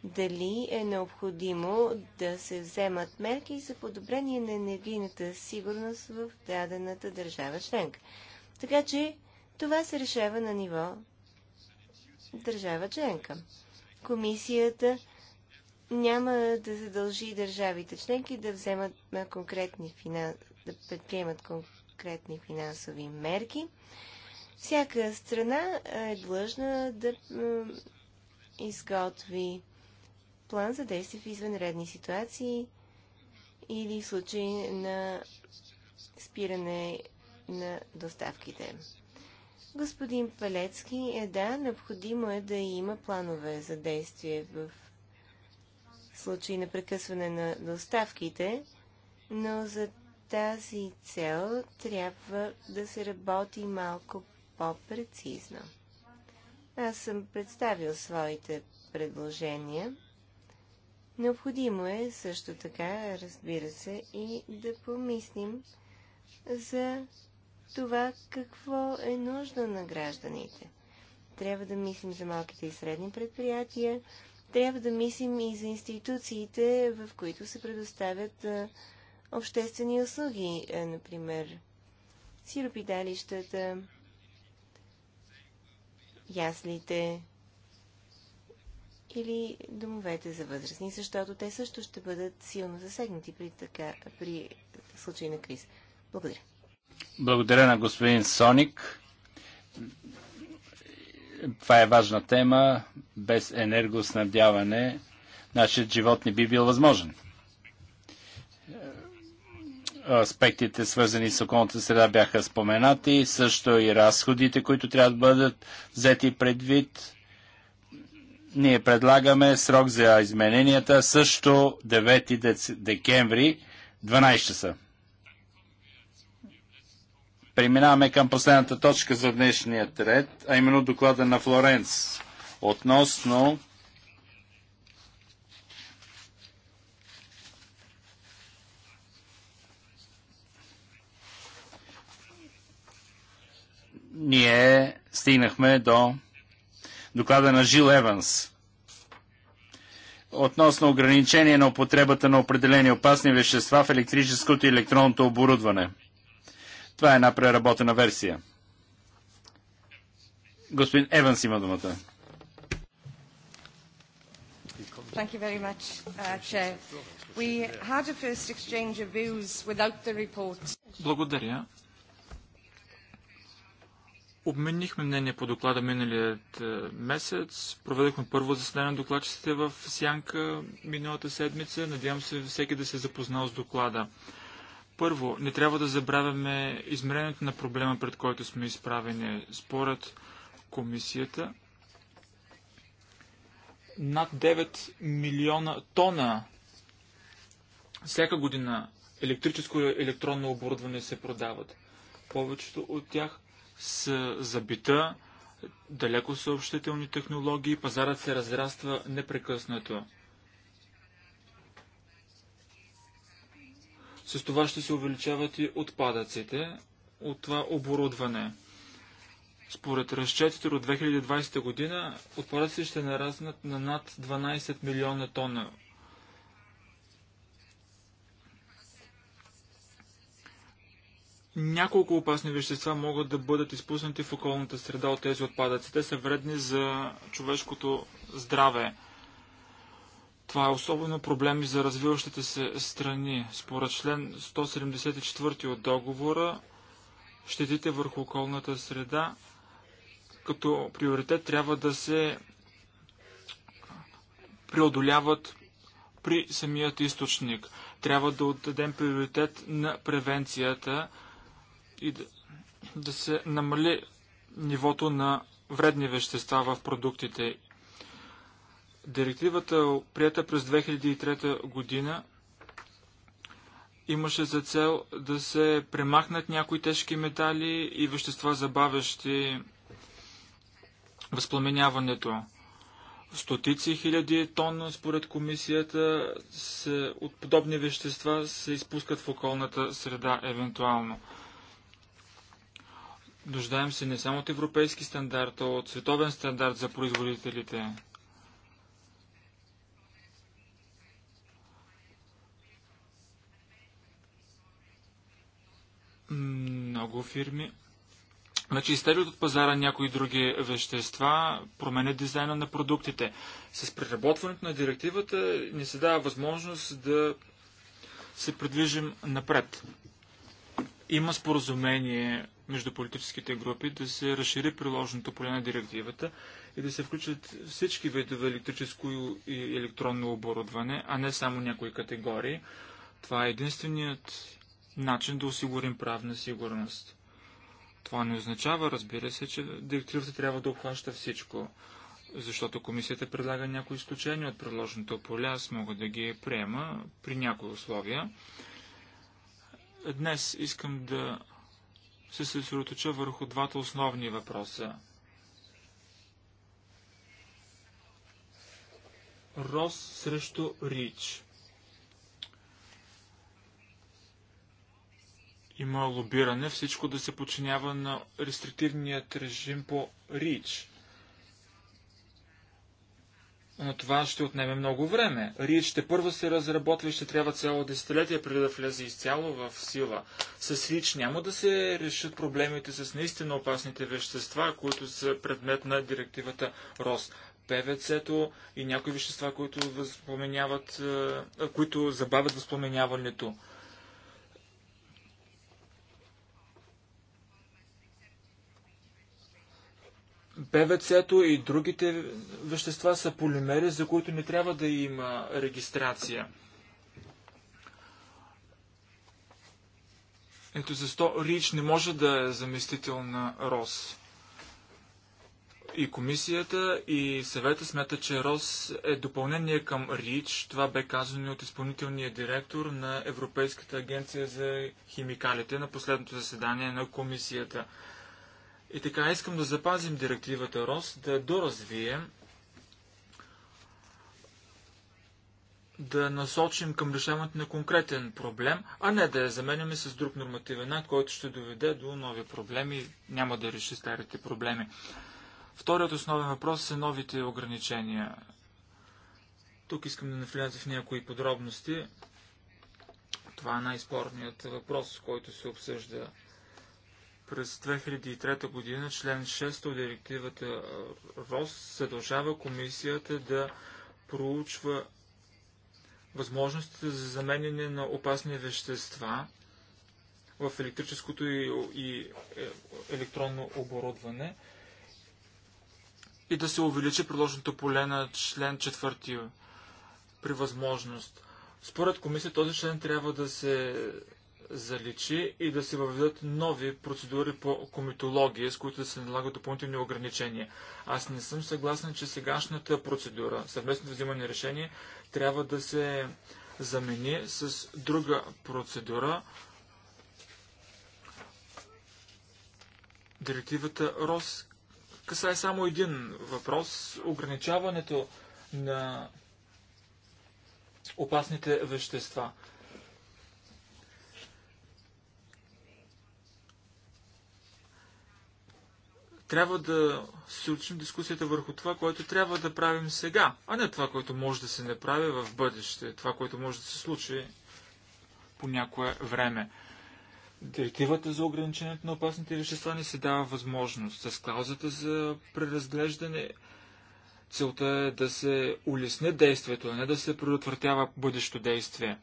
C: дали е необходимо да се вземат мерки за подобрение на енергийната сигурност в дадената държава членка. Така че това се решава на ниво държава членка. Комисията няма да задължи държавите членки да вземат конкретни финанс... да предприемат конкретни финансови мерки. Всяка страна е длъжна да изготви план за действие в извънредни ситуации или в случай на спиране на доставките. Господин Палецки, е да, необходимо е да има планове за действие в случай на прекъсване на доставките, но за тази цел трябва да се работи малко по-прецизно. Аз съм представил своите предложения Необходимо е също така, разбира се, и да помислим за това какво е нужно на гражданите. Трябва да мислим за малките и средни предприятия, трябва да мислим и за институциите, в които се предоставят обществени услуги, е, например сиропидалищата, яслите, или домовете за възрастни, защото те също ще бъдат силно засегнати при, така, при случай на криза. Благодаря.
B: Благодаря на господин Соник. Това е важна тема. Без енергоснабдяване нашият живот не би бил възможен. Аспектите, свързани с околната среда, бяха споменати. Също и разходите, които трябва да бъдат взети предвид ние предлагаме срок за измененията също 9 декември 12 часа. Преминаваме към последната точка за днешния ред, а именно доклада на Флоренц относно ние стигнахме до доклада на Жил Еванс относно ограничение на употребата на определени опасни вещества в електрическото и електронното оборудване. Това е една преработена версия. Господин Еванс има думата.
D: Thank
C: you very much, uh, Chair. We had a first exchange of views without the report.
D: Благодаря. Обменихме мнение по доклада миналият е, месец. Проведохме първо заседание на докладчиците в Сянка миналата седмица. Надявам се всеки да се е запознал с доклада. Първо, не трябва да забравяме измерението на проблема, пред който сме изправени. Според комисията, над 9 милиона тона всяка година електрическо и електронно оборудване се продават. Повечето от тях с забита далеко съобщителни технологии, пазарът се разраства непрекъснато. С това ще се увеличават и отпадъците от това оборудване. Според разчетите от 2020 година отпадъците ще нараснат на над 12 милиона тона Няколко опасни вещества могат да бъдат изпуснати в околната среда от тези отпадъци. Те са вредни за човешкото здраве. Това е особено проблем и за развиващите се страни. Според член 174 от договора, щетите върху околната среда като приоритет трябва да се преодоляват при самият източник. Трябва да отдадем приоритет на превенцията, и да, да се намали нивото на вредни вещества в продуктите. Директивата, прията през 2003 година, имаше за цел да се премахнат някои тежки метали и вещества, забавящи възпламеняването. Стотици хиляди тонна, според комисията, се, от подобни вещества се изпускат в околната среда евентуално. Нуждаем се не само от европейски стандарт, а от световен стандарт за производителите. Много фирми Значи изтеглят от пазара някои други вещества, променят дизайна на продуктите. С преработването на директивата ни се дава възможност да се придвижим напред. Има споразумение между политическите групи, да се разшири приложното поле на директивата и да се включат всички видове електрическо и електронно оборудване, а не само някои категории. Това е единственият начин да осигурим правна сигурност. Това не означава, разбира се, че директивата трябва да обхваща всичко, защото комисията предлага някои изключения от предложеното поле, аз мога да ги приема при някои условия. Днес искам да ще се съсредоточа върху двата основни въпроса. Рос срещу Рич. Има лобиране всичко да се подчинява на рестриктивният режим по Рич но това ще отнеме много време. Рич ще първо се разработва и ще трябва цяло десетилетие преди да влезе изцяло в сила. С Рич няма да се решат проблемите с наистина опасните вещества, които са предмет на директивата РОС. ПВЦ-то и някои вещества, които, е, които забавят възпламеняването. ПВЦ-то и другите вещества са полимери, за които не трябва да има регистрация. Ето защо РИЧ не може да е заместител на РОС. И комисията, и съвета смята, че РОС е допълнение към РИЧ. Това бе казано от изпълнителния директор на Европейската агенция за химикалите на последното заседание на комисията. И така искам да запазим директивата РОС, да доразвием, да насочим към решаването на конкретен проблем, а не да я заменяме с друг нормативен акт, който ще доведе до нови проблеми, няма да реши старите проблеми. Вторият основен въпрос са новите ограничения. Тук искам да навляза в някои подробности. Това е най-спорният въпрос, който се обсъжда през 2003 година член 6 от директивата РОС задължава комисията да проучва възможностите за заменяне на опасни вещества в електрическото и, и е, електронно оборудване и да се увеличи приложното поле на член 4 при възможност. Според комисия този член трябва да се заличи и да се въведат нови процедури по комитология, с които да се налагат допълнителни ограничения. Аз не съм съгласен, че сегашната процедура, съвместно взимане решение, трябва да се замени с друга процедура. Директивата РОС касае само един въпрос – ограничаването на опасните вещества – трябва да случим дискусията върху това, което трябва да правим сега, а не това, което може да се направи в бъдеще, това, което може да се случи по някое време. Директивата за ограничението на опасните вещества ни се дава възможност. С клаузата за преразглеждане целта е да се улесне действието, а не да се предотвратява бъдещо действие.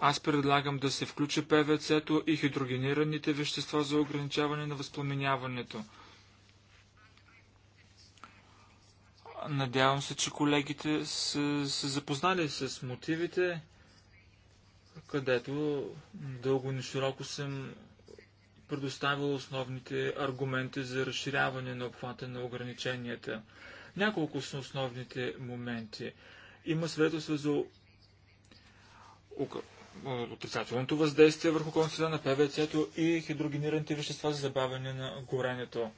D: Аз предлагам да се включи ПВЦ-то и хидрогенираните вещества за ограничаване на възпламеняването. Надявам се, че колегите са се запознали с мотивите, където дълго и широко съм предоставил основните аргументи за разширяване на обхвата на ограниченията. Няколко са основните моменти. Има свидетелства за отрицателното въздействие върху консида на ПВЦ-то и хидрогенираните вещества за забавяне на горенето.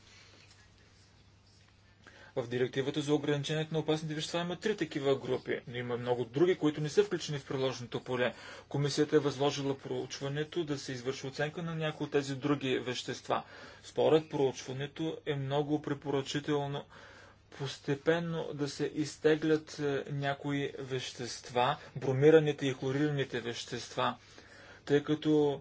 D: В директивата за ограничението на опасните вещества има три такива групи, но има много други, които не са включени в приложеното поле. Комисията е възложила проучването да се извърши оценка на някои от тези други вещества. Според проучването е много препоръчително постепенно да се изтеглят е, някои вещества, бромираните и хлорираните вещества, тъй като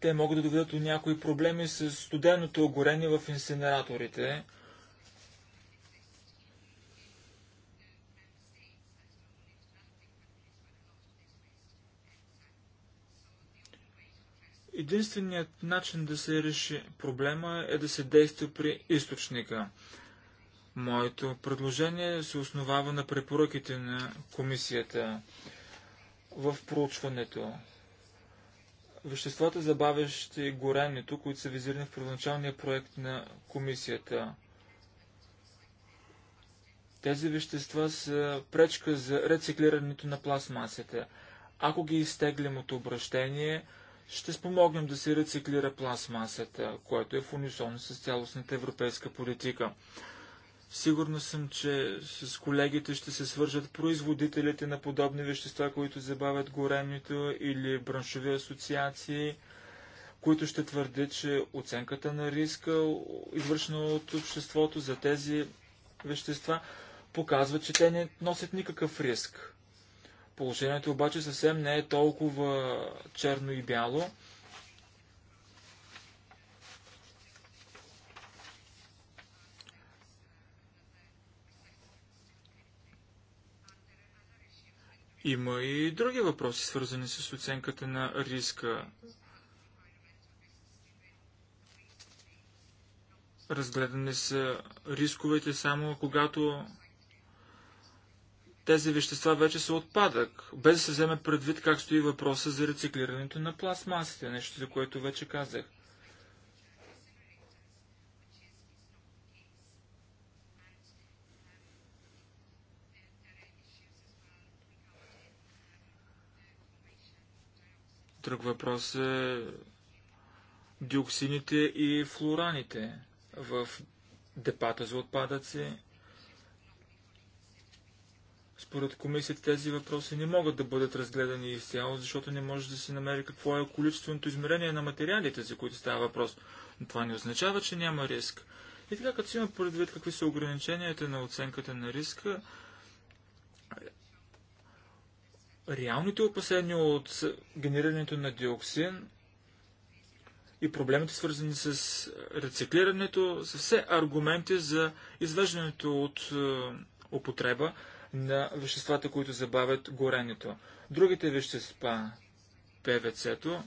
D: те могат да доведат до някои проблеми с студеното горение в инсинераторите. Единственият начин да се реши проблема е да се действа при източника. Моето предложение се основава на препоръките на комисията в проучването. Веществата, забавящи горенето, които са визирани в първоначалния проект на комисията. Тези вещества са пречка за рециклирането на пластмасите. Ако ги изтеглим от обращение, ще спомогнем да се рециклира пластмасата, което е в унисон с цялостната европейска политика. Сигурно съм, че с колегите ще се свържат производителите на подобни вещества, които забавят горенето или браншови асоциации, които ще твърдят, че оценката на риска, извършена от обществото за тези вещества, показва, че те не носят никакъв риск. Положението обаче съвсем не е толкова черно и бяло. Има и други въпроси, свързани с оценката на риска. Разгледани са рисковете само когато тези вещества вече са отпадък, без да се вземе предвид как стои въпроса за рециклирането на пластмасите, нещо за което вече казах. Друг въпрос е диоксините и флораните в депата за отпадъци. Според комисията тези въпроси не могат да бъдат разгледани изцяло, защото не може да се намери какво е количественото измерение на материалите, за които става въпрос. Но това не означава, че няма риск. И така, като си има предвид какви са ограниченията на оценката на риска, реалните опасения от генерирането на диоксин и проблемите свързани с рециклирането са все аргументи за извеждането от е, употреба на веществата, които забавят горенето. Другите вещества, ПВЦ-то,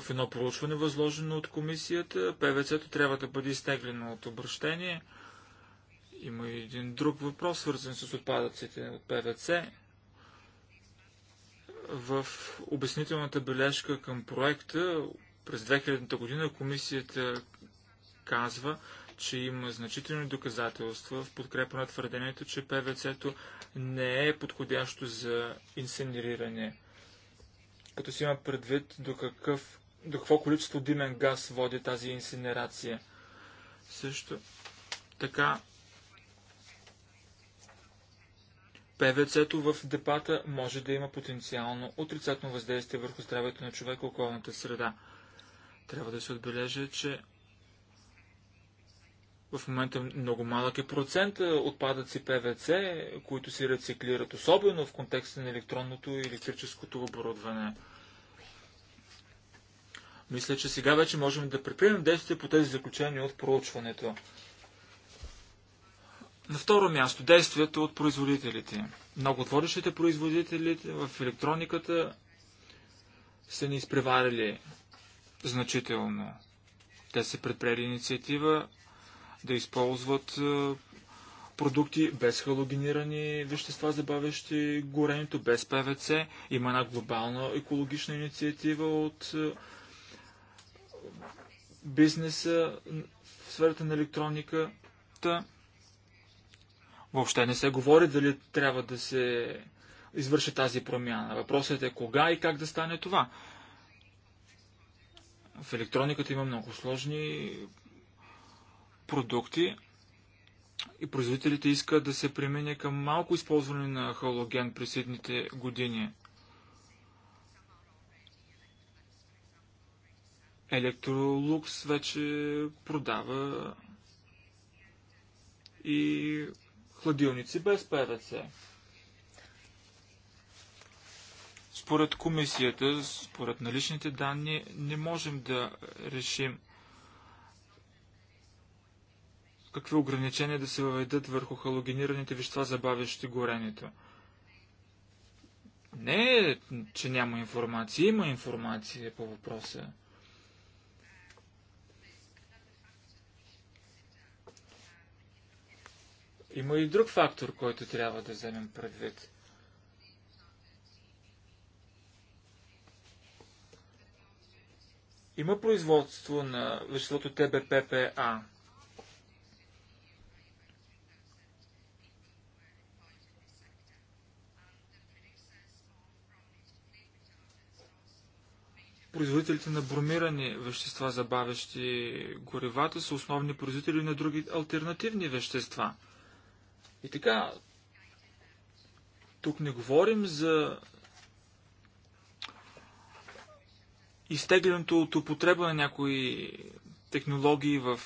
D: в едно проучване, възложено от комисията, ПВЦ-то трябва да бъде изтеглено от обращение. Има и един друг въпрос, свързан с отпадъците от ПВЦ. В обяснителната бележка към проекта през 2000 година комисията казва, че има значителни доказателства в подкрепа на твърдението, че ПВЦ-то не е подходящо за инсенериране. Като си има предвид до, какъв, до какво количество димен газ води тази инсинерация. Също така ПВЦ-то в депата може да има потенциално отрицателно въздействие върху здравето на човека и околната среда. Трябва да се отбележи, че в момента много малък е процент е, отпадъци ПВЦ, които се рециклират, особено в контекста на електронното и електрическото оборудване. Мисля, че сега вече можем да предприемем действия по тези заключения от проучването. На второ място, действията от производителите. Много от водещите производители в електрониката са ни изпреварили значително. Те са предприели инициатива да използват е, продукти без халогенирани вещества, забавящи горенето, без ПВЦ. Има една глобална екологична инициатива от е, бизнеса в сферата на електрониката. Въобще не се говори дали трябва да се извърши тази промяна. Въпросът е кога и как да стане това. В електрониката има много сложни продукти и производителите искат да се премине към малко използване на халоген през следните години. Електролукс вече продава и хладилници без ПВЦ. Според комисията, според наличните данни, не можем да решим какви ограничения да се въведат върху халогенираните вещества, забавящи горенето. Не е, че няма информация. Има информация по въпроса. Има и друг фактор, който трябва да вземем предвид. Има производство на веществото ТБППА – производителите на бромирани вещества, забавящи горивата, са основни производители на други альтернативни вещества. И така, тук не говорим за изтеглянето от употреба на някои технологии в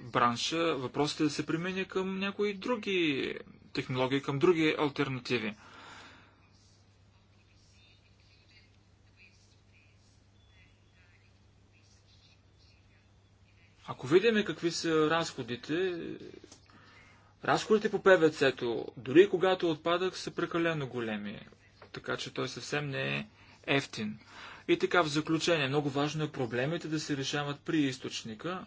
D: бранша. Въпросът е да се применя към някои други технологии, към други альтернативи. Ако видим какви са разходите, разходите по ПВЦ-то, дори когато отпадък, са прекалено големи. Така че той съвсем не е ефтин. И така, в заключение, много важно е проблемите да се решават при източника.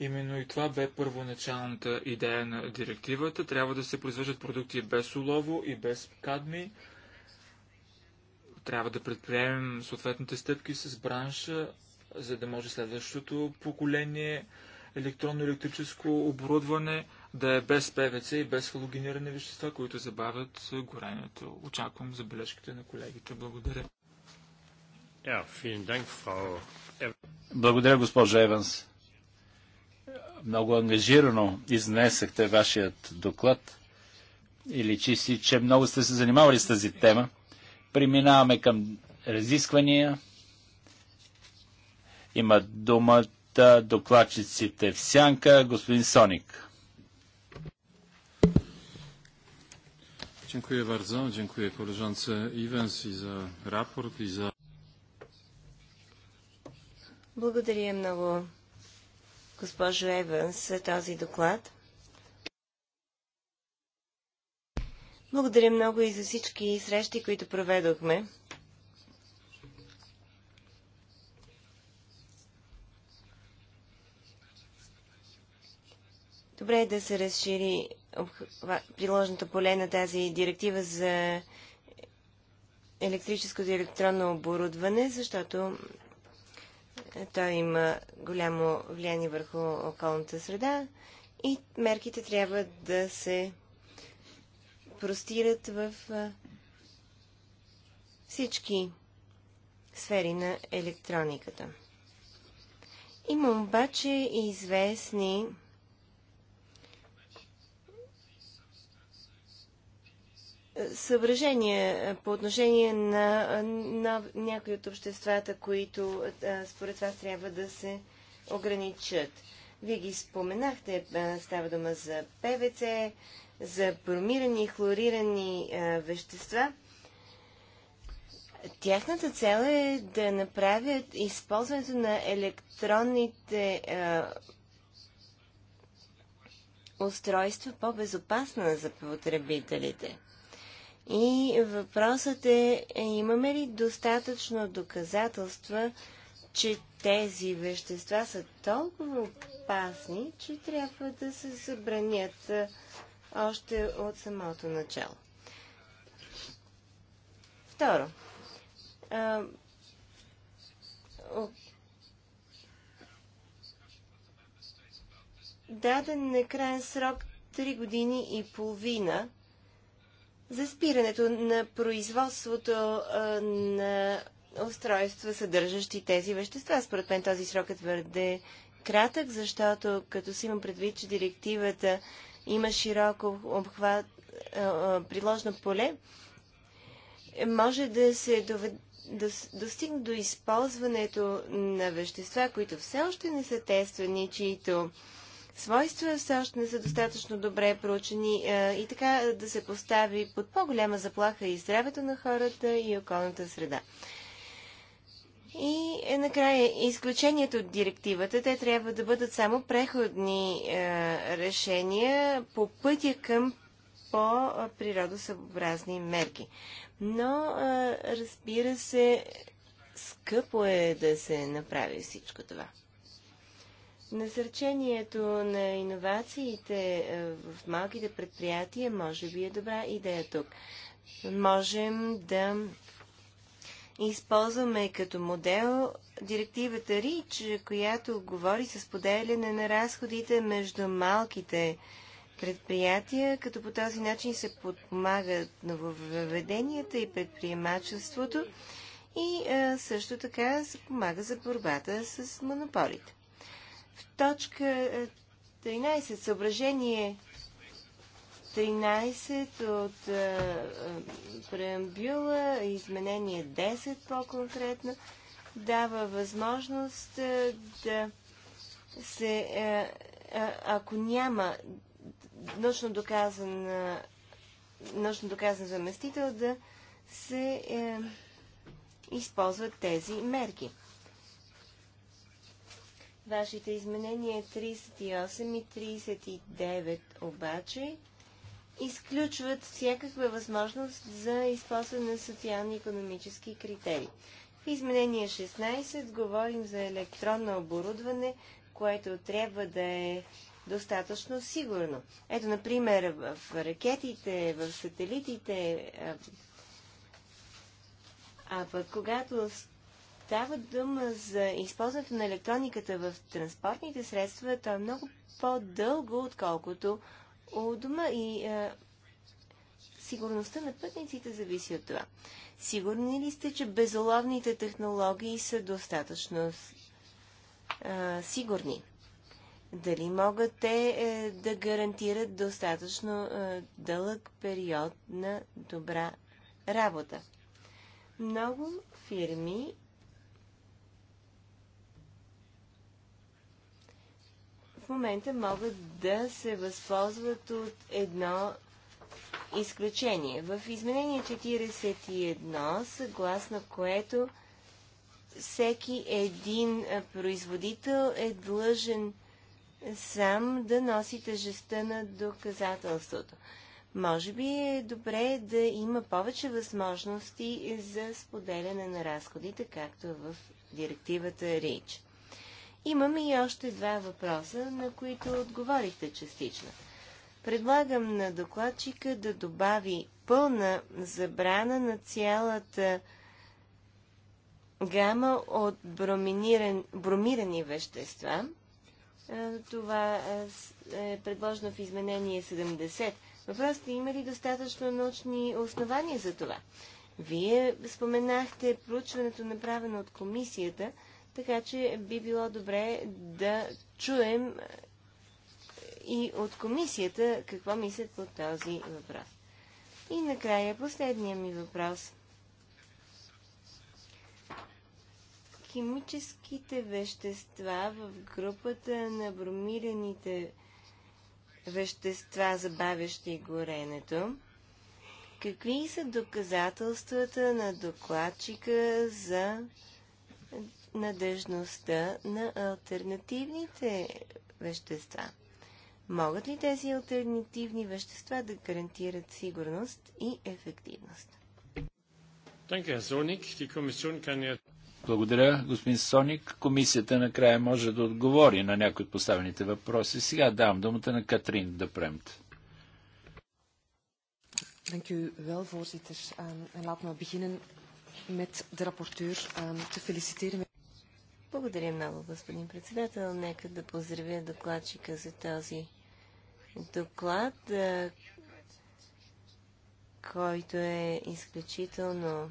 D: Именно и това бе първоначалната идея на директивата. Трябва да се произвеждат продукти без олово и без кадми. Трябва да предприемем съответните стъпки с бранша, за да може следващото поколение електронно-електрическо оборудване да е без ПВЦ и без халогенирани вещества, които забавят горенето. Очаквам забележките
A: на колегите. Благодаря.
B: Благодаря, госпожа Еванс. Много ангажирано изнесехте вашият доклад и личи си, че много сте се занимавали с тази тема. Преминаваме към разисквания. Има думата докладчиците в сянка, господин Соник.
A: Dziękuję bardzo. Dziękuję koleżance Iwens i za raport i za...
C: Благодаря много, госпожо Еванс, за този доклад. Благодаря много и за всички срещи, които проведохме. Добре е да се разшири приложното поле на тази директива за електрическото и електронно оборудване, защото е, той има голямо влияние върху околната среда и мерките трябва да се простират в всички сфери на електрониката. Има обаче известни съображения по отношение на, на някои от обществата, които според вас трябва да се ограничат. Вие ги споменахте, става дума за ПВЦ, за бромирани и хлорирани а, вещества, тяхната цел е да направят използването на електронните а, устройства по-безопасна за потребителите. И въпросът е, е, имаме ли достатъчно доказателства, че тези вещества са толкова опасни, че трябва да се забранят още от самото начало. Второ, даден е крайен срок 3 години и половина за спирането на производството на устройства, съдържащи тези вещества. Според мен този срок е твърде кратък, защото като си имам предвид, че директивата има широко обхват, приложно поле, може да се доведе да достигне до използването на вещества, които все още не са тествани, чието свойства все още не са достатъчно добре проучени и така да се постави под по-голяма заплаха и здравето на хората и околната среда. И е, накрая, изключението от директивата, те трябва да бъдат само преходни е, решения по пътя към по-природосъобразни мерки. Но, е, разбира се, скъпо е да се направи всичко това. Насърчението на иновациите е, в малките предприятия може би е добра идея тук. Можем да използваме като модел директивата РИЧ, която говори за споделяне на разходите между малките предприятия, като по този начин се подпомагат нововведенията и предприемачеството и а, също така се помага за борбата с монополите. В точка 13 съображение 13 от преамбюла, изменение 10 по-конкретно, дава възможност да се, ако няма нощно доказан, нощно доказан заместител, да се е, използват тези мерки. Вашите изменения 38 и 39 обаче изключват всякаква възможност за използване на социално-економически критерии. В изменение 16 говорим за електронно оборудване, което трябва да е достатъчно сигурно. Ето, например, в ракетите, в сателитите, а, пък когато става дума за използването на електрониката в транспортните средства, то е много по-дълго, отколкото у дома и а, е, сигурността на пътниците зависи от това. Сигурни ли сте, че безоловните технологии са достатъчно а, е, сигурни? Дали могат те е, да гарантират достатъчно е, дълъг период на добра работа? Много фирми в момента могат да се възползват от едно изключение. В изменение 41, съгласно което всеки един производител е длъжен сам да носи тъжестта на доказателството. Може би е добре да има повече възможности за споделяне на разходите, както в директивата РИЧ. Имаме и още два въпроса, на които отговорихте частично. Предлагам на докладчика да добави пълна забрана на цялата гама от броминиран, бромирани вещества. Е, това е, е предложено в изменение 70. Въпросът е има ли достатъчно научни основания за това? Вие споменахте проучването, направено от комисията – така че би било добре да чуем и от комисията какво мислят по този въпрос. И накрая последния ми въпрос. Химическите вещества в групата на бромираните вещества, забавящи горенето, какви са доказателствата на докладчика за надежността на альтернативните вещества. Могат ли тези альтернативни вещества да гарантират сигурност и ефективност?
B: Благодаря, господин Соник. Комисията накрая може да отговори на някои от поставените въпроси. Сега давам думата на Катрин Депремт.
C: Dank u wel, voorzitter. Um, en laat me beginnen met de rapporteur um, te feliciteren. Благодаря много, господин председател. Нека да поздравя докладчика за този доклад, който е изключително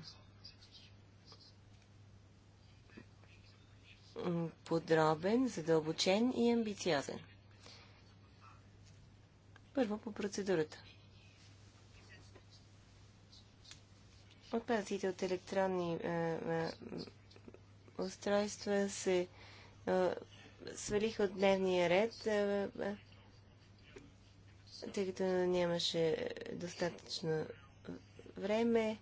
C: подробен, задълбочен и амбициозен. Първо по процедурата. Отпадъците от електронни е, е, устройства се а, свалиха от дневния ред, а, а, тъй като нямаше достатъчно време.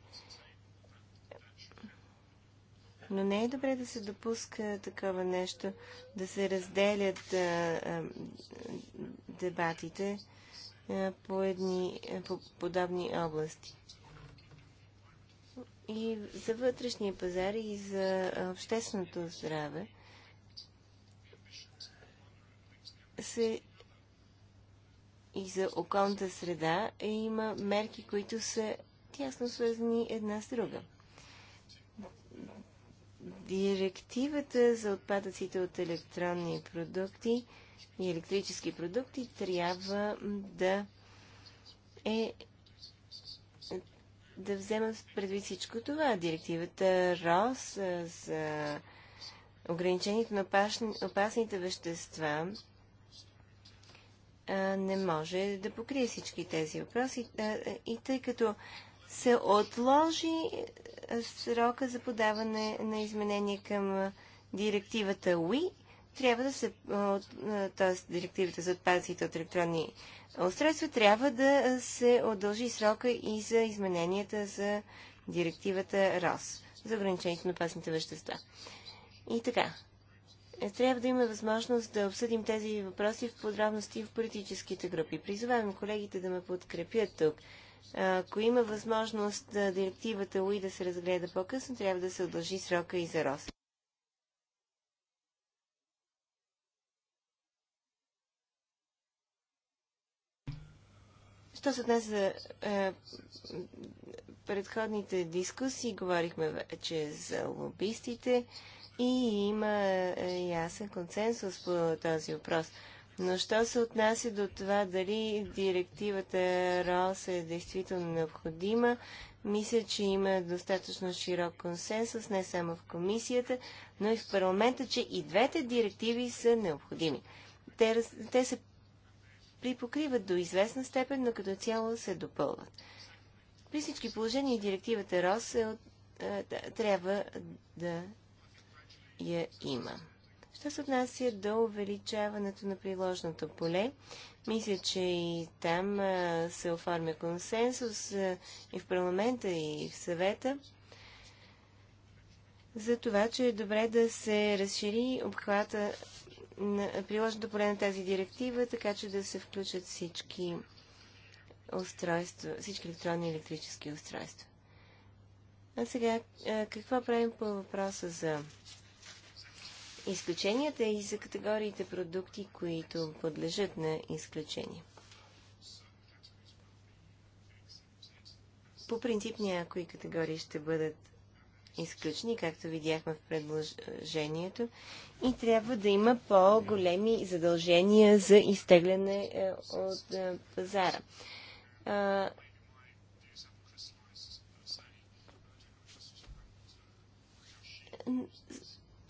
C: Но не е добре да се допуска такова нещо, да се разделят а, а, дебатите а, по едни по подобни области и за вътрешния пазар и за общественото здраве се и за околната среда е, има мерки, които са тясно свързани една с друга. Директивата за отпадъците от електронни продукти и електрически продукти трябва да е да взема предвид всичко това. Директивата РОС за ограничението на опасните вещества не може да покрие всички тези въпроси. И тъй като се отложи срока за подаване на изменения към директивата УИ, трябва да се, т.е. директивата за отпазите от електронни устройство, трябва да се отдължи срока и за измененията за директивата РОС, за ограничението на опасните вещества. И така, трябва да има възможност да обсъдим тези въпроси в подробности в политическите групи. Призовавам колегите да ме подкрепят тук. Ако има възможност да директивата УИ да се разгледа по-късно, трябва да се удължи срока и за РОС. Що се отнася е, предходните дискусии, говорихме вече за лобистите и има е, ясен консенсус по този въпрос. Но що се отнася до това дали директивата РОС е действително необходима, мисля, че има достатъчно широк консенсус, не само в комисията, но и в парламента, че и двете директиви са необходими. Те, те са припокриват до известна степен, но като цяло се допълват. При всички положения директивата РОС е от, е, трябва да я има. Що се отнася до увеличаването на приложното поле, мисля, че и там е, се оформя консенсус е, и в парламента, и в съвета за това, че е добре да се разшири обхвата приложното поле на тази директива, така че да се включат всички устройства, всички електронни и електрически устройства. А сега, какво правим по въпроса за изключенията и за категориите продукти, които подлежат на изключение? По принцип някои категории ще бъдат изключени, както видяхме в предложението, и трябва да има по-големи задължения за изтегляне е, от е, пазара.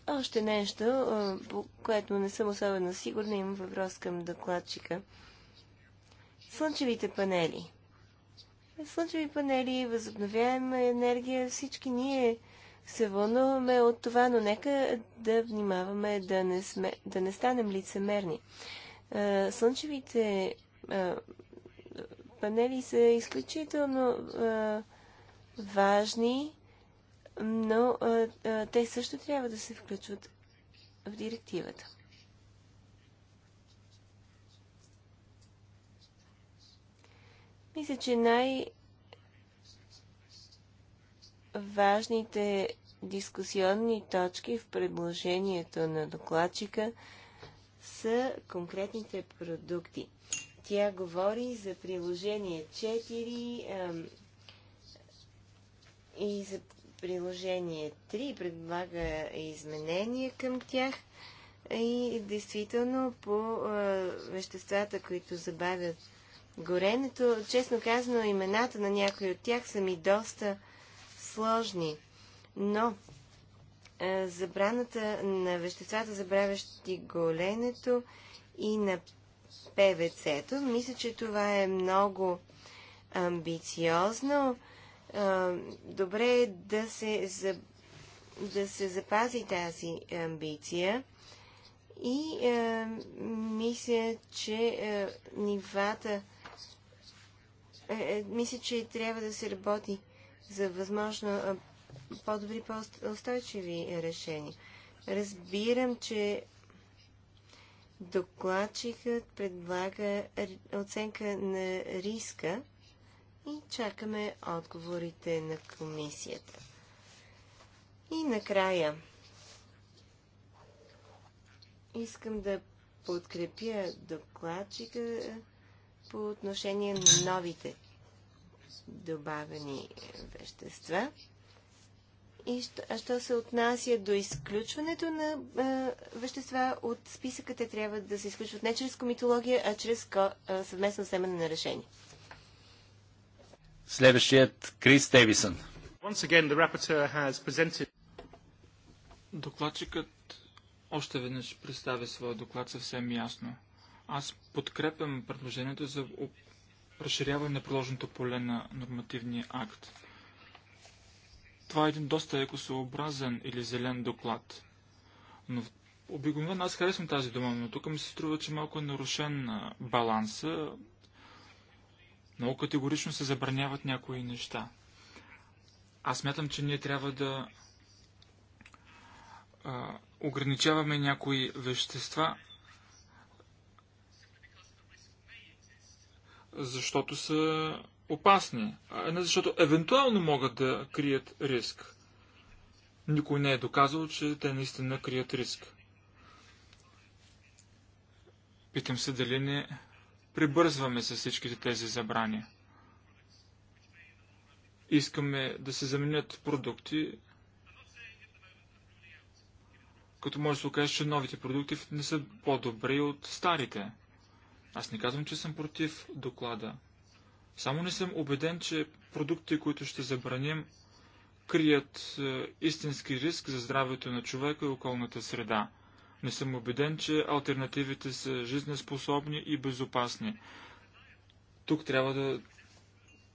C: още нещо, е, по което не съм особено сигурна, имам въпрос към докладчика. Слънчевите панели. Слънчеви панели, възобновяема енергия, всички ние се вълнуваме от това, но нека да внимаваме да не, сме, да не станем лицемерни. Слънчевите панели са изключително важни, но те също трябва да се включват в директивата. Мисля, че най- важните дискусионни точки в предложението на докладчика са конкретните продукти. Тя говори за приложение 4 а, и за приложение 3, предлага изменения към тях и действително по а, веществата, които забавят горенето. Честно казано, имената на някои от тях са ми доста сложни, но е, забраната на веществата, забравящи голенето и на ПВЦ-то, мисля, че това е много амбициозно. Е, добре е да се, за, да се запази тази амбиция. И е, мисля, че е, нивата. Е, е мисля, че трябва да се работи за възможно по-добри, по-устойчиви решения. Разбирам, че докладчикът предлага оценка на риска и чакаме отговорите на комисията. И накрая искам да подкрепя докладчика по отношение на новите добавени вещества. И що, а що се отнася до изключването на а, вещества от списъка, те трябва да се изключват не чрез комитология, а чрез ко, а, съвместно вземане на решение.
B: Следващият Крис Тевисън.
A: Presented...
D: Докладчикът още веднъж представя своя доклад съвсем ясно. Аз подкрепям предложението за разширяване на приложеното поле на нормативния акт. Това е един доста екосообразен или зелен доклад. Но обикновено аз харесвам тази дума, но тук ми се струва, че е малко е нарушен баланса. Много категорично се забраняват някои неща. Аз мятам, че ние трябва да а, ограничаваме някои вещества, защото са опасни, а не защото евентуално могат да крият риск. Никой не е доказал, че те наистина крият риск. Питам се дали не прибързваме с всичките тези забрани. Искаме да се заменят продукти, като може да се окаже, че новите продукти не са по-добри от старите. Аз не казвам, че съм против доклада. Само не съм убеден, че продукти, които ще забраним, крият е, истински риск за здравето на човека и околната среда. Не съм убеден, че альтернативите са жизнеспособни и безопасни. Тук трябва да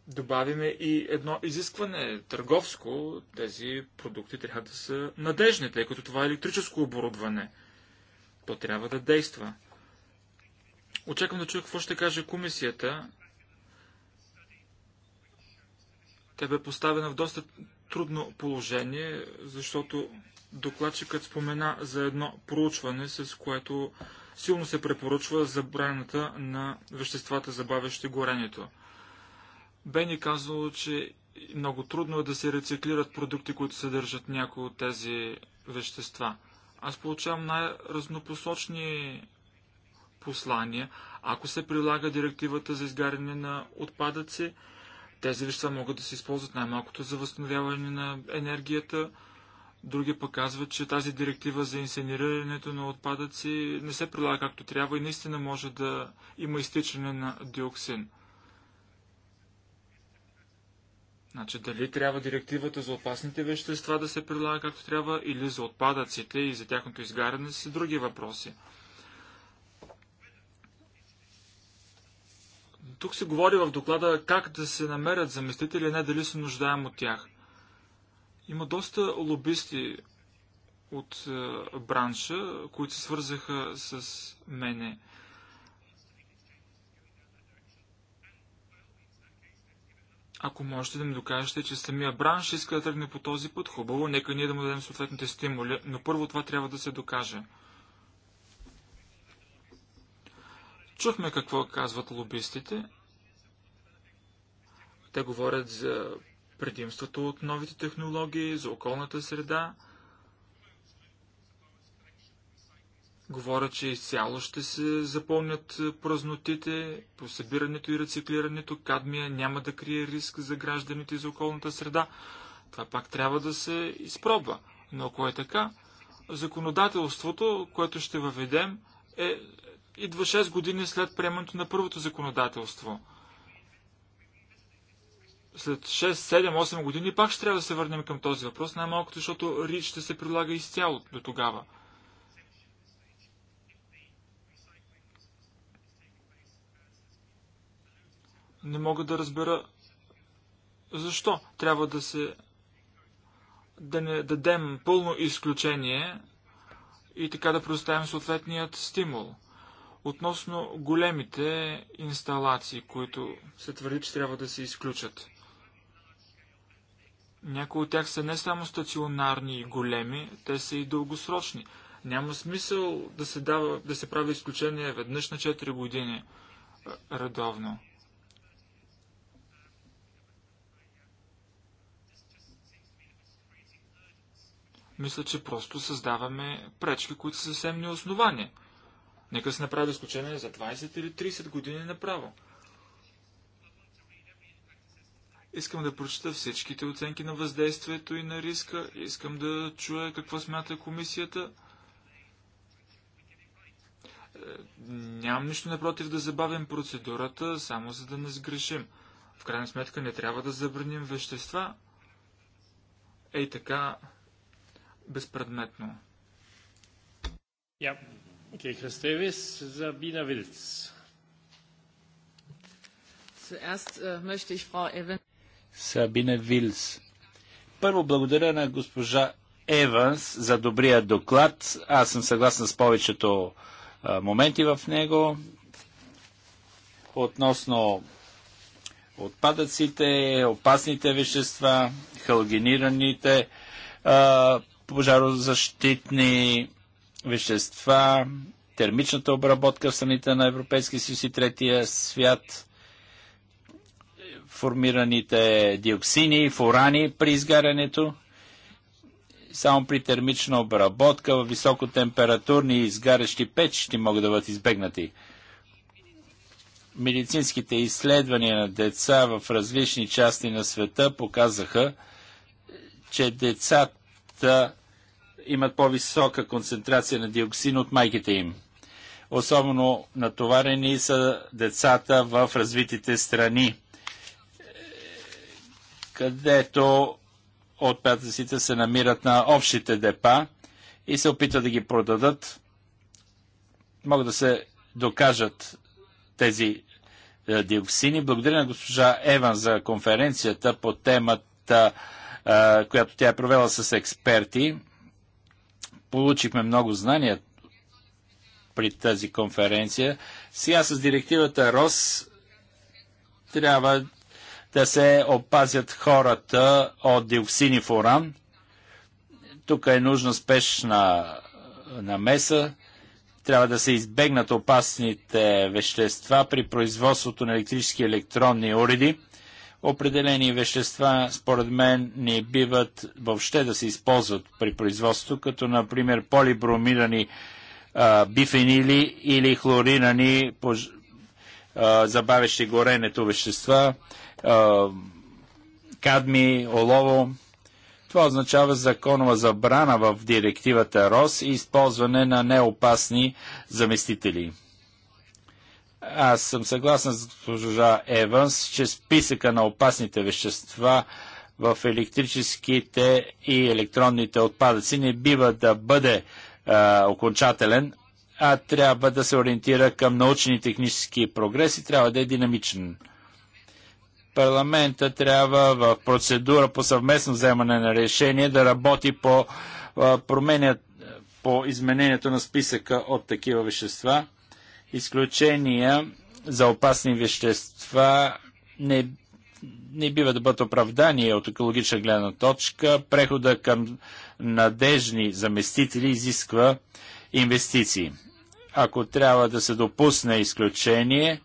D: добавиме и едно изискване търговско. Тези продукти трябва да са надежни, тъй като това е електрическо оборудване. То трябва да действа. Очаквам да чуя какво ще каже комисията. Тя бе поставена в доста трудно положение, защото докладчикът спомена за едно проучване, с което силно се препоръчва забраната на веществата, забавящи горенето. Бе ни казало, че много трудно е да се рециклират продукти, които съдържат някои от тези вещества. Аз получавам най-разнопосочни послания, ако се прилага директивата за изгаряне на отпадъци, тези вещества могат да се използват най-малкото за възстановяване на енергията. Други пък казват, че тази директива за инсенирането на отпадъци не се прилага както трябва и наистина може да има изтичане на диоксин. Значи, дали трябва директивата за опасните вещества да се прилага както трябва или за отпадъците и за тяхното изгаряне са други въпроси. Тук се говори в доклада как да се намерят заместители, не дали се нуждаем от тях. Има доста лобисти от е, бранша, които се свързаха с мене. Ако можете да ми докажете, че самия бранш иска да тръгне по този път, хубаво, нека ние да му дадем съответните стимули, но първо това трябва да се докаже. Чухме какво казват лобистите. Те говорят за предимството от новите технологии, за околната среда. Говорят, че изцяло ще се запълнят празнотите по събирането и рециклирането. Кадмия няма да крие риск за гражданите и за околната среда. Това пак трябва да се изпробва. Но ако е така, законодателството, което ще въведем, е идва 6 години след приемането на първото законодателство. След 6, 7, 8 години пак ще трябва да се върнем към този въпрос, най-малкото, защото РИЧ ще се прилага изцяло до тогава. Не мога да разбера защо трябва да се да не дадем пълно изключение и така да предоставим съответният стимул. Относно големите инсталации, които се твърди, че трябва да се изключат. Някои от тях са не само стационарни и големи, те са и дългосрочни. Няма смисъл да се, дава, да се прави изключение веднъж на 4 години е, редовно. Мисля, че просто създаваме пречки, които са съвсем неоснования. основания. Нека се направи изключение за 20 или 30 години направо. Искам да прочета всичките оценки на въздействието и на риска. Искам да чуя какво смята комисията. Нямам нищо напротив да забавим процедурата, само за да не сгрешим. В крайна сметка не трябва да забраним вещества. Ей така, безпредметно.
A: Yep. Okay, Chris Davis, Sabina Wilz. Zuerst äh, möchte ich Frau Evans.
B: Sabine Първо благодаря на госпожа Еванс за добрия доклад. Аз съм съгласен с повечето а, моменти в него. Относно отпадъците, опасните вещества, халогенираните, а, пожарозащитни вещества, термичната обработка в страните на Европейския съюз и третия свят, формираните диоксини, фурани при изгарянето. Само при термична обработка в високотемпературни изгарящи печи могат да бъдат избегнати. Медицинските изследвания на деца в различни части на света показаха, че децата имат по-висока концентрация на диоксин от майките им. Особено натоварени са децата в развитите страни, където отпадъците се намират на общите депа и се опитват да ги продадат. Могат да се докажат тези е, диоксини. Благодаря на госпожа Еван за конференцията по темата, е, която тя е провела с експерти. Получихме много знания при тази конференция. Сега с директивата РОС трябва да се опазят хората от диоксини в уран. Тук е нужна спешна намеса. Трябва да се избегнат опасните вещества при производството на електрически електронни уреди. Определени вещества, според мен, не биват въобще да се използват при производство като например полибромирани а, бифенили или хлоринани пож... а, забавящи горенето вещества, а, кадми, олово. Това означава законова забрана в директивата РОС и използване на неопасни заместители. Аз съм съгласен с госпожа
A: Еванс,
B: че списъка на опасните вещества в електрическите и електронните отпадъци не бива да бъде а, окончателен, а трябва да се ориентира към научни и технически прогреси, трябва да е динамичен. Парламента трябва в процедура по съвместно вземане на решение да работи по, а, променят, по изменението на списъка от такива вещества Изключения за опасни вещества не, не бива да бъдат оправдание от екологична гледна точка. Прехода към надежни заместители изисква инвестиции. Ако трябва да се допусне изключение,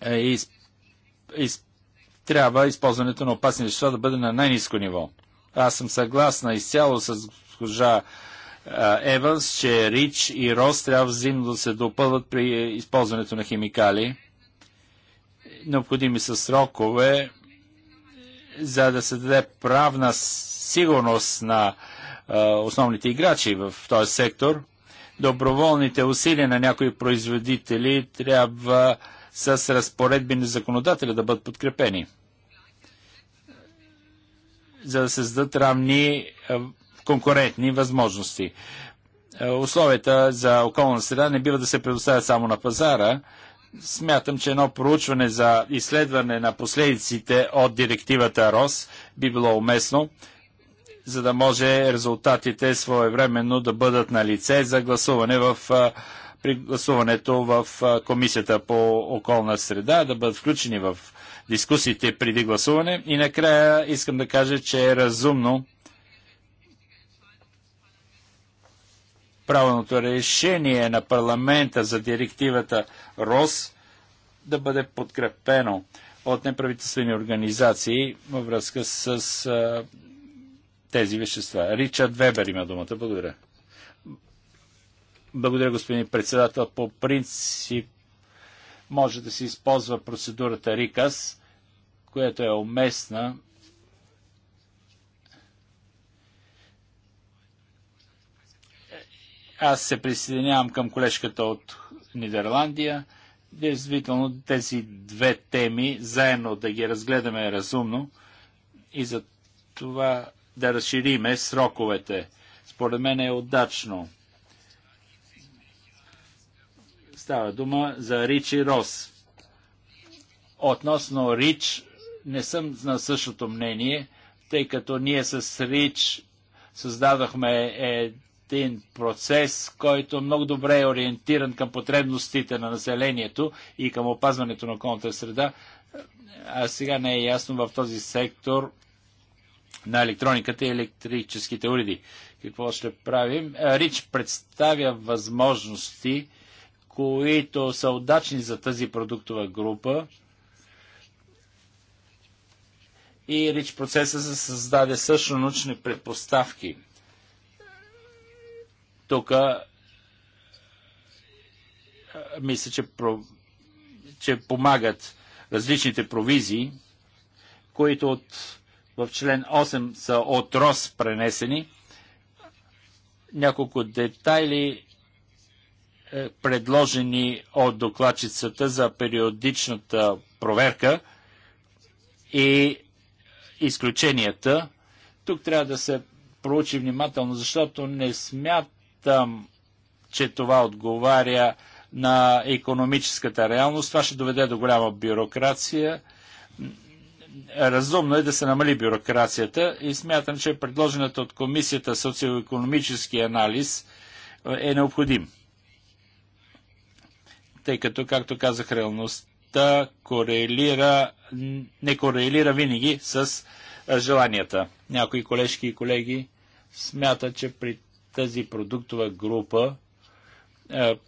B: е, из, из, трябва използването на опасни вещества да бъде на най-низко ниво. Аз съм съгласна изцяло с госпожа е, Еванс, че Рич и Рос трябва взаимно да се допълват при използването на химикали. Необходими са срокове, за да се даде правна сигурност на основните играчи в този сектор. Доброволните усилия на някои производители трябва с разпоредби на законодателя да бъдат подкрепени за да се създадат равни конкурентни възможности. Е, условията за околна среда не бива да се предоставят само на пазара. Смятам, че едно проучване за изследване на последиците от директивата РОС би било уместно, за да може резултатите своевременно да бъдат на лице за гласуване в е, при гласуването в е, Комисията по околна среда, да бъдат включени в дискусиите преди гласуване. И накрая искам да кажа, че е разумно правилното решение на парламента за директивата РОС да бъде подкрепено от неправителствени организации във връзка с а, тези вещества. Ричард Вебер има думата. Благодаря. Благодаря, господин председател. По принцип може да се използва процедурата РИКАС, която е уместна Аз се присъединявам към колежката от Нидерландия. Действително тези две теми заедно да ги разгледаме разумно и за това да разшириме сроковете. Според мен е удачно. Става дума за Рич и Рос. Относно Рич не съм на същото мнение, тъй като ние с Рич създадохме един процес, който много добре е ориентиран към потребностите на населението и към опазването на околната среда. А сега не е ясно в този сектор на електрониката и електрическите уреди. Какво ще правим? Рич представя възможности, които са удачни за тази продуктова група. И Рич процеса се създаде също научни предпоставки – тук мисля, че, про... че помагат различните провизии, които от... в член 8 са от РОС пренесени. Няколко детайли е, предложени от докладчицата за периодичната проверка и изключенията. Тук трябва да се проучи внимателно, защото не смят Смятам, че това отговаря на економическата реалност. Това ще доведе до голяма бюрокрация. Разумно е да се намали бюрокрацията и смятам, че предложената от комисията социоекономически анализ е, е необходим. Тъй като, както казах, реалността корелира, не корелира винаги с желанията. Някои колежки и колеги смятат, че при тази продуктова група е,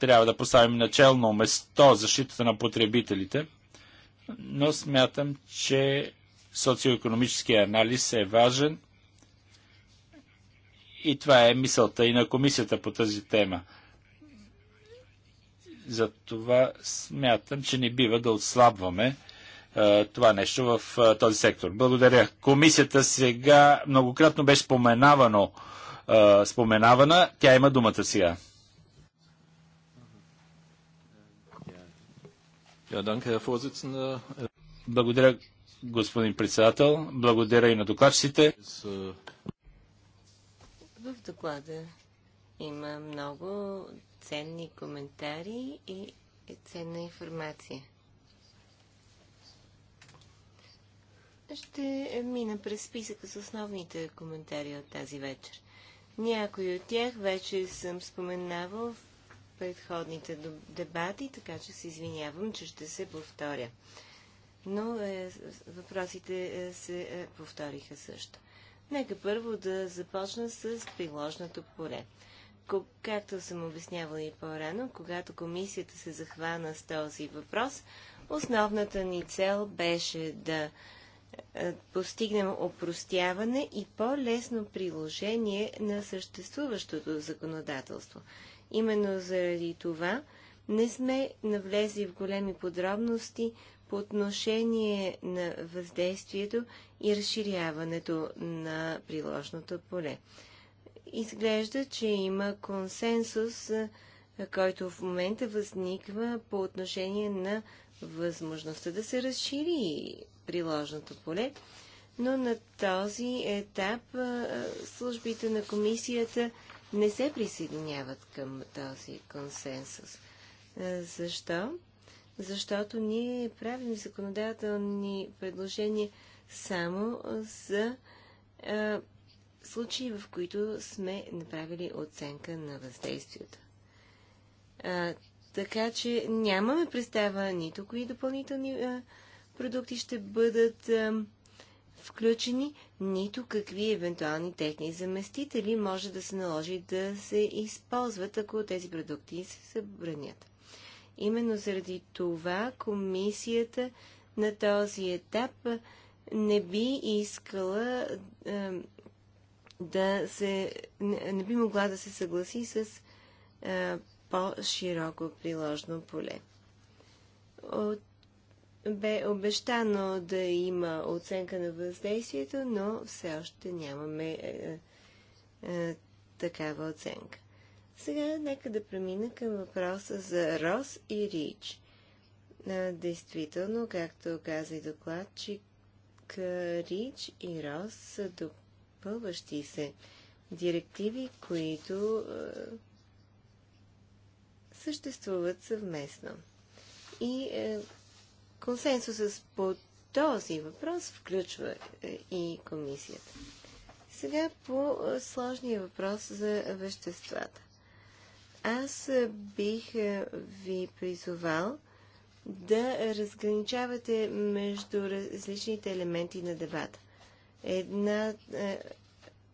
B: трябва да поставим начално место защитата на потребителите, но смятам, че социоекономическия анализ е важен и това е мисълта и на комисията по тази тема. Затова смятам, че не бива да отслабваме е, това нещо в е, този сектор. Благодаря. Комисията сега многократно беше споменавано споменавана. Тя има думата сега. Благодаря, господин председател. Благодаря и на докладчиците.
C: В доклада има много ценни коментари и ценна информация. Ще мина през списъка с основните коментари от тази вечер. Някои от тях вече съм споменавал в предходните дебати, така че се извинявам, че ще се повторя. Но е, въпросите е, се е, повториха също. Нека първо да започна с приложното поле. Както съм обяснявала и по-рано, когато комисията се захвана с този въпрос, основната ни цел беше да е, постигнем опростяване и по-лесно приложение на съществуващото законодателство. Именно заради това не сме навлезли в големи подробности по отношение на въздействието и разширяването на приложното поле. Изглежда, че има консенсус, е, който в момента възниква по отношение на възможността да се разшири приложното поле, но на този етап службите на комисията не се присъединяват към този консенсус. Защо? Защото ние правим законодателни предложения само за а, случаи, в които сме направили оценка на въздействието. А, така че нямаме представа нито кои допълнителни а, продукти ще бъдат включени, нито какви евентуални техни заместители може да се наложи да се използват, ако тези продукти се събранят. Именно заради това комисията на този етап не би искала да се. Не, би могла да се съгласи с по-широко приложно поле. От бе обещано да има оценка на въздействието, но все още нямаме е, е, е, такава оценка. Сега нека да премина към въпроса за Рос и Рич. Е, действително, както каза и докладчик, Рич и Рос са допълващи се директиви, които е, съществуват съвместно. И е, Консенсусът по този въпрос включва е, и комисията. Сега по е, сложния въпрос за веществата. Аз е, бих ви призовал да разграничавате между различните елементи на дебата. Една,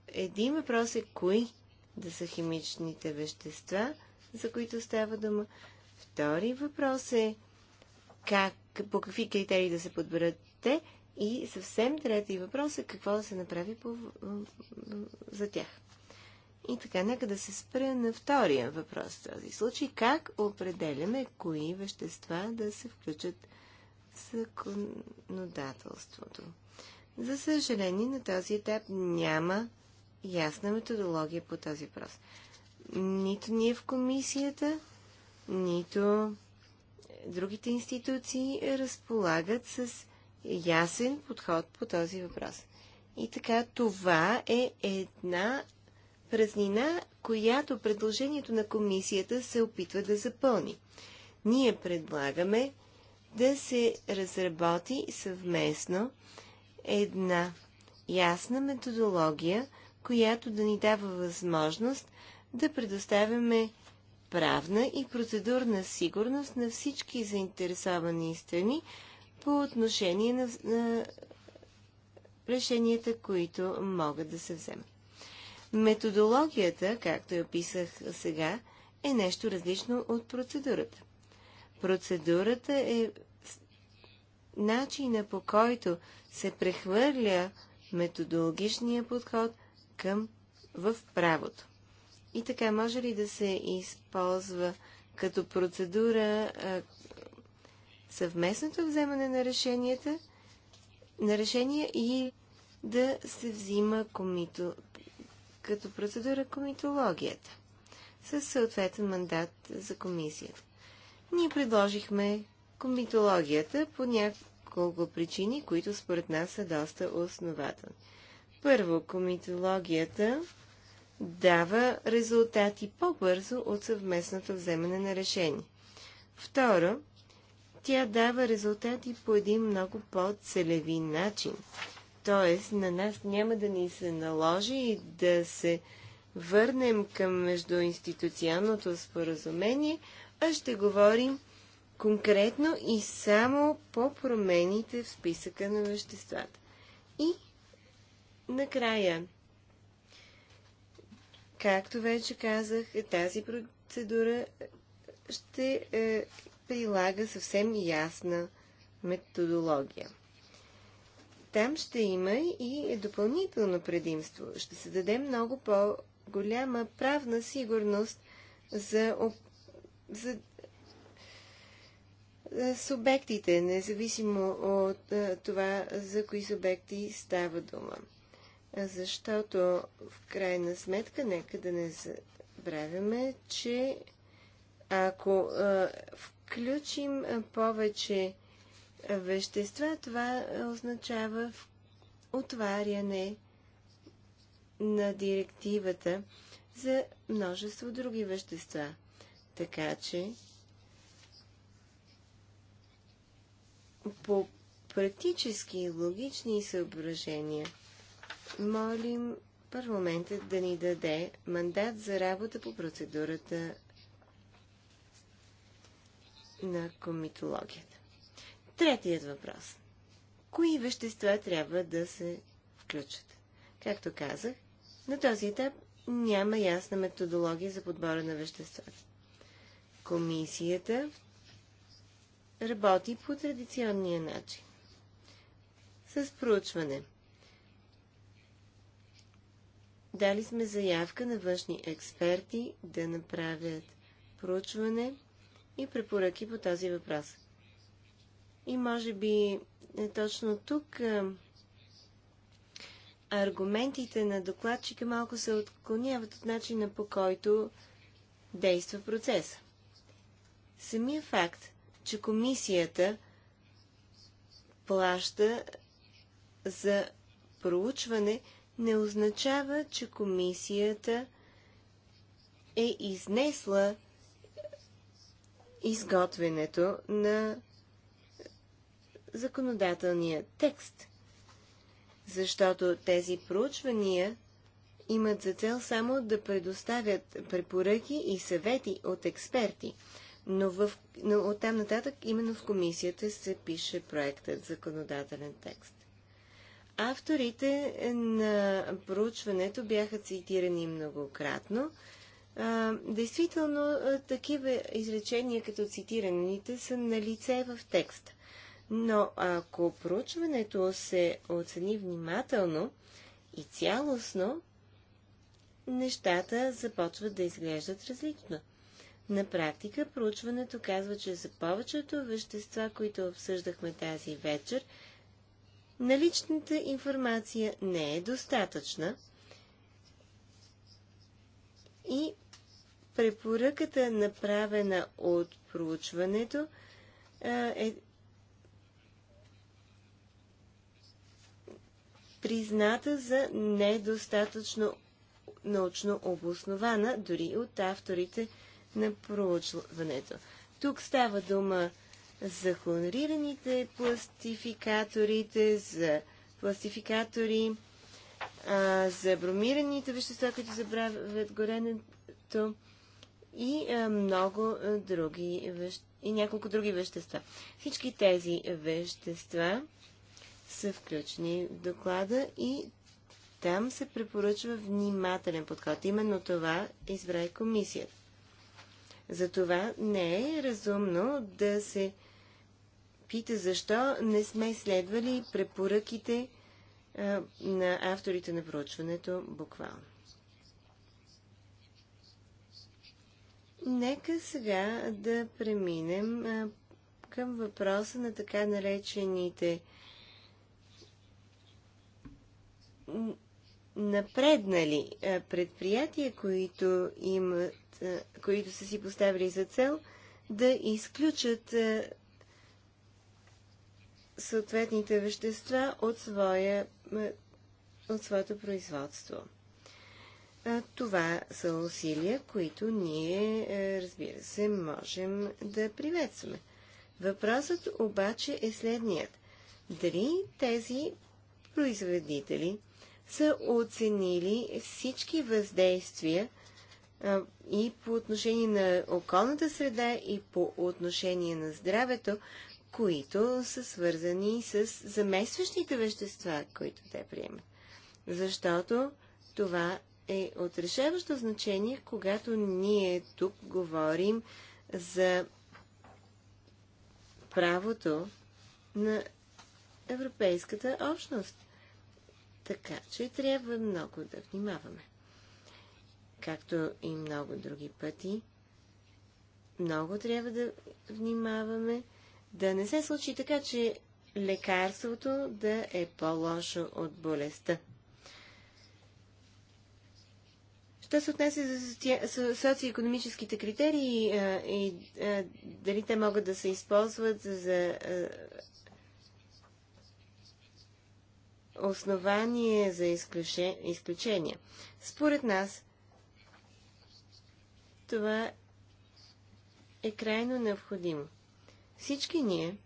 C: един въпрос е кои да са химичните вещества, за които става дума. Втори въпрос е как по какви критерии да се подберат те и съвсем трети въпрос е какво да се направи по, за тях. И така, нека да се спра на втория въпрос в този случай. Как определяме кои вещества да се включат в законодателството? За съжаление, на този етап няма ясна методология по този въпрос. Нито ние в комисията, нито другите институции разполагат с ясен подход по този въпрос. И така, това е една празнина, която предложението на комисията се опитва да запълни. Ние предлагаме да се разработи съвместно една ясна методология, която да ни дава възможност да предоставяме правна и процедурна сигурност на всички заинтересовани страни по отношение на, на решенията, които могат да се вземат. Методологията, както я описах сега, е нещо различно от процедурата. Процедурата е начина по който се прехвърля методологичния подход към в правото. И така, може ли да се използва като процедура а, съвместното вземане на решенията, на решения и да се взима комито, като процедура комитологията с съответен мандат за комисията. Ние предложихме комитологията по няколко причини, които според нас са доста основателни. Първо, комитологията дава резултати по-бързо от съвместното вземане на решение. Второ, тя дава резултати по един много по-целеви начин. Тоест, на нас няма да ни се наложи да се върнем към междуинституционното споразумение, а ще говорим конкретно и само по промените в списъка на веществата. И накрая, Както вече казах, тази процедура ще е, прилага съвсем ясна методология. Там ще има и допълнително предимство. Ще се даде много по-голяма правна сигурност за, за, за е, субектите, независимо от е, това за кои субекти става дума защото в крайна сметка нека да не забравяме, че ако а, включим повече вещества, това означава отваряне на директивата за множество други вещества. Така че по практически и логични съображения – молим парламентът да ни даде мандат за работа по процедурата на комитологията. Третият въпрос. Кои вещества трябва да се включат? Както казах, на този етап няма ясна методология за подбора на веществата. Комисията работи по традиционния начин. С проучване – дали сме заявка на външни експерти да направят проучване и препоръки по този въпрос. И може би е точно тук е, аргументите на докладчика малко се отклоняват от начина по който действа процеса. Самия факт, че комисията плаща за проучване – не означава, че комисията е изнесла изготвянето на законодателния текст, защото тези проучвания имат за цел само да предоставят препоръки и съвети от експерти, но, в, но оттам нататък именно в комисията се пише проектът законодателен текст. Авторите на проучването бяха цитирани многократно. А, действително, такива изречения като цитираните са на лице в текста. Но ако проучването се оцени внимателно и цялостно, нещата започват да изглеждат различно. На практика проучването казва, че за повечето вещества, които обсъждахме тази вечер, наличната информация не е достатъчна и препоръката, направена от проучването, е призната за недостатъчно научно обоснована, дори от авторите на проучването. Тук става дума за хонорираните пластификаторите, за пластификатори, а, за бромираните вещества, които забравят горенето и а, много други вещества, и няколко други вещества. Всички тези вещества са включени в доклада и там се препоръчва внимателен подход. Именно това избра и комисията. Затова не е разумно да се пита защо не сме следвали препоръките а, на авторите на проучването буквално. Нека сега да преминем а, към въпроса на така наречените напреднали предприятия, които, имат, които са си поставили за цел да изключат съответните вещества от, своя, от своето производство. Това са усилия, които ние, е, разбира се, можем да приветстваме. Въпросът обаче е следният. Дали тези производители са оценили всички въздействия и по отношение на околната среда, и по отношение на здравето, които са свързани с заместващите вещества, които те приемат. Защото това е от решаващо значение, когато ние тук говорим за правото на Европейската общност. Така че трябва много да внимаваме. Както и много други пъти, много трябва да внимаваме да не се случи така, че лекарството да е по-лошо от болестта. Що се отнася за социоекономическите критерии и дали те могат да се използват за основание за изключения? Според нас това е крайно необходимо. Всички ние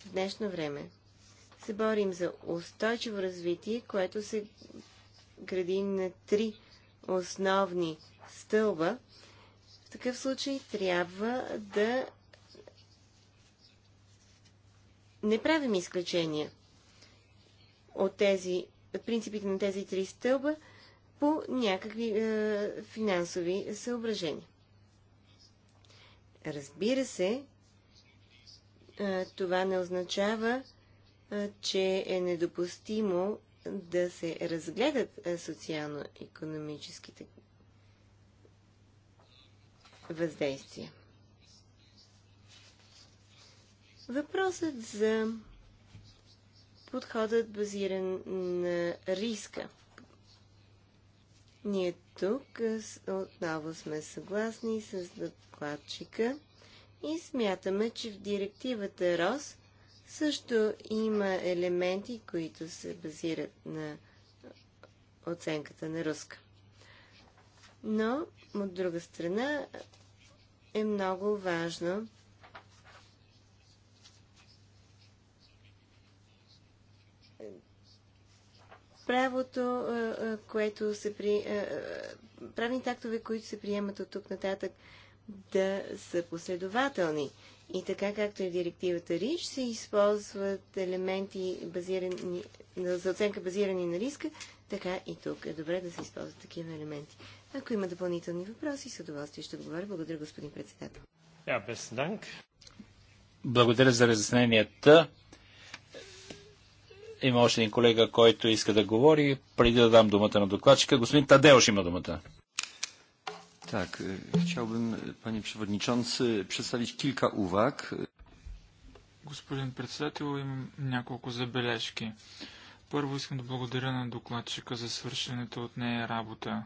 C: в днешно време се борим за устойчиво развитие, което се гради на три основни стълба. В такъв случай трябва да не правим изключения от тези, от принципите на тези три стълба по някакви е, финансови съображения. Разбира се, това не означава, че е недопустимо да се разгледат социално-економическите въздействия. Въпросът за подходът базиран на риска. Ние тук отново сме съгласни с докладчика, и смятаме, че в директивата РОС също има елементи, които се базират на оценката на руска. Но, от друга страна, е много важно правото, което се при... правни тактове, които се приемат от тук нататък, да са последователни. И така както е директивата РИЧ, се използват елементи базирани, за оценка базирани на риска, така и тук е добре да се използват такива елементи. Ако има допълнителни въпроси, с удоволствие ще отговоря. Благодаря, господин председател. Ja, без данк.
B: Благодаря за разясненията. Има още един колега, който иска да говори. Преди да дам думата на докладчика, господин Тадеош има думата.
D: Tak, chciałbym,
A: panie przewodniczący, przedstawić kilka uwag.
D: Господин председател, имам няколко забележки. Първо искам да благодаря на докладчика за свършената от нея работа.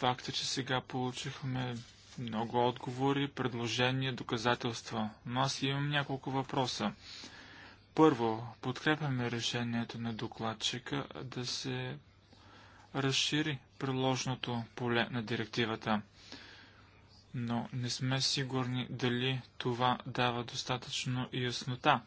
D: Факта, че сега получихме много отговори, предложения, доказателства, но аз имам няколко въпроса. Първо, подкрепяме решението на докладчика да се разшири приложното поле на директивата. Но не сме сигурни дали това дава достатъчно яснота.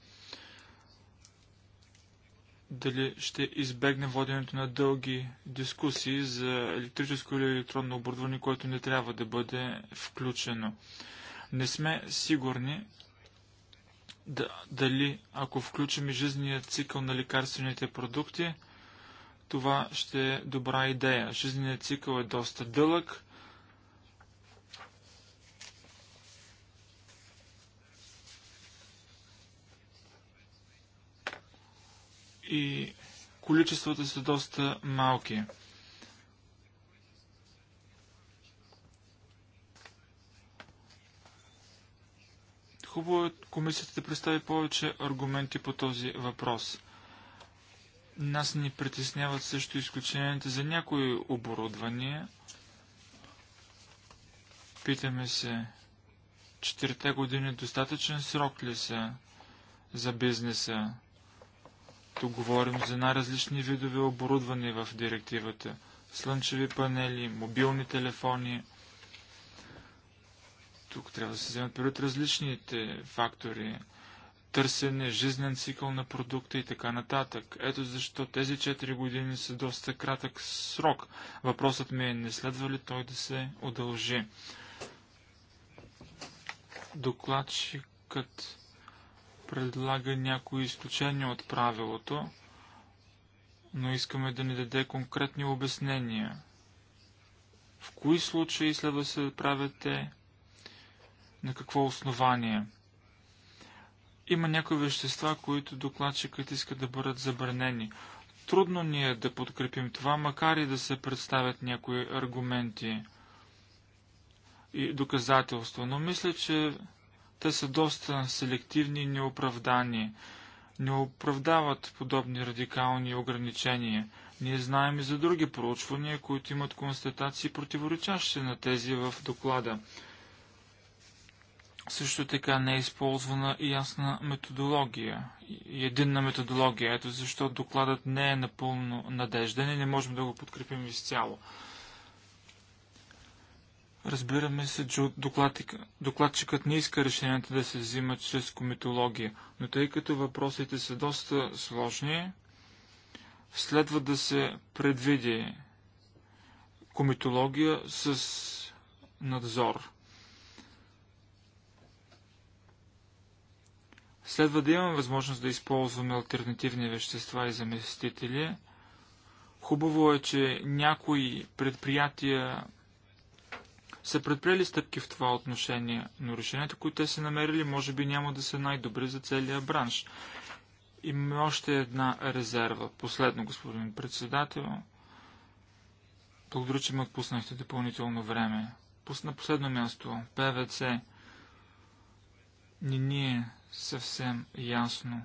D: Дали ще избегне воденето на дълги дискусии за електрическо или електронно оборудване, което не трябва да бъде включено. Не сме сигурни дали ако включим жизния цикъл на лекарствените продукти, това ще е добра идея. Жизненият цикъл е доста дълъг. И количествата са доста малки. Хубаво е комисията да представи повече аргументи по този въпрос. Нас ни притесняват също изключенията за някои оборудвания. Питаме се, четирите години достатъчен срок ли са за бизнеса? Тук говорим за най-различни видове оборудване в директивата. Слънчеви панели, мобилни телефони. Тук трябва да се вземат предвид различните фактори търсене, жизнен цикъл на продукта и така нататък. Ето защо тези 4 години са доста кратък срок. Въпросът ми е, не следва ли той да се удължи? Докладчикът предлага някои изключения от правилото, но искаме да ни даде конкретни обяснения. В кои случаи следва да се да правяте на какво основание? Има някои вещества, които докладчикът иска да бъдат забранени. Трудно ни е да подкрепим това, макар и да се представят някои аргументи и доказателства, но мисля, че те са доста селективни и неоправдани. Не оправдават подобни радикални ограничения. Ние знаем и за други проучвания, които имат констатации противоречащи на тези в доклада. Също така не е използвана и ясна методология, единна методология. Ето защо докладът не е напълно надежден и не можем да го подкрепим изцяло. Разбираме се, че докладчикът не иска решенията да се взимат чрез комитология, но тъй като въпросите са доста сложни, следва да се предвиди комитология с надзор. Следва да имаме възможност да използваме альтернативни вещества и заместители. Хубаво е, че някои предприятия са предприели стъпки в това отношение, но решенията, които те са намерили, може би няма да са най-добри за целия бранш. Имаме още една резерва. Последно, господин председател. Благодаря, че ме отпуснахте допълнително време. На последно място, ПВЦ. Не ние съвсем ясно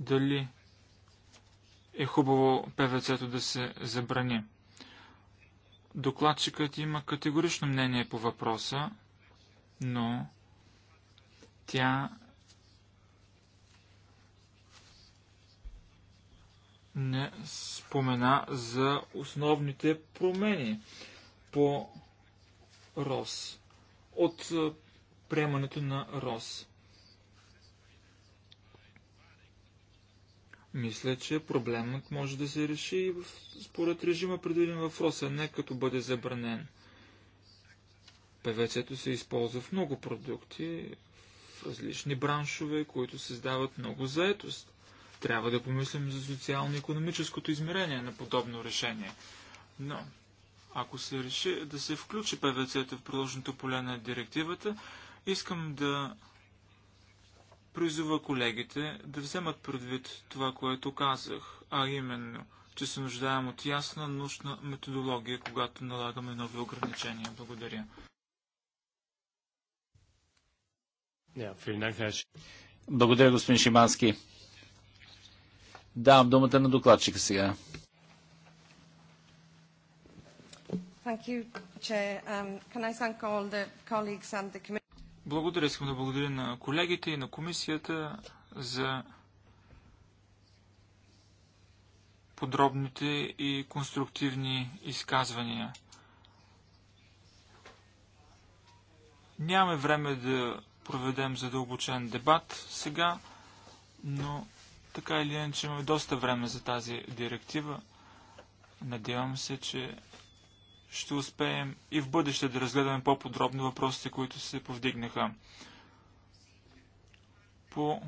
D: дали е хубаво ПВЦ-то да се забрани. Докладчикът има категорично мнение по въпроса, но тя не спомена за основните промени по РОС от приемането на РОС. Мисля, че проблемът може да се реши и според режима предвиден в Роса, не като бъде забранен. ПВЦ-то се използва в много продукти, в различни браншове, които създават много заетост. Трябва да помислим за социално-економическото измерение на подобно решение. Но, ако се реши да се включи ПВЦ-то в приложното поле на директивата, искам да призова колегите да вземат предвид това, което казах, а именно, че се нуждаем от ясна научна методология, когато налагаме нови ограничения. Благодаря.
B: Благодаря, господин Шимански. Давам думата на докладчика сега.
C: Thank you, Chair. Um, can I thank all the colleagues and the committee?
D: Благодаря, искам да благодаря на колегите и на комисията за подробните и конструктивни изказвания. Нямаме време да проведем задълбочен дебат сега, но така или иначе имаме доста време за тази директива. Надявам се, че ще успеем и в бъдеще да разгледаме по-подробно въпросите, които се повдигнаха. По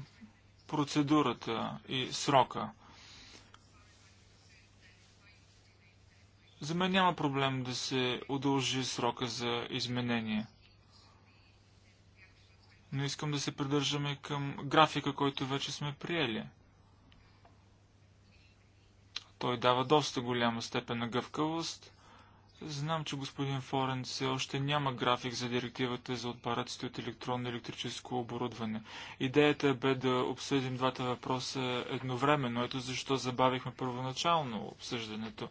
D: процедурата и срока. За мен няма проблем да се удължи срока за изменение. Но искам да се придържаме към графика, който вече сме приели. Той дава доста голяма степен на гъвкавост – Знам, че господин Форен все още няма график за директивата за отпаръците от електронно електрическо оборудване. Идеята бе да обсъдим двата въпроса едновременно. Ето защо забавихме първоначално обсъждането.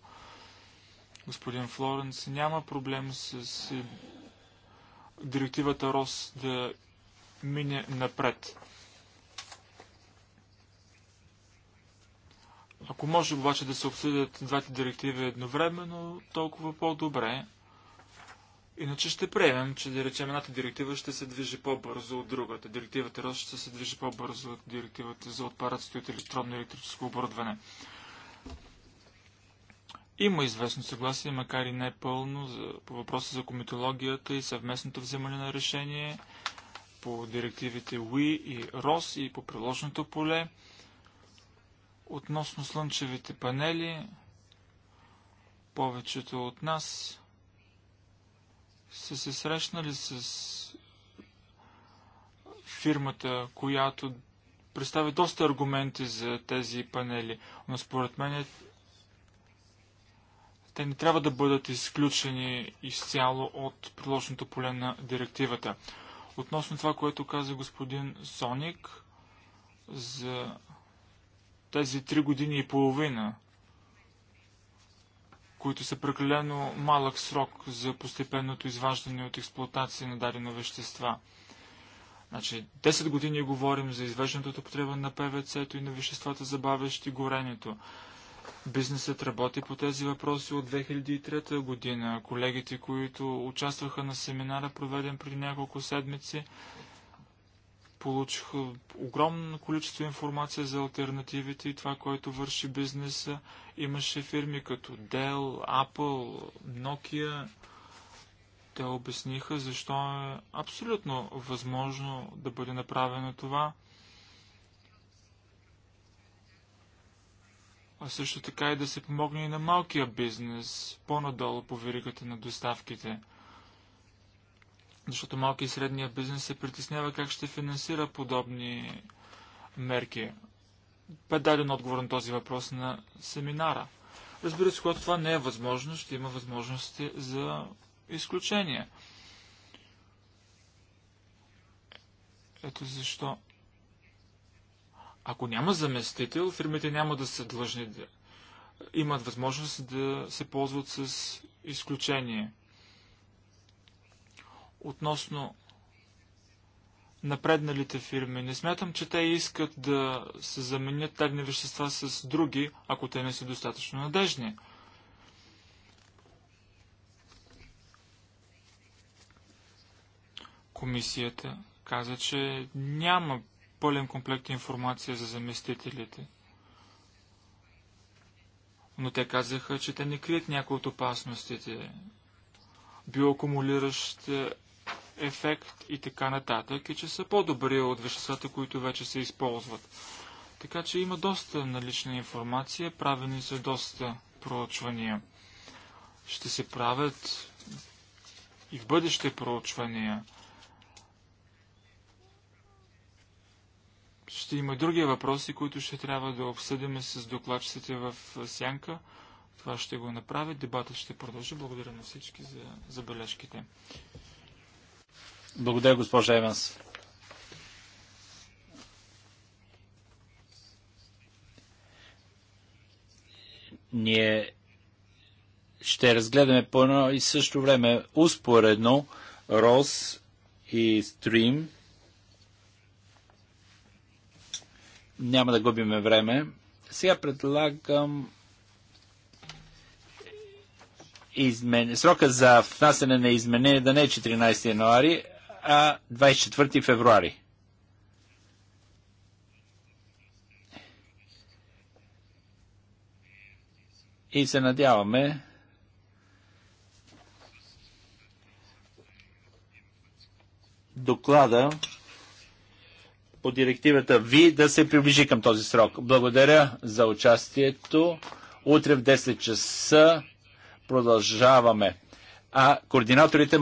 D: Господин Флоренс няма проблем с директивата РОС да мине напред. Ако може обаче да се обсъдят двете директиви едновременно, толкова по-добре. Иначе ще приемем, че да речем едната директива ще се движи по-бързо от другата. Директивата РОС ще се движи по-бързо от директивата за отпадъците от електронно електрическо оборудване. Има известно съгласие, макар и не пълно, за, по въпроса за комитологията и съвместното вземане на решение по директивите УИ и РОС и по приложното поле. Относно слънчевите панели, повечето от нас са се срещнали с фирмата, която представя доста аргументи за тези панели, но според мен те не трябва да бъдат изключени изцяло от приложното поле на директивата. Относно това, което каза господин Соник за тези три години и половина, които са прекалено малък срок за постепенното изваждане от експлуатация на дадено вещества. Значи, 10 години говорим за извеждането от употреба на ПВЦ-то и на веществата, забавящи горенето. Бизнесът работи по тези въпроси от 2003 година. Колегите, които участваха на семинара, проведен преди няколко седмици, Получиха огромно количество информация за альтернативите и това, което върши бизнеса. Имаше фирми като Dell, Apple, Nokia. Те обясниха защо е абсолютно възможно да бъде направено това. а също така и да се помогне и на малкия бизнес по-надолу по веригата на доставките – защото малки и средния бизнес се притеснява как ще финансира подобни мерки. Бе даден отговор на този въпрос на семинара. Разбира се, когато това не е възможно, ще има възможности за изключения. Ето защо. Ако няма заместител, фирмите няма да са длъжни да имат възможност да се ползват с изключение относно напредналите фирми. Не смятам, че те искат да се заменят тегни вещества с други, ако те не са достатъчно надежни. Комисията каза, че няма пълен комплект информация за заместителите. Но те казаха, че те не крият някои от опасностите. Биоакумулиращ ефект и така нататък, и че са по-добри от веществата, които вече се използват. Така че има доста налична информация, правени са доста проучвания. Ще се правят и в бъдеще проучвания. Ще има други въпроси, които ще трябва да обсъдим с докладчиците в сянка. Това ще го направя. Дебатът ще продължи. Благодаря на всички за забележките.
B: Благодаря, госпожа Еванс. Ние ще разгледаме по едно и също време успоредно ROS и STREAM. Няма да губиме време. Сега предлагам измен... срока за внасяне на изменение да не е 14 януари, а 24 февруари. И се надяваме доклада по директивата ви да се приближи към този срок. Благодаря за участието. Утре в 10 часа продължаваме. А координаторите